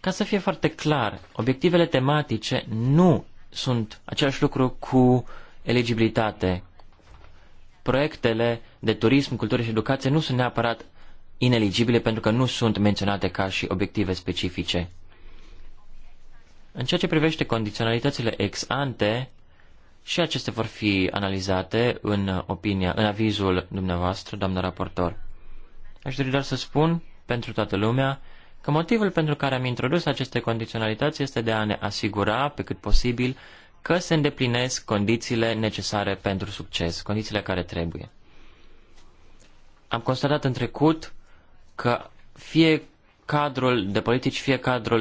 Ca să fie foarte clar, obiectivele tematice nu sunt același lucru cu eligibilitate. Proiectele de turism, cultură și educație nu sunt neapărat ineligibile pentru că nu sunt menționate ca și obiective specifice. În ceea ce privește condiționalitățile ex ante, și acestea vor fi analizate în opinia, în avizul dumneavoastră, doamnă raportor. Aș dori doar să spun pentru toată lumea că motivul pentru care am introdus aceste condiționalități este de a ne asigura pe cât posibil că se îndeplinesc condițiile necesare pentru succes, condițiile care trebuie. Am constatat în trecut că fie cadrul de politici, fie cadrul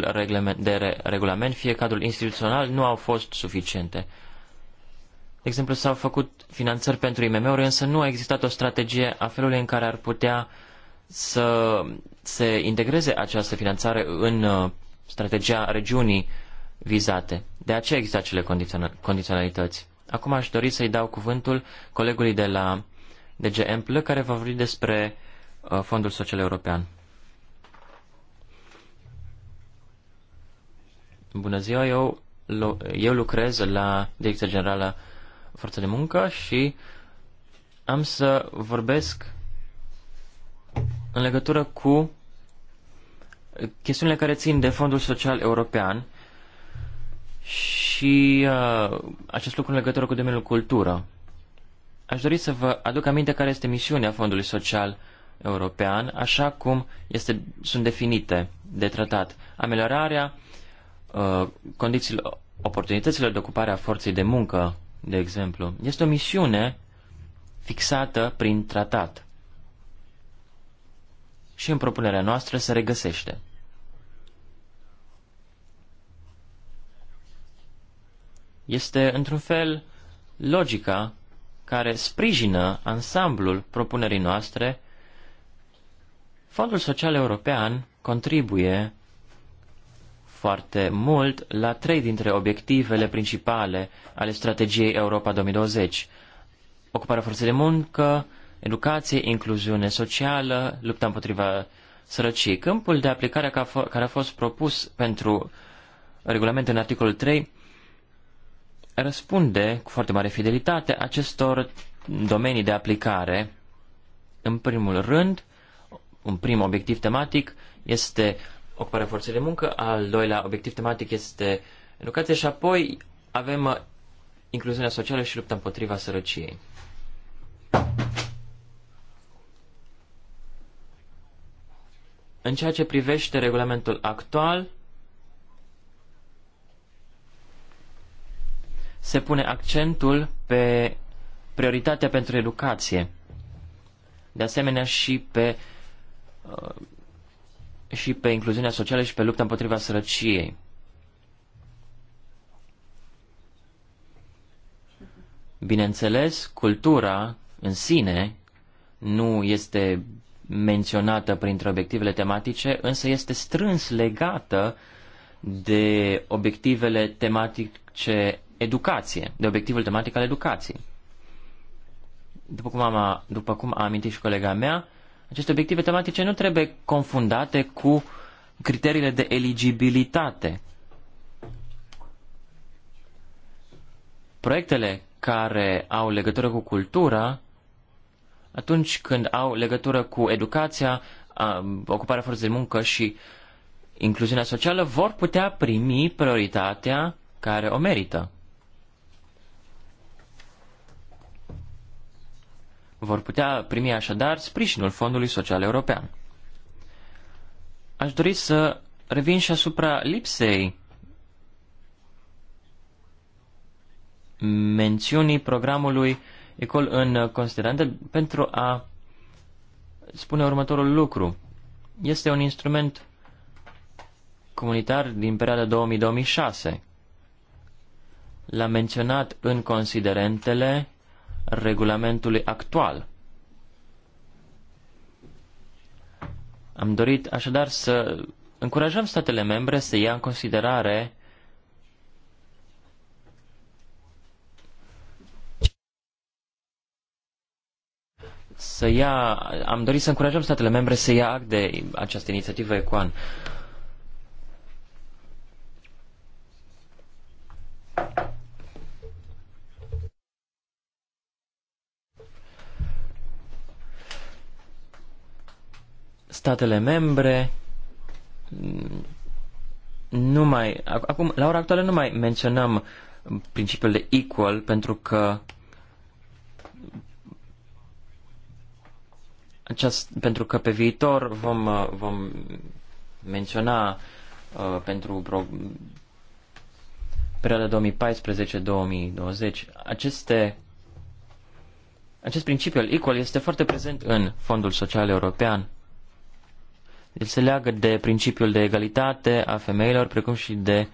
de regulament, fie cadrul instituțional nu au fost suficiente. De exemplu, s-au făcut finanțări pentru IMM-uri, însă nu a existat o strategie a felului în care ar putea să se integreze această finanțare în uh, strategia regiunii vizate. De aceea există acele condiționalități. Acum aș dori să-i dau cuvântul colegului de la DGM, care va vorbi despre Uh, Fondul Social European. Bună ziua, eu, eu lucrez la Direcția Generală Forță de Muncă și am să vorbesc în legătură cu chestiunile care țin de Fondul Social European și uh, acest lucru în legătură cu domeniul cultură. Aș dori să vă aduc aminte care este misiunea Fondului Social uh, european, așa cum este, sunt definite de tratat. Ameliorarea uh, condițiilor, oportunităților de ocupare a forței de muncă, de exemplu, este o misiune fixată prin tratat. Și în propunerea noastră se regăsește. Este, într-un fel, logica care sprijină ansamblul propunerii noastre Fondul Social European contribuie foarte mult la trei dintre obiectivele principale ale strategiei Europa 2020. Ocuparea forței de muncă, educație, incluziune socială, lupta împotriva sărăciei. Câmpul de aplicare care a fost propus pentru regulament în articolul 3 răspunde cu foarte mare fidelitate acestor domenii de aplicare. În primul rând, un prim obiectiv tematic este ocuparea forței de muncă, al doilea obiectiv tematic este educație și apoi avem uh, incluziunea socială și lupta împotriva sărăciei. În ceea ce privește regulamentul actual, se pune accentul pe prioritatea pentru educație, de asemenea și pe Uh, și pe incluziunea socială și pe lupta împotriva sărăciei. Bineînțeles, cultura în sine nu este menționată printre obiectivele tematice, însă este strâns legată de obiectivele tematice educație, de obiectivul tematic al educației. După cum am, după cum a amintit și colega mea, aceste obiective tematice nu trebuie confundate cu criteriile de eligibilitate. Proiectele care au legătură cu cultura, atunci când au legătură cu educația, ocuparea forței de muncă și incluziunea socială, vor putea primi prioritatea care o merită. Vor putea primi așadar sprijinul Fondului Social European. Aș dori să revin și asupra lipsei mențiunii programului Ecol în considerante pentru a spune următorul lucru. Este un instrument comunitar din perioada 2006 L-a menționat în considerentele regulamentului actual. Am dorit așadar să încurajăm statele membre să ia în considerare să ia, am dorit să încurajăm statele membre să ia act de această inițiativă ECOAN. statele membre nu mai, acum, la ora actuală nu mai menționăm principiul de equal pentru că aceast, pentru că pe viitor vom, uh, vom menționa uh, pentru pro, perioada 2014-2020 aceste acest principiu al equal este foarte prezent în Fondul Social European el deci se leagă de principiul de egalitate a femeilor, precum și de,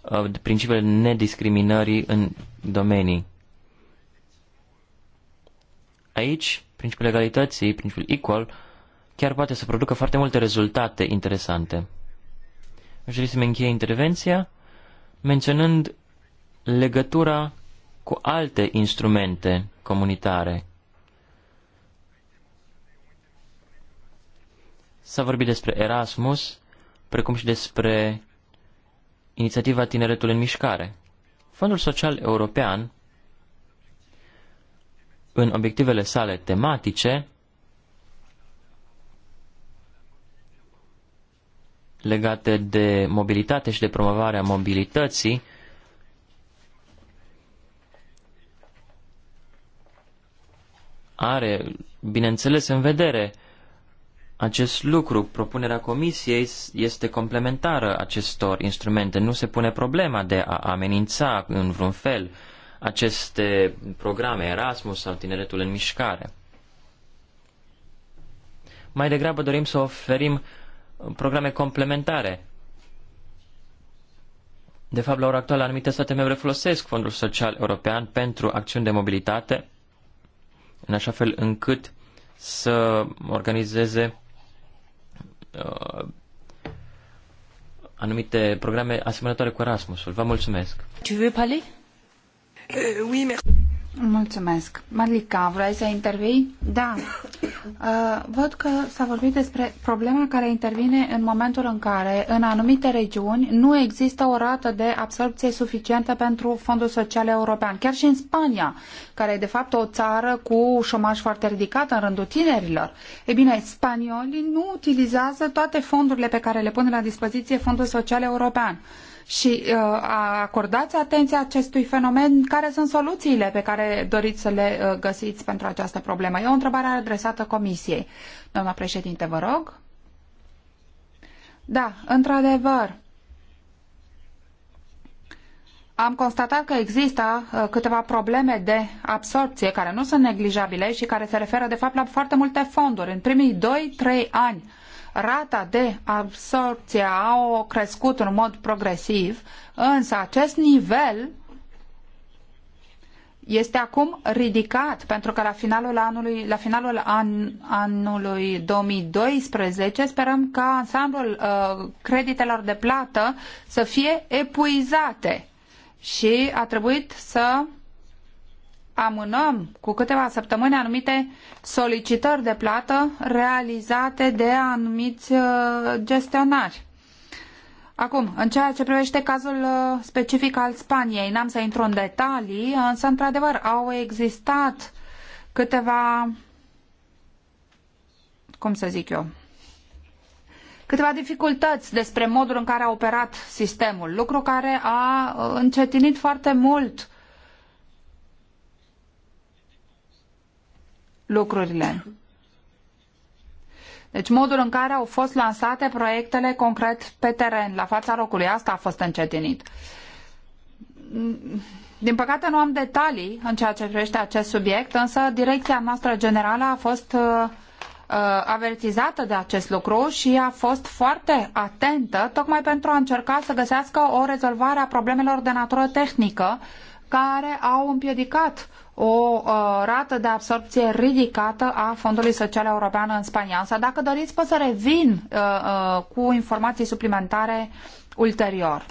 uh, de principiul nediscriminării în domenii. Aici, principiul egalității, principiul equal, chiar poate să producă foarte multe rezultate interesante. Aș dori să-mi încheie intervenția menționând legătura cu alte instrumente comunitare S-a vorbit despre Erasmus, precum și despre inițiativa Tineretul în Mișcare. Fondul Social European, în obiectivele sale tematice, legate de mobilitate și de promovarea mobilității, are, bineînțeles, în vedere acest lucru. Propunerea comisiei este complementară acestor instrumente. Nu se pune problema de a amenința în vreun fel aceste programe, Erasmus sau Tineretul în Mișcare. Mai degrabă dorim să oferim programe complementare. De fapt, la ora actuală, anumite state membre folosesc Fondul Social European pentru acțiuni de mobilitate, în așa fel încât să organizeze uh, anumite programe asemănătoare cu Erasmusul. Vă mulțumesc. Tu veux parler? Uh, oui, merci. Mulțumesc. Marlica, vrei să intervii? Da. Uh, văd că s-a vorbit despre problema care intervine în momentul în care, în anumite regiuni, nu există o rată de absorpție suficientă pentru Fondul Social European. Chiar și în Spania, care e de fapt o țară cu șomaj foarte ridicat în rândul tinerilor. E bine, spaniolii nu utilizează toate fondurile pe care le pun la dispoziție Fondul Social European și uh, acordați atenție acestui fenomen. Care sunt soluțiile pe care doriți să le uh, găsiți pentru această problemă? E o întrebare adresată Comisiei. Doamna președinte, vă rog. Da, într-adevăr. Am constatat că există uh, câteva probleme de absorpție care nu sunt neglijabile și care se referă de fapt la foarte multe fonduri. În primii doi-trei ani rata de absorpție a crescut în mod progresiv, însă acest nivel este acum ridicat pentru că la finalul anului, la finalul an, anului 2012 sperăm ca ansamblul uh, creditelor de plată să fie epuizate și a trebuit să amânăm cu câteva săptămâni anumite solicitări de plată realizate de anumiți uh, gestionari. Acum, în ceea ce privește cazul uh, specific al Spaniei, n-am să intru în detalii, însă, într-adevăr, au existat câteva, cum să zic eu, câteva dificultăți despre modul în care a operat sistemul, lucru care a uh, încetinit foarte mult lucrurile. Deci modul în care au fost lansate proiectele concret pe teren, la fața locului, asta a fost încetinit. Din păcate nu am detalii în ceea ce privește acest subiect, însă direcția noastră generală a fost uh, uh avertizată de acest lucru și a fost foarte atentă tocmai pentru a încerca să găsească o rezolvare a problemelor de natură tehnică care au împiedicat o uh, rată de absorpție ridicată a Fondului Social European în Spania. Însă, dacă doriți, pot să revin uh, uh, cu informații suplimentare ulterior.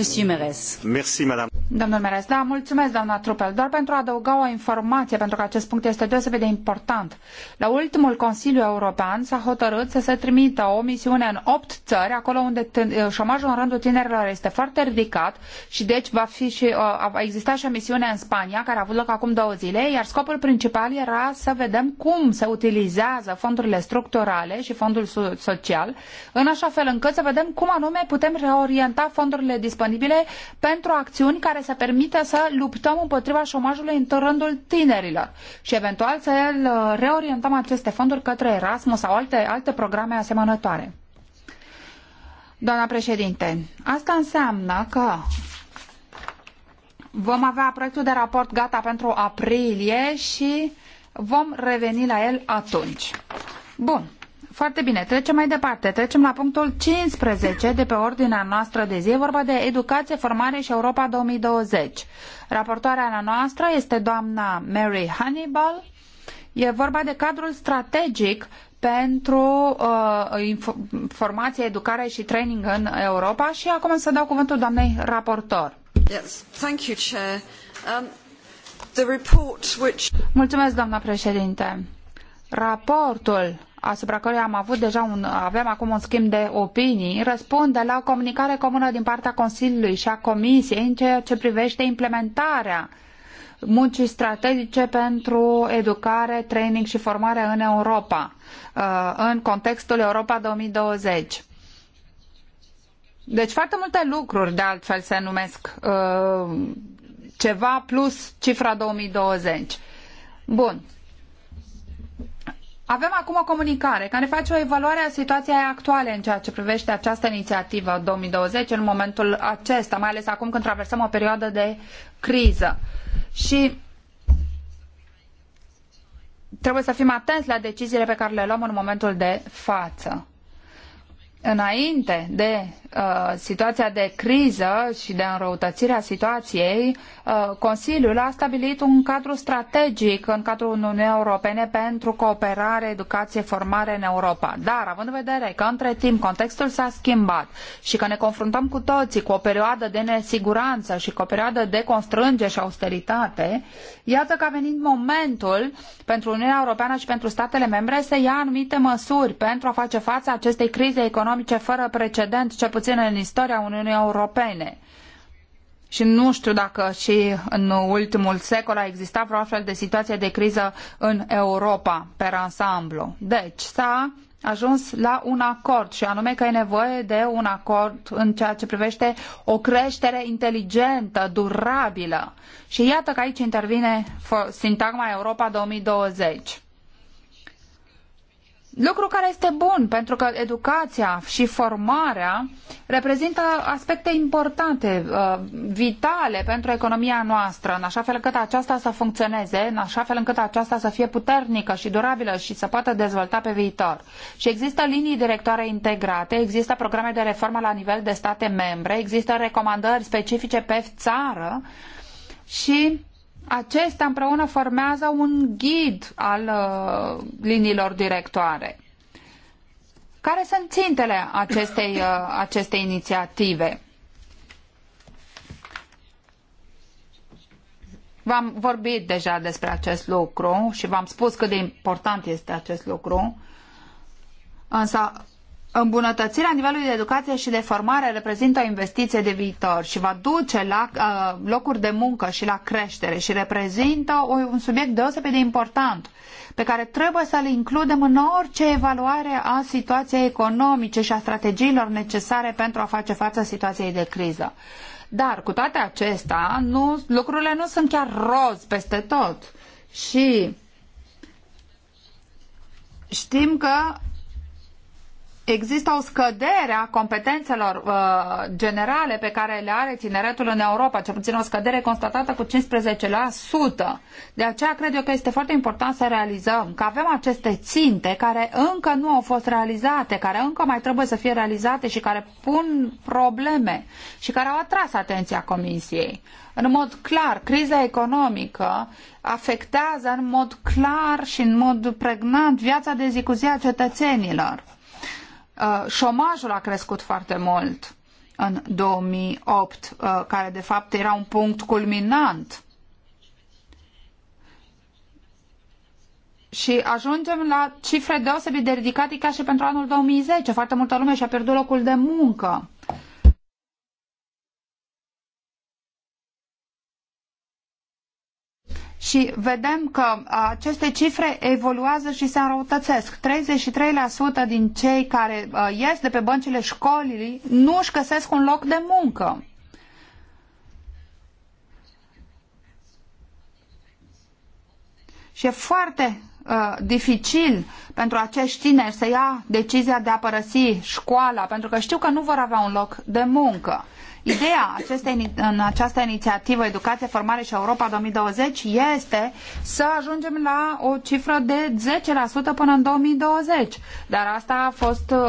Monsieur Meres. Merci, madame. Domnul Meres, da, mulțumesc, doamna Trupel. Doar pentru a adăuga o informație, pentru că acest punct este deosebit de important. La ultimul Consiliu European s-a hotărât să se trimită o misiune în opt țări, acolo unde șomajul în rândul tinerilor este foarte ridicat și deci va fi și, uh, a existat și o misiune în Spania, care a avut loc acum două zile, iar scopul principal era să vedem cum se utilizează fondurile structurale și fondul social, în așa fel încât să vedem cum anume putem reorienta fondurile disponibile disponibile pentru acțiuni care să permită să luptăm împotriva șomajului în rândul tinerilor și eventual să uh, reorientăm aceste fonduri către Erasmus sau alte, alte programe asemănătoare. Doamna președinte, asta înseamnă că vom avea proiectul de raport gata pentru aprilie și vom reveni la el atunci. Bun. Foarte bine, trecem mai departe. Trecem la punctul 15 de pe ordinea noastră de zi. E vorba de educație, formare și Europa 2020. Raportoarea noastră este doamna Mary Hannibal. E vorba de cadrul strategic pentru uh, formație, educare și training în Europa și acum să dau cuvântul doamnei raportor. Yes. Thank you, Chair. Um, the report which... Mulțumesc, doamna președinte. Raportul asupra căruia am avut deja un, avem acum un schimb de opinii, răspunde la o comunicare comună din partea Consiliului și a Comisiei în ceea ce privește implementarea muncii strategice pentru educare, training și formare în Europa, uh, în contextul Europa 2020. Deci foarte multe lucruri, de altfel, se numesc uh, ceva plus cifra 2020. Bun. Avem acum o comunicare care face o evaluare a situației actuale în ceea ce privește această inițiativă 2020 în momentul acesta, mai ales acum când traversăm o perioadă de criză. Și trebuie să fim atenți la deciziile pe care le luăm în momentul de față. Înainte de uh, situația de criză și de înrăutățire a situației, uh, Consiliul a stabilit un cadru strategic în cadrul Uniunii Europene pentru cooperare, educație, formare în Europa. Dar, având în vedere că între timp contextul s-a schimbat și că ne confruntăm cu toții cu o perioadă de nesiguranță și cu o perioadă de constrângere și austeritate, iată că a venit momentul pentru Uniunea Europeană și pentru statele membre să ia anumite măsuri pentru a face față acestei crize economice fără precedent, ce puțin în istoria Uniunii Europene. Și nu știu dacă și în ultimul secol a existat vreo astfel de situație de criză în Europa, pe ansamblu. Deci, s-a ajuns la un acord și anume că e nevoie de un acord în ceea ce privește o creștere inteligentă, durabilă. Și iată că aici intervine sintagma Europa 2020. Lucru care este bun, pentru că educația și formarea reprezintă aspecte importante, uh, vitale pentru economia noastră, în așa fel încât aceasta să funcționeze, în așa fel încât aceasta să fie puternică și durabilă și să poată dezvolta pe viitor. Și există linii directoare integrate, există programe de reformă la nivel de state membre, există recomandări specifice pe țară și Acestea împreună formează un ghid al uh, liniilor directoare. Care sunt țintele acestei, uh, acestei inițiative? V-am vorbit deja despre acest lucru și v-am spus cât de important este acest lucru, însă Îmbunătățirea nivelului de educație și de formare reprezintă o investiție de viitor și va duce la uh, locuri de muncă și la creștere și reprezintă o, un subiect deosebit de important pe care trebuie să-l includem în orice evaluare a situației economice și a strategiilor necesare pentru a face față situației de criză. Dar, cu toate acestea, nu, lucrurile nu sunt chiar roz peste tot. Și știm că există o scădere a competențelor uh, generale pe care le are tineretul în Europa, cel puțin o scădere constatată cu 15%. De aceea cred eu că este foarte important să realizăm că avem aceste ținte care încă nu au fost realizate, care încă mai trebuie să fie realizate și care pun probleme și care au atras atenția Comisiei. În mod clar, criza economică afectează în mod clar și în mod pregnant viața de zi cu zi a cetățenilor Uh, șomajul a crescut foarte mult în 2008, uh, care de fapt era un punct culminant. Și ajungem la cifre deosebit de ridicate ca și pentru anul 2010. Foarte multă lume și-a pierdut locul de muncă. și vedem că uh, aceste cifre evoluează și se înrăutățesc. 33% din cei care uh, ies de pe băncile școlii nu își găsesc un loc de muncă. Și e foarte uh, dificil pentru acești tineri să ia decizia de a părăsi școala, pentru că știu că nu vor avea un loc de muncă. Ideea acestei, în această inițiativă Educație, Formare și Europa 2020 este să ajungem la o cifră de 10% până în 2020. Dar asta a fost uh,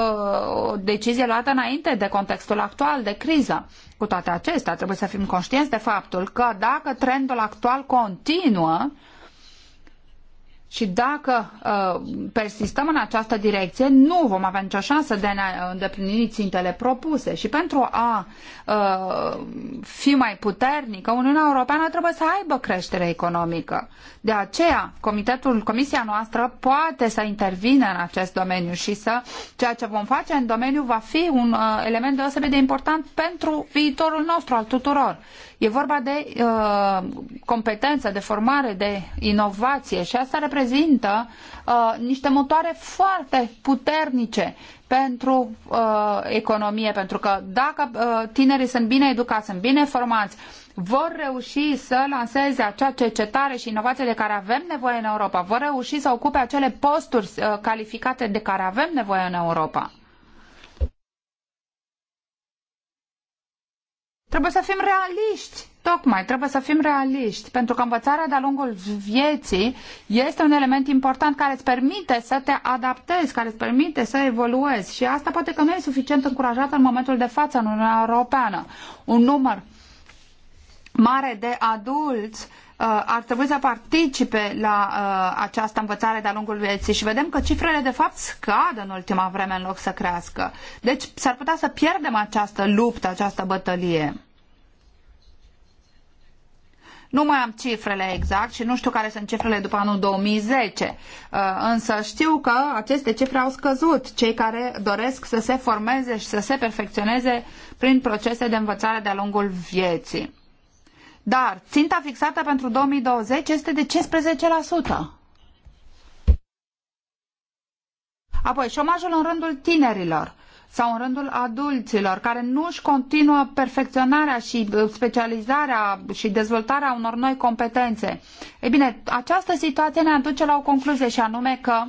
o decizie luată înainte de contextul actual de criză. Cu toate acestea, trebuie să fim conștienți de faptul că dacă trendul actual continuă, și dacă uh, persistăm în această direcție, nu vom avea nicio șansă de a ne îndeplini țintele propuse. Și pentru a uh, fi mai puternică, Uniunea Europeană trebuie să aibă creștere economică. De aceea, comitetul, comisia noastră poate să intervină în acest domeniu și să ceea ce vom face în domeniu va fi un uh, element deosebit de important pentru viitorul nostru al tuturor. E vorba de uh, competență, de formare, de inovație și asta reprezintă reprezintă uh, niște motoare foarte puternice pentru uh, economie, pentru că dacă uh, tinerii sunt bine educați, sunt bine formați, vor reuși să lanseze acea cercetare și inovație de care avem nevoie în Europa, vor reuși să ocupe acele posturi uh, calificate de care avem nevoie în Europa. Trebuie să fim realiști. Tocmai, trebuie să fim realiști, pentru că învățarea de-a lungul vieții este un element important care îți permite să te adaptezi, care îți permite să evoluezi și asta poate că nu e suficient încurajată în momentul de față în Uniunea Europeană. Un număr mare de adulți Uh, ar trebui să participe la uh, această învățare de-a lungul vieții și vedem că cifrele de fapt scad în ultima vreme în loc să crească. Deci s-ar putea să pierdem această luptă, această bătălie. Nu mai am cifrele exact și nu știu care sunt cifrele după anul 2010, uh, însă știu că aceste cifre au scăzut. Cei care doresc să se formeze și să se perfecționeze prin procese de învățare de-a lungul vieții. Dar ținta fixată pentru 2020 este de 15%. Apoi, șomajul în rândul tinerilor sau în rândul adulților care nu își continuă perfecționarea și uh, specializarea și dezvoltarea unor noi competențe. Ei bine, această situație ne aduce la o concluzie și anume că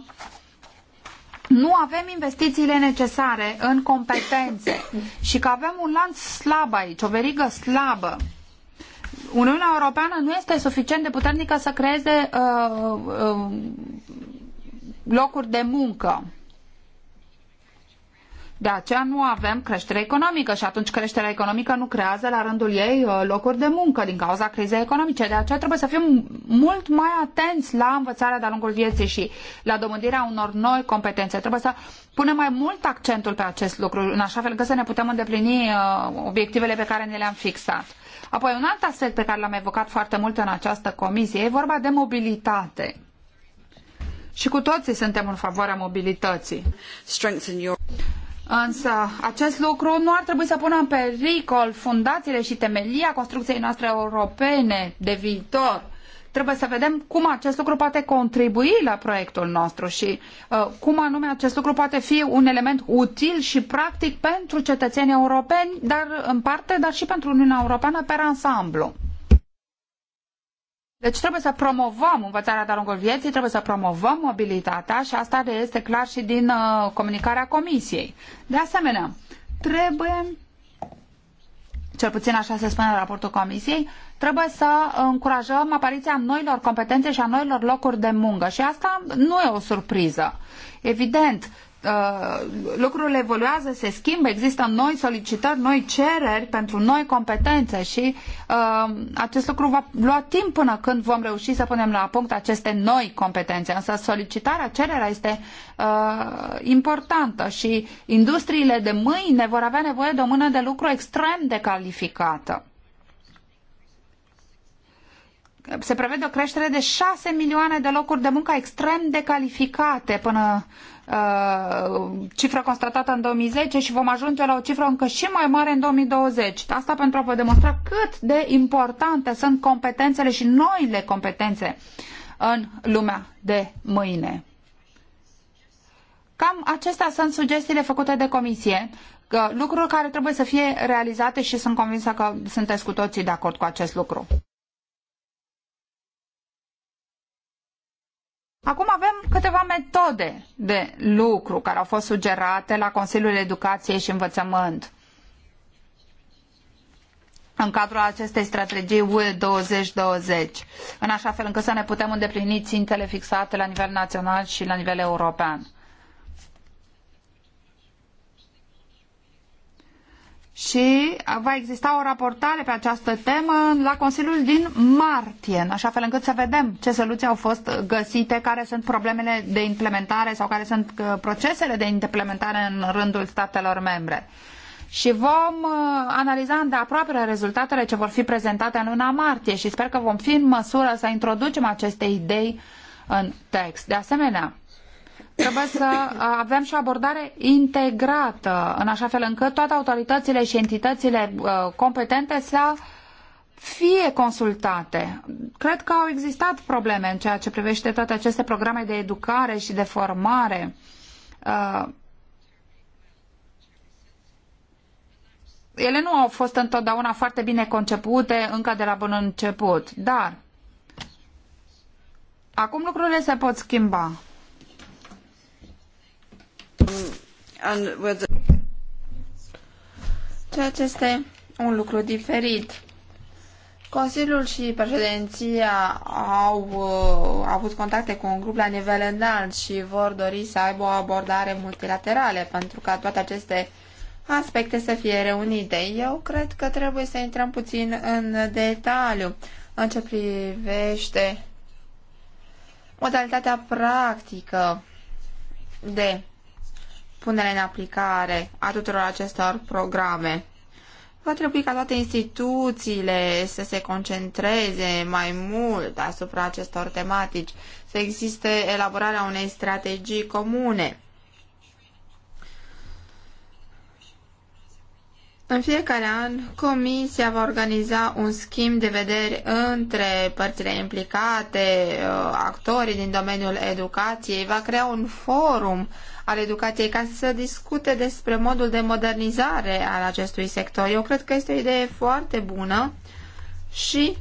nu avem investițiile necesare în competențe și că avem un lanț slab aici, o verigă slabă. Uniunea Europeană nu este suficient de puternică să creeze uh, uh, locuri de muncă. De aceea nu avem creștere economică și atunci creșterea economică nu creează la rândul ei uh, locuri de muncă din cauza crizei economice. De aceea trebuie să fim mult mai atenți la învățarea de-a lungul vieții și la dobândirea unor noi competențe. Trebuie să punem mai mult accentul pe acest lucru, în așa fel că să ne putem îndeplini uh, obiectivele pe care ne le-am fixat. Apoi, un alt aspect pe care l-am evocat foarte mult în această comisie e vorba de mobilitate. Și cu toții suntem în favoarea mobilității. Însă acest lucru nu ar trebui să pună în pericol fundațiile și temelia construcției noastre europene de viitor. Trebuie să vedem cum acest lucru poate contribui la proiectul nostru și uh, cum anume acest lucru poate fi un element util și practic pentru cetățenii europeni, dar în parte, dar și pentru Uniunea Europeană pe ansamblu. Deci trebuie să promovăm învățarea de-a lungul vieții, trebuie să promovăm mobilitatea și asta este clar și din uh, comunicarea Comisiei. De asemenea, trebuie cel puțin așa se spune în raportul Comisiei, trebuie să încurajăm apariția noilor competențe și a noilor locuri de muncă. Și asta nu e o surpriză. Evident, uh, lucrurile evoluează, se schimbă, există noi solicitări, noi cereri pentru noi competențe și uh, acest lucru va lua timp până când vom reuși să punem la punct aceste noi competențe. Însă solicitarea, cererea este uh, importantă și industriile de mâine vor avea nevoie de o mână de lucru extrem de calificată se prevede o creștere de 6 milioane de locuri de muncă extrem de calificate până Uh, cifră constatată în 2010 și vom ajunge la o cifră încă și mai mare în 2020. Asta pentru a vă demonstra cât de importante sunt competențele și noile competențe în lumea de mâine. Cam acestea sunt sugestiile făcute de comisie, lucruri care trebuie să fie realizate și sunt convinsă că sunteți cu toții de acord cu acest lucru. Acum avem câteva metode de lucru care au fost sugerate la Consiliul Educației și Învățământ. În cadrul acestei strategii UE 2020, în așa fel încât să ne putem îndeplini țintele fixate la nivel național și la nivel european. și va exista o raportare pe această temă la Consiliul din martie, în așa fel încât să vedem ce soluții au fost găsite, care sunt problemele de implementare sau care sunt uh, procesele de implementare în rândul statelor membre. Și vom uh, analiza îndeaproape rezultatele ce vor fi prezentate în luna martie și sper că vom fi în măsură să introducem aceste idei în text. De asemenea, trebuie să avem și o abordare integrată, în așa fel încât toate autoritățile și entitățile competente să fie consultate. Cred că au existat probleme în ceea ce privește toate aceste programe de educare și de formare. Ele nu au fost întotdeauna foarte bine concepute încă de la bun început, dar acum lucrurile se pot schimba. Ceea ce este un lucru diferit. Consiliul și președinția au uh, avut contacte cu un grup la nivel înalt și vor dori să aibă o abordare multilaterală pentru ca toate aceste aspecte să fie reunite. Eu cred că trebuie să intrăm puțin în detaliu în ce privește modalitatea practică de punere în aplicare a tuturor acestor programe. Va trebui ca toate instituțiile să se concentreze mai mult asupra acestor tematici, să existe elaborarea unei strategii comune. În fiecare an, Comisia va organiza un schimb de vederi între părțile implicate, uh, actorii din domeniul educației, va crea un forum al educației ca să discute despre modul de modernizare al acestui sector. Eu cred că este o idee foarte bună și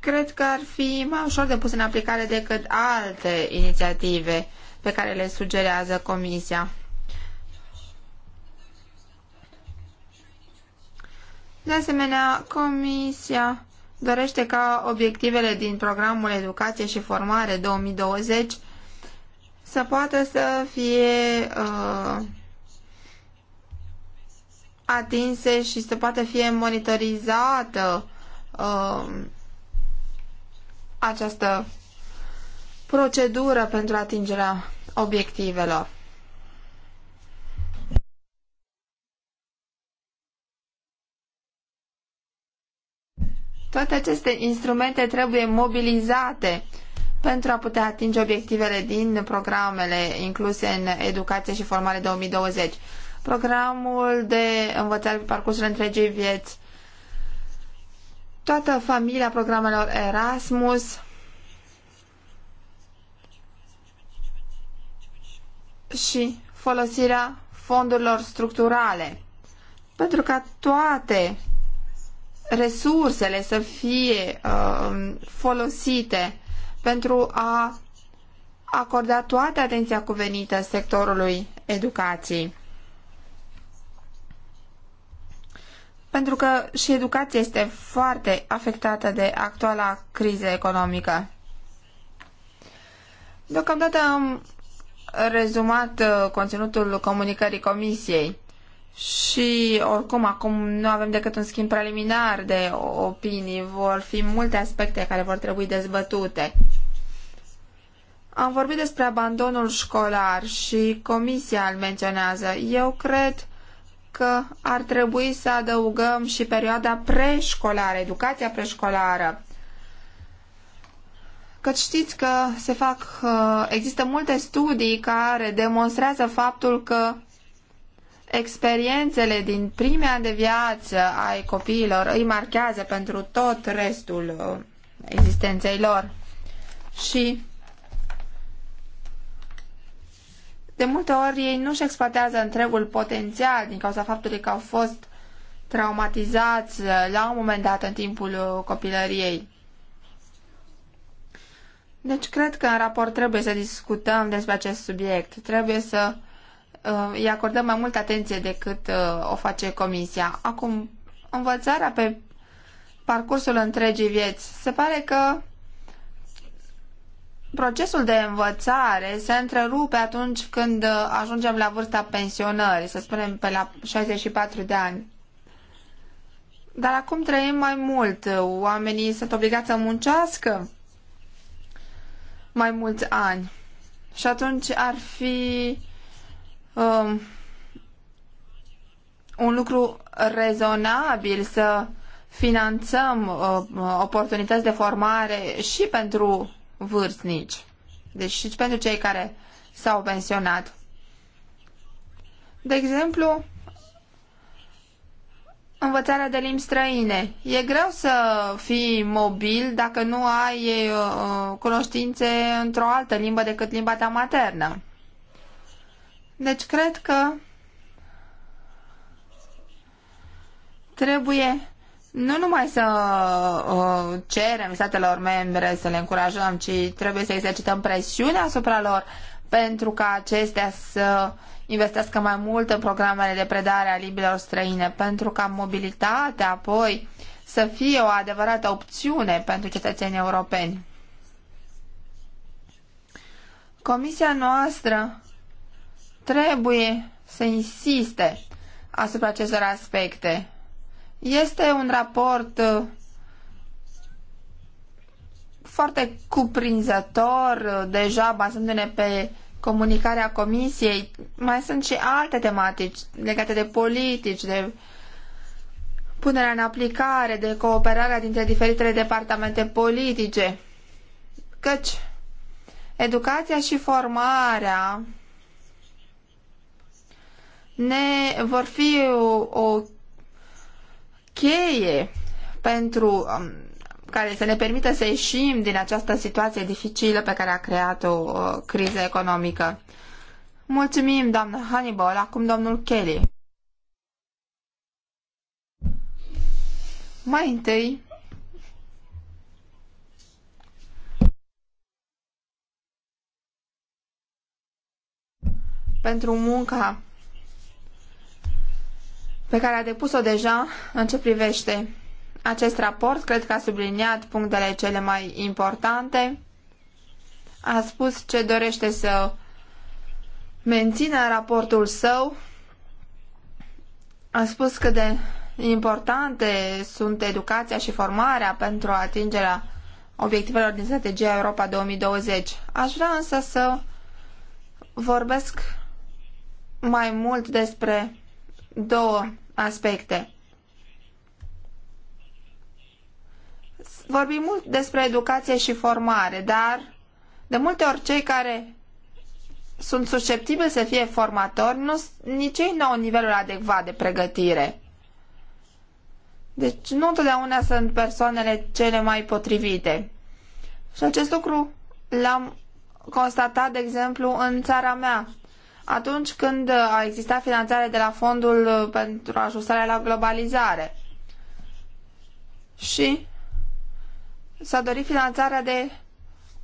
cred că ar fi mai ușor de pus în aplicare decât alte inițiative pe care le sugerează Comisia. De asemenea, Comisia dorește ca obiectivele din programul Educație și Formare 2020 să poată să fie uh, atinse și să poată fi monitorizată uh, această procedură pentru atingerea obiectivelor. Toate aceste instrumente trebuie mobilizate pentru a putea atinge obiectivele din programele incluse în Educație și Formare 2020. Programul de învățare pe parcursul întregii vieți, toată familia programelor Erasmus și folosirea fondurilor structurale. Pentru ca toate resursele să fie uh, folosite pentru a acorda toată atenția cuvenită sectorului educației. Pentru că și educația este foarte afectată de actuala criză economică. Deocamdată am rezumat uh, conținutul comunicării Comisiei și oricum acum nu avem decât un schimb preliminar de opinii, vor fi multe aspecte care vor trebui dezbătute. Am vorbit despre abandonul școlar și comisia îl menționează. Eu cred că ar trebui să adăugăm și perioada preșcolară, educația preșcolară. Căci știți că se fac, uh, există multe studii care demonstrează faptul că experiențele din primea de viață ai copiilor îi marchează pentru tot restul uh, existenței lor. Și de multe ori ei nu-și exploatează întregul potențial din cauza faptului că au fost traumatizați uh, la un moment dat în timpul uh, copilăriei. Deci cred că în raport trebuie să discutăm despre acest subiect. Trebuie să uh, Uh, îi acordăm mai multă atenție decât uh, o face comisia. Acum, învățarea pe parcursul întregii vieți. Se pare că procesul de învățare se întrerupe atunci când uh, ajungem la vârsta pensionării, să spunem pe la 64 de ani. Dar acum trăim mai mult. Oamenii sunt obligați să muncească mai mulți ani. Și atunci ar fi Um, un lucru rezonabil să finanțăm uh, oportunități de formare și pentru vârstnici, deci și pentru cei care s-au pensionat. De exemplu, învățarea de limbi străine. E greu să fii mobil dacă nu ai uh, cunoștințe într-o altă limbă decât limba ta maternă. Deci cred că trebuie nu numai să uh, cerem statelor membre să le încurajăm, ci trebuie să exercităm presiune asupra lor pentru ca acestea să investească mai mult în programele de predare a limbilor străine, pentru ca mobilitatea apoi să fie o adevărată opțiune pentru cetățenii europeni. Comisia noastră trebuie să insiste asupra acestor aspecte. Este un raport uh, foarte cuprinzător, uh, deja bazându-ne pe comunicarea comisiei. Mai sunt și alte tematici legate de politici, de punerea în aplicare, de cooperarea dintre diferitele departamente politice. Căci educația și formarea ne vor fi o, o cheie pentru um, care să ne permită să ieșim din această situație dificilă pe care a creat-o uh, criză economică. Mulțumim, doamnă Hannibal. Acum domnul Kelly. Mai întâi, pentru munca pe care a depus-o deja în ce privește acest raport. Cred că a subliniat punctele cele mai importante. A spus ce dorește să mențină raportul său. A spus că de importante sunt educația și formarea pentru atingerea obiectivelor din strategia Europa 2020. Aș vrea însă să vorbesc mai mult despre două aspecte. Vorbim mult despre educație și formare, dar de multe ori cei care sunt susceptibili să fie formatori, nu, nici ei nu au nivelul adecvat de pregătire. Deci nu întotdeauna sunt persoanele cele mai potrivite. Și acest lucru l-am constatat, de exemplu, în țara mea, atunci când uh, a existat finanțare de la Fondul uh, pentru ajustarea la globalizare. Și s-a dorit finanțarea de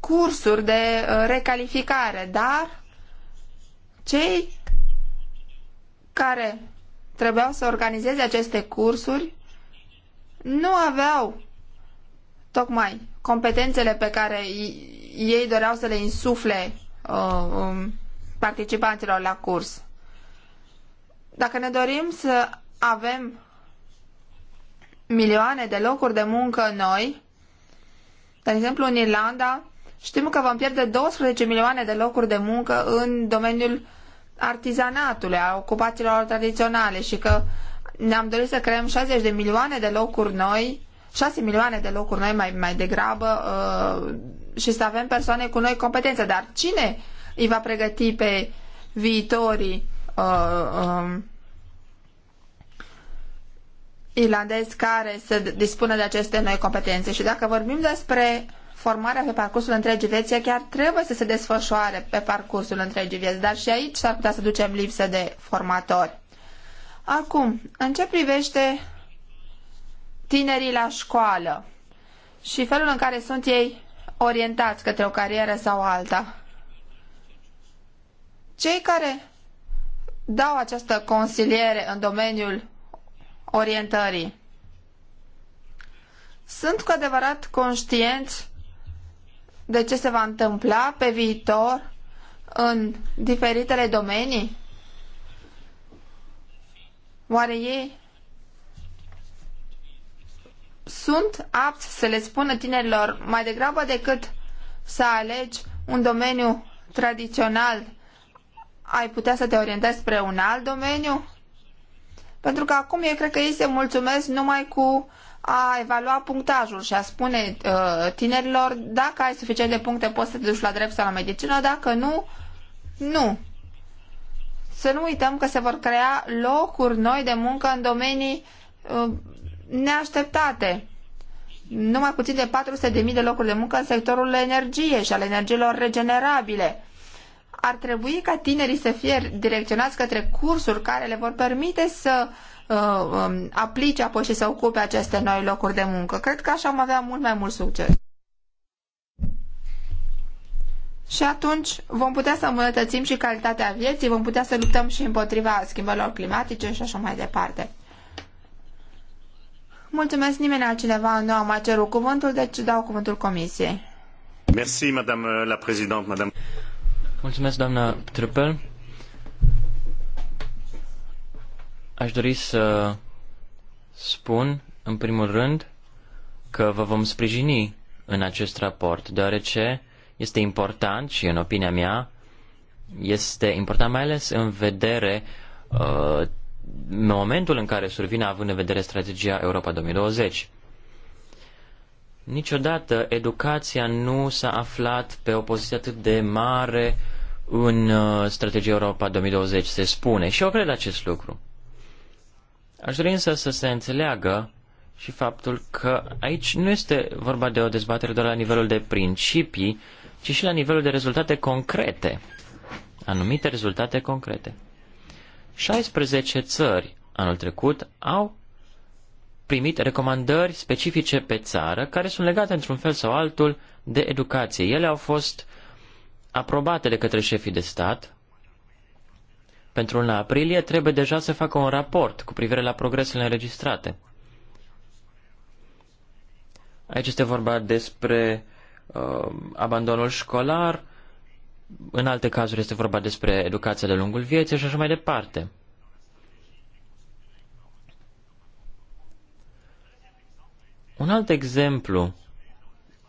cursuri de uh, recalificare, dar cei care trebuiau să organizeze aceste cursuri nu aveau tocmai competențele pe care ei doreau să le insufle uh, um, participanților la curs. Dacă ne dorim să avem milioane de locuri de muncă noi, de exemplu în Irlanda, știm că vom pierde 12 milioane de locuri de muncă în domeniul artizanatului, a ocupațiilor tradiționale și că ne-am dorit să creăm 60 de milioane de locuri noi, 6 milioane de locuri noi mai, mai degrabă uh, și să avem persoane cu noi competențe. Dar cine uh, îi va pregăti pe viitorii uh, uh, irlandezi care se dispună de aceste noi competențe. Și dacă vorbim despre formarea pe parcursul întregii vieți, chiar trebuie să se desfășoare pe parcursul întregii vieți, dar și aici s-ar putea să ducem lipsă de formatori. Acum, în ce privește tinerii la școală și felul în care sunt ei orientați către o carieră sau alta. Cei care dau această consiliere în domeniul orientării sunt cu adevărat conștienți de ce se va întâmpla pe viitor în diferitele domenii? Oare ei sunt apți să le spună tinerilor mai degrabă decât să alegi un domeniu tradițional ai putea să te orientezi spre un alt domeniu? Pentru că acum eu cred că ei se mulțumesc numai cu a evalua punctajul și a spune uh, tinerilor dacă ai suficient de puncte poți să te duci la drept sau la medicină, dacă nu, nu. Să nu uităm că se vor crea locuri noi de muncă în domenii uh, neașteptate. Numai puțin de 400.000 de locuri de muncă în sectorul energiei și al energiilor regenerabile ar trebui ca tinerii să fie direcționați către cursuri care le vor permite să uh, um, aplice apoi și să ocupe aceste noi locuri de muncă. Cred că așa am avea mult mai mult succes. Și atunci vom putea să îmbunătățim și calitatea vieții, vom putea să luptăm și împotriva schimbărilor climatice și așa mai departe. Mulțumesc, nimeni altcineva nu a mai cerut cuvântul, deci dau cuvântul comisiei. Merci, madame la présidente, madame. Mulțumesc, doamna Trupel. Aș dori să spun, în primul rând, că vă vom sprijini în acest raport, deoarece este important și, în opinia mea, este important mai ales în vedere uh, momentul în care survine, având în vedere strategia Europa 2020. Niciodată educația nu s-a aflat pe o poziție atât de mare în uh, strategia Europa 2020, se spune. Și eu cred acest lucru. Aș dori însă să se înțeleagă și faptul că aici nu este vorba de o dezbatere doar la nivelul de principii, ci și la nivelul de rezultate concrete. Anumite rezultate concrete. 16 țări anul trecut au primit recomandări specifice pe țară, care sunt legate într-un fel sau altul de educație. Ele au fost aprobate de către șefii de stat. Pentru luna aprilie trebuie deja să facă un raport cu privire la progresele înregistrate. Aici este vorba despre uh, abandonul școlar, în alte cazuri este vorba despre educația de lungul vieții și așa mai departe. Un alt exemplu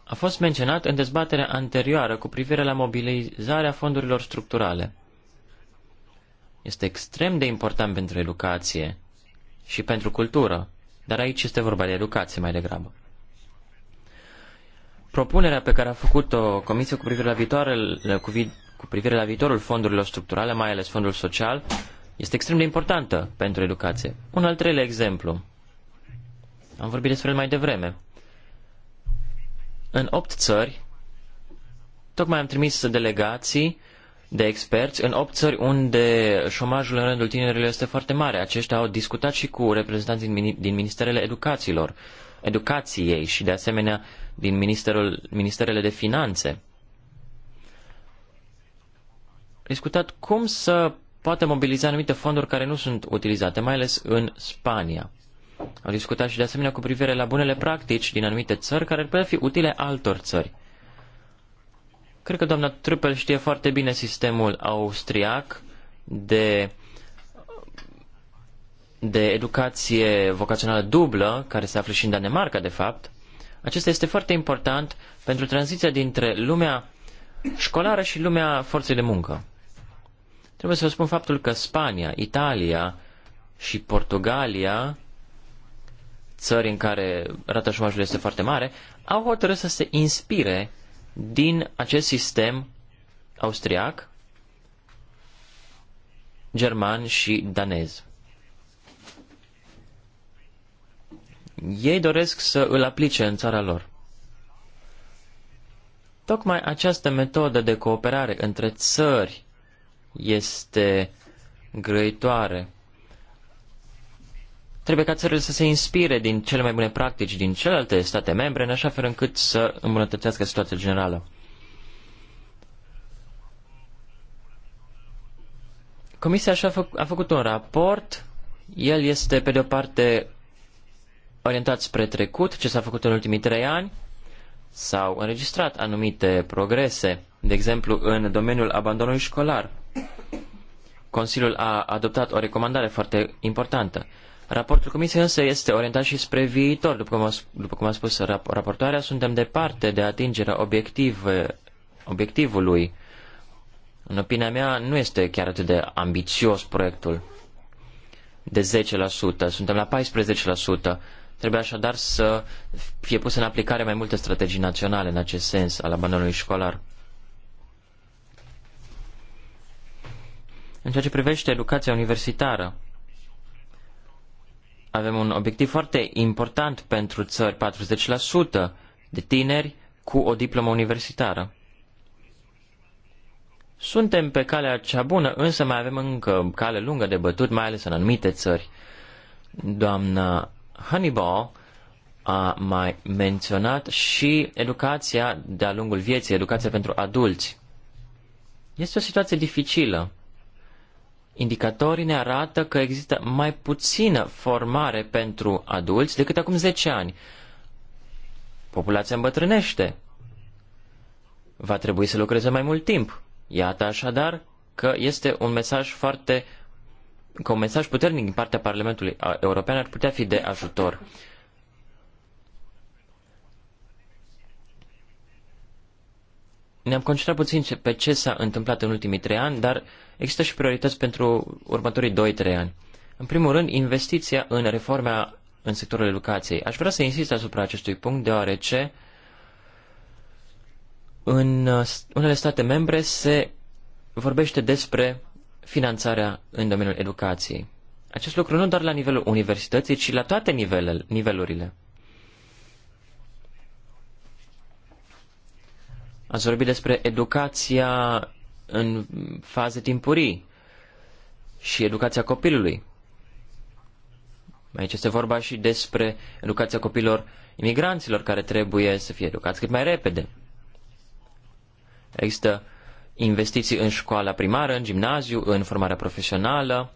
a fost menționat în dezbaterea anterioară cu privire la mobilizarea fondurilor structurale. Este extrem de important pentru educație și pentru cultură, dar aici este vorba de educație mai degrabă. Propunerea pe care a făcut-o Comisia cu privire la, cu, vi, cu privire la viitorul fondurilor structurale, mai ales fondul social, este extrem de importantă pentru educație. Un al treilea exemplu. Am vorbit despre el mai devreme. În opt țări, tocmai am trimis delegații de experți în opt țări unde șomajul în rândul tinerilor este foarte mare. Aceștia au discutat și cu reprezentanții din Ministerele Educațiilor, Educației și de asemenea din Ministerul, Ministerele de Finanțe. Discutat cum să poate mobiliza anumite fonduri care nu sunt utilizate, mai ales în Spania. Au discutat și de asemenea cu privire la bunele practici din anumite țări care ar putea fi utile altor țări. Cred că doamna Trupel știe foarte bine sistemul austriac de, de educație vocațională dublă, care se află și în Danemarca, de fapt. Acesta este foarte important pentru tranziția dintre lumea școlară și lumea forței de muncă. Trebuie să vă spun faptul că Spania, Italia și Portugalia țări în care rata șomajului este foarte mare, au hotărât să se inspire din acest sistem austriac, german și danez. Ei doresc să îl aplice în țara lor. Tocmai această metodă de cooperare între țări este grăitoare. Trebuie ca țările să se inspire din cele mai bune practici din celelalte state membre, în așa fel încât să îmbunătățească situația generală. Comisia așa a, făcut un raport. El este, pe de o parte, orientat spre trecut, ce s-a făcut în ultimii trei ani. S-au înregistrat anumite progrese, de exemplu, în domeniul abandonului școlar. Consiliul a adoptat o recomandare foarte importantă. Raportul Comisiei însă este orientat și spre viitor. După cum a, după cum a spus raportoarea, suntem departe de atingerea obiectiv, obiectivului. În opinia mea, nu este chiar atât de ambițios proiectul de 10%, suntem la 14%. Trebuie așadar să fie puse în aplicare mai multe strategii naționale în acest sens al abandonului școlar. În ceea ce privește educația universitară, avem un obiectiv foarte important pentru țări, 40% de tineri cu o diplomă universitară. Suntem pe calea cea bună, însă mai avem încă cale lungă de bătut, mai ales în anumite țări. Doamna Honeyball a mai menționat și educația de-a lungul vieții, educația pentru adulți. Este o situație dificilă. Indicatorii ne arată că există mai puțină formare pentru adulți decât acum 10 ani. Populația îmbătrânește. Va trebui să lucreze mai mult timp. Iată așadar că este un mesaj foarte că un mesaj puternic din partea Parlamentului European ar putea fi de ajutor. Ne-am concentrat puțin pe ce s-a întâmplat în ultimii trei ani, dar există și priorități pentru următorii 2-3 ani. În primul rând, investiția în reforma în sectorul educației. Aș vrea să insist asupra acestui punct, deoarece în uh, unele state membre se vorbește despre finanțarea în domeniul educației. Acest lucru nu doar la nivelul universității, ci la toate nivelurile. Ați vorbit despre educația în faze timpurii și educația copilului. Aici este vorba și despre educația copilor imigranților care trebuie să fie educați cât mai repede. Există investiții în școala primară, în gimnaziu, în formarea profesională,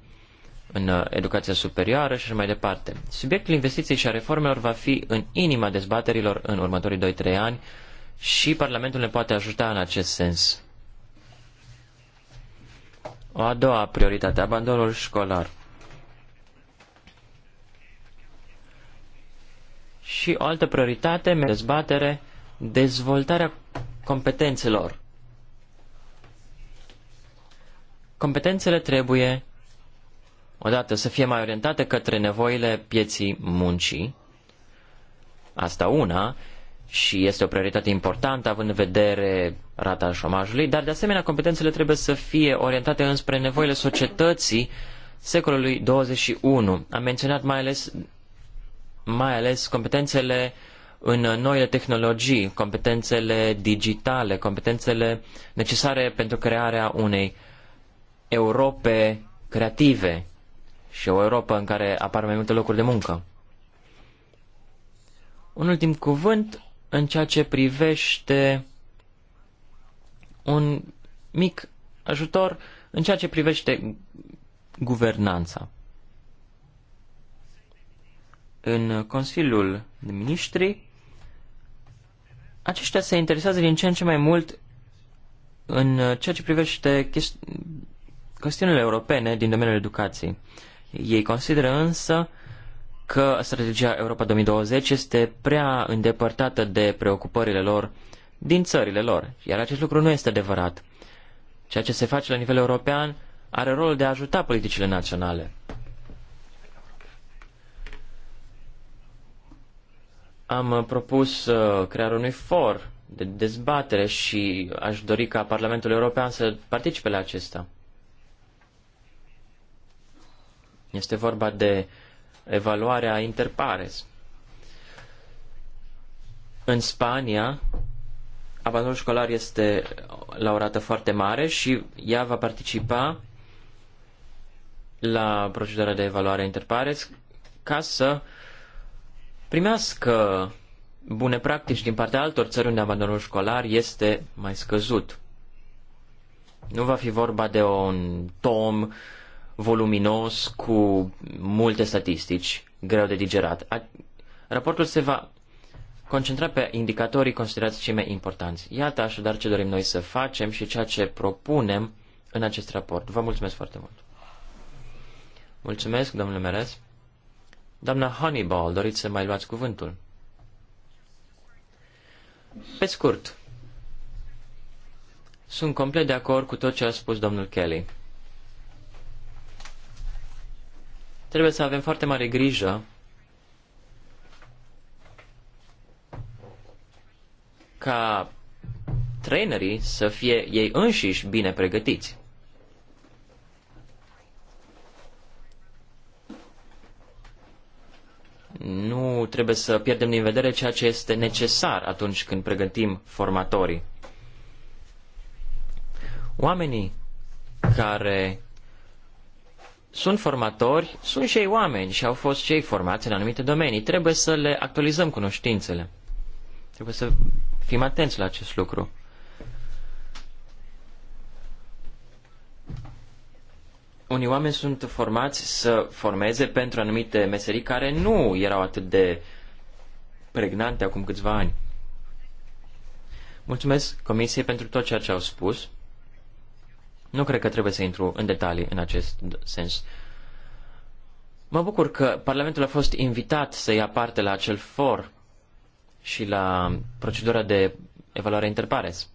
în educația superioară și așa mai departe. Subiectul investiției și a reformelor va fi în inima dezbaterilor în următorii 2-3 ani și Parlamentul ne poate ajuta în acest sens. O a doua prioritate, abandonul școlar. Și o altă prioritate, dezbatere, dezvoltarea competențelor. Competențele trebuie, odată, să fie mai orientate către nevoile pieții muncii, asta una, și este o prioritate importantă având în vedere rata șomajului, dar de asemenea competențele trebuie să fie orientate înspre nevoile societății secolului 21. Am menționat mai ales, mai ales competențele în noile tehnologii, competențele digitale, competențele necesare pentru crearea unei Europe creative și o Europa în care apar mai multe locuri de muncă. Un ultim cuvânt în ceea ce privește un mic ajutor în ceea ce privește guvernanța. În Consiliul de Ministri, aceștia se interesează din ce în ce mai mult în ceea ce privește chesti- chestiunile europene din domeniul educației. Ei consideră însă că strategia Europa 2020 este prea îndepărtată de preocupările lor din țările lor, iar acest lucru nu este adevărat. Ceea ce se face la nivel european are rolul de a ajuta politicile naționale. Am propus uh, crearea unui for de dezbatere și aș dori ca Parlamentul European să participe la acesta. Este vorba de uh, evaluarea interpares. În Spania, abandonul școlar este la o rată foarte mare și ea va participa la procedura de evaluare interpares ca să primească bune practici din partea altor țări unde abandonul școlar este mai scăzut. Nu va fi vorba de un tom voluminos cu multe statistici, greu de digerat. A, raportul se va concentra pe indicatorii considerați cei mai importanți. Iată așadar ce dorim noi să facem și ceea ce propunem în acest raport. Vă mulțumesc foarte mult. Mulțumesc, domnule Meres. Doamna Honeyball, doriți să mai luați cuvântul? Pe scurt, sunt complet de acord cu tot ce a spus domnul Kelly. Trebuie să avem foarte mare grijă ca trainerii să fie ei înșiși bine pregătiți. Nu trebuie să pierdem din vedere ceea ce este necesar atunci când pregătim formatorii. Oamenii care sunt formatori, sunt și ei oameni și au fost și ei formați în anumite domenii. Trebuie să le actualizăm cunoștințele. Trebuie să fim atenți la acest lucru. Unii oameni sunt formați să formeze pentru anumite meserii care nu erau atât de pregnante acum câțiva ani. Mulțumesc Comisiei pentru tot ceea ce au spus. Nu cred că trebuie să intru în detalii în acest sens. Mă bucur că Parlamentul a fost invitat să ia parte la acel for și la procedura de evaluare interpares.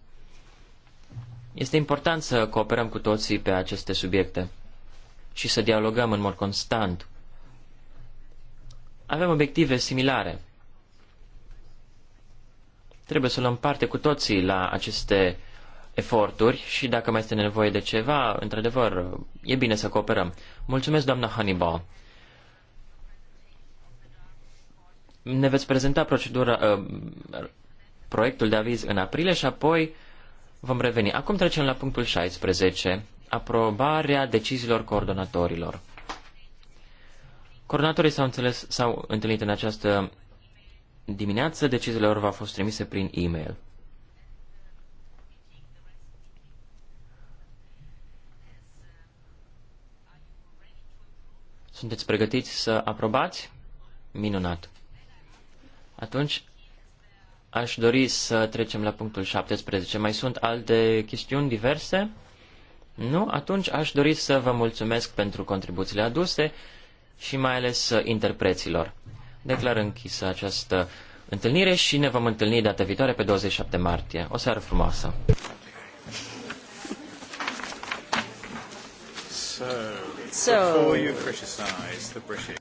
Este important să cooperăm cu toții pe aceste subiecte și să dialogăm în mod constant. Avem obiective similare. Trebuie să luăm parte cu toții la aceste eforturi și dacă mai este nevoie de ceva, într-adevăr, e bine să cooperăm. Mulțumesc, doamna Hannibal. Ne veți prezenta procedura, uh, proiectul de aviz în aprilie și apoi vom reveni. Acum trecem la punctul 16, aprobarea deciziilor coordonatorilor. Coordonatorii s-au, înțeles, s-au întâlnit în această dimineață, deciziile lor v-au fost trimise prin e-mail. Sunteți pregătiți să aprobați? Minunat. Atunci, aș dori să trecem la punctul 17. Mai sunt alte chestiuni diverse? Nu? Atunci aș dori să vă mulțumesc pentru contribuțiile aduse și mai ales interpreților. Declar închisă această întâlnire și ne vom întâlni data viitoare pe 27 martie. O seară frumoasă! Sir. So, Before you criticise the British.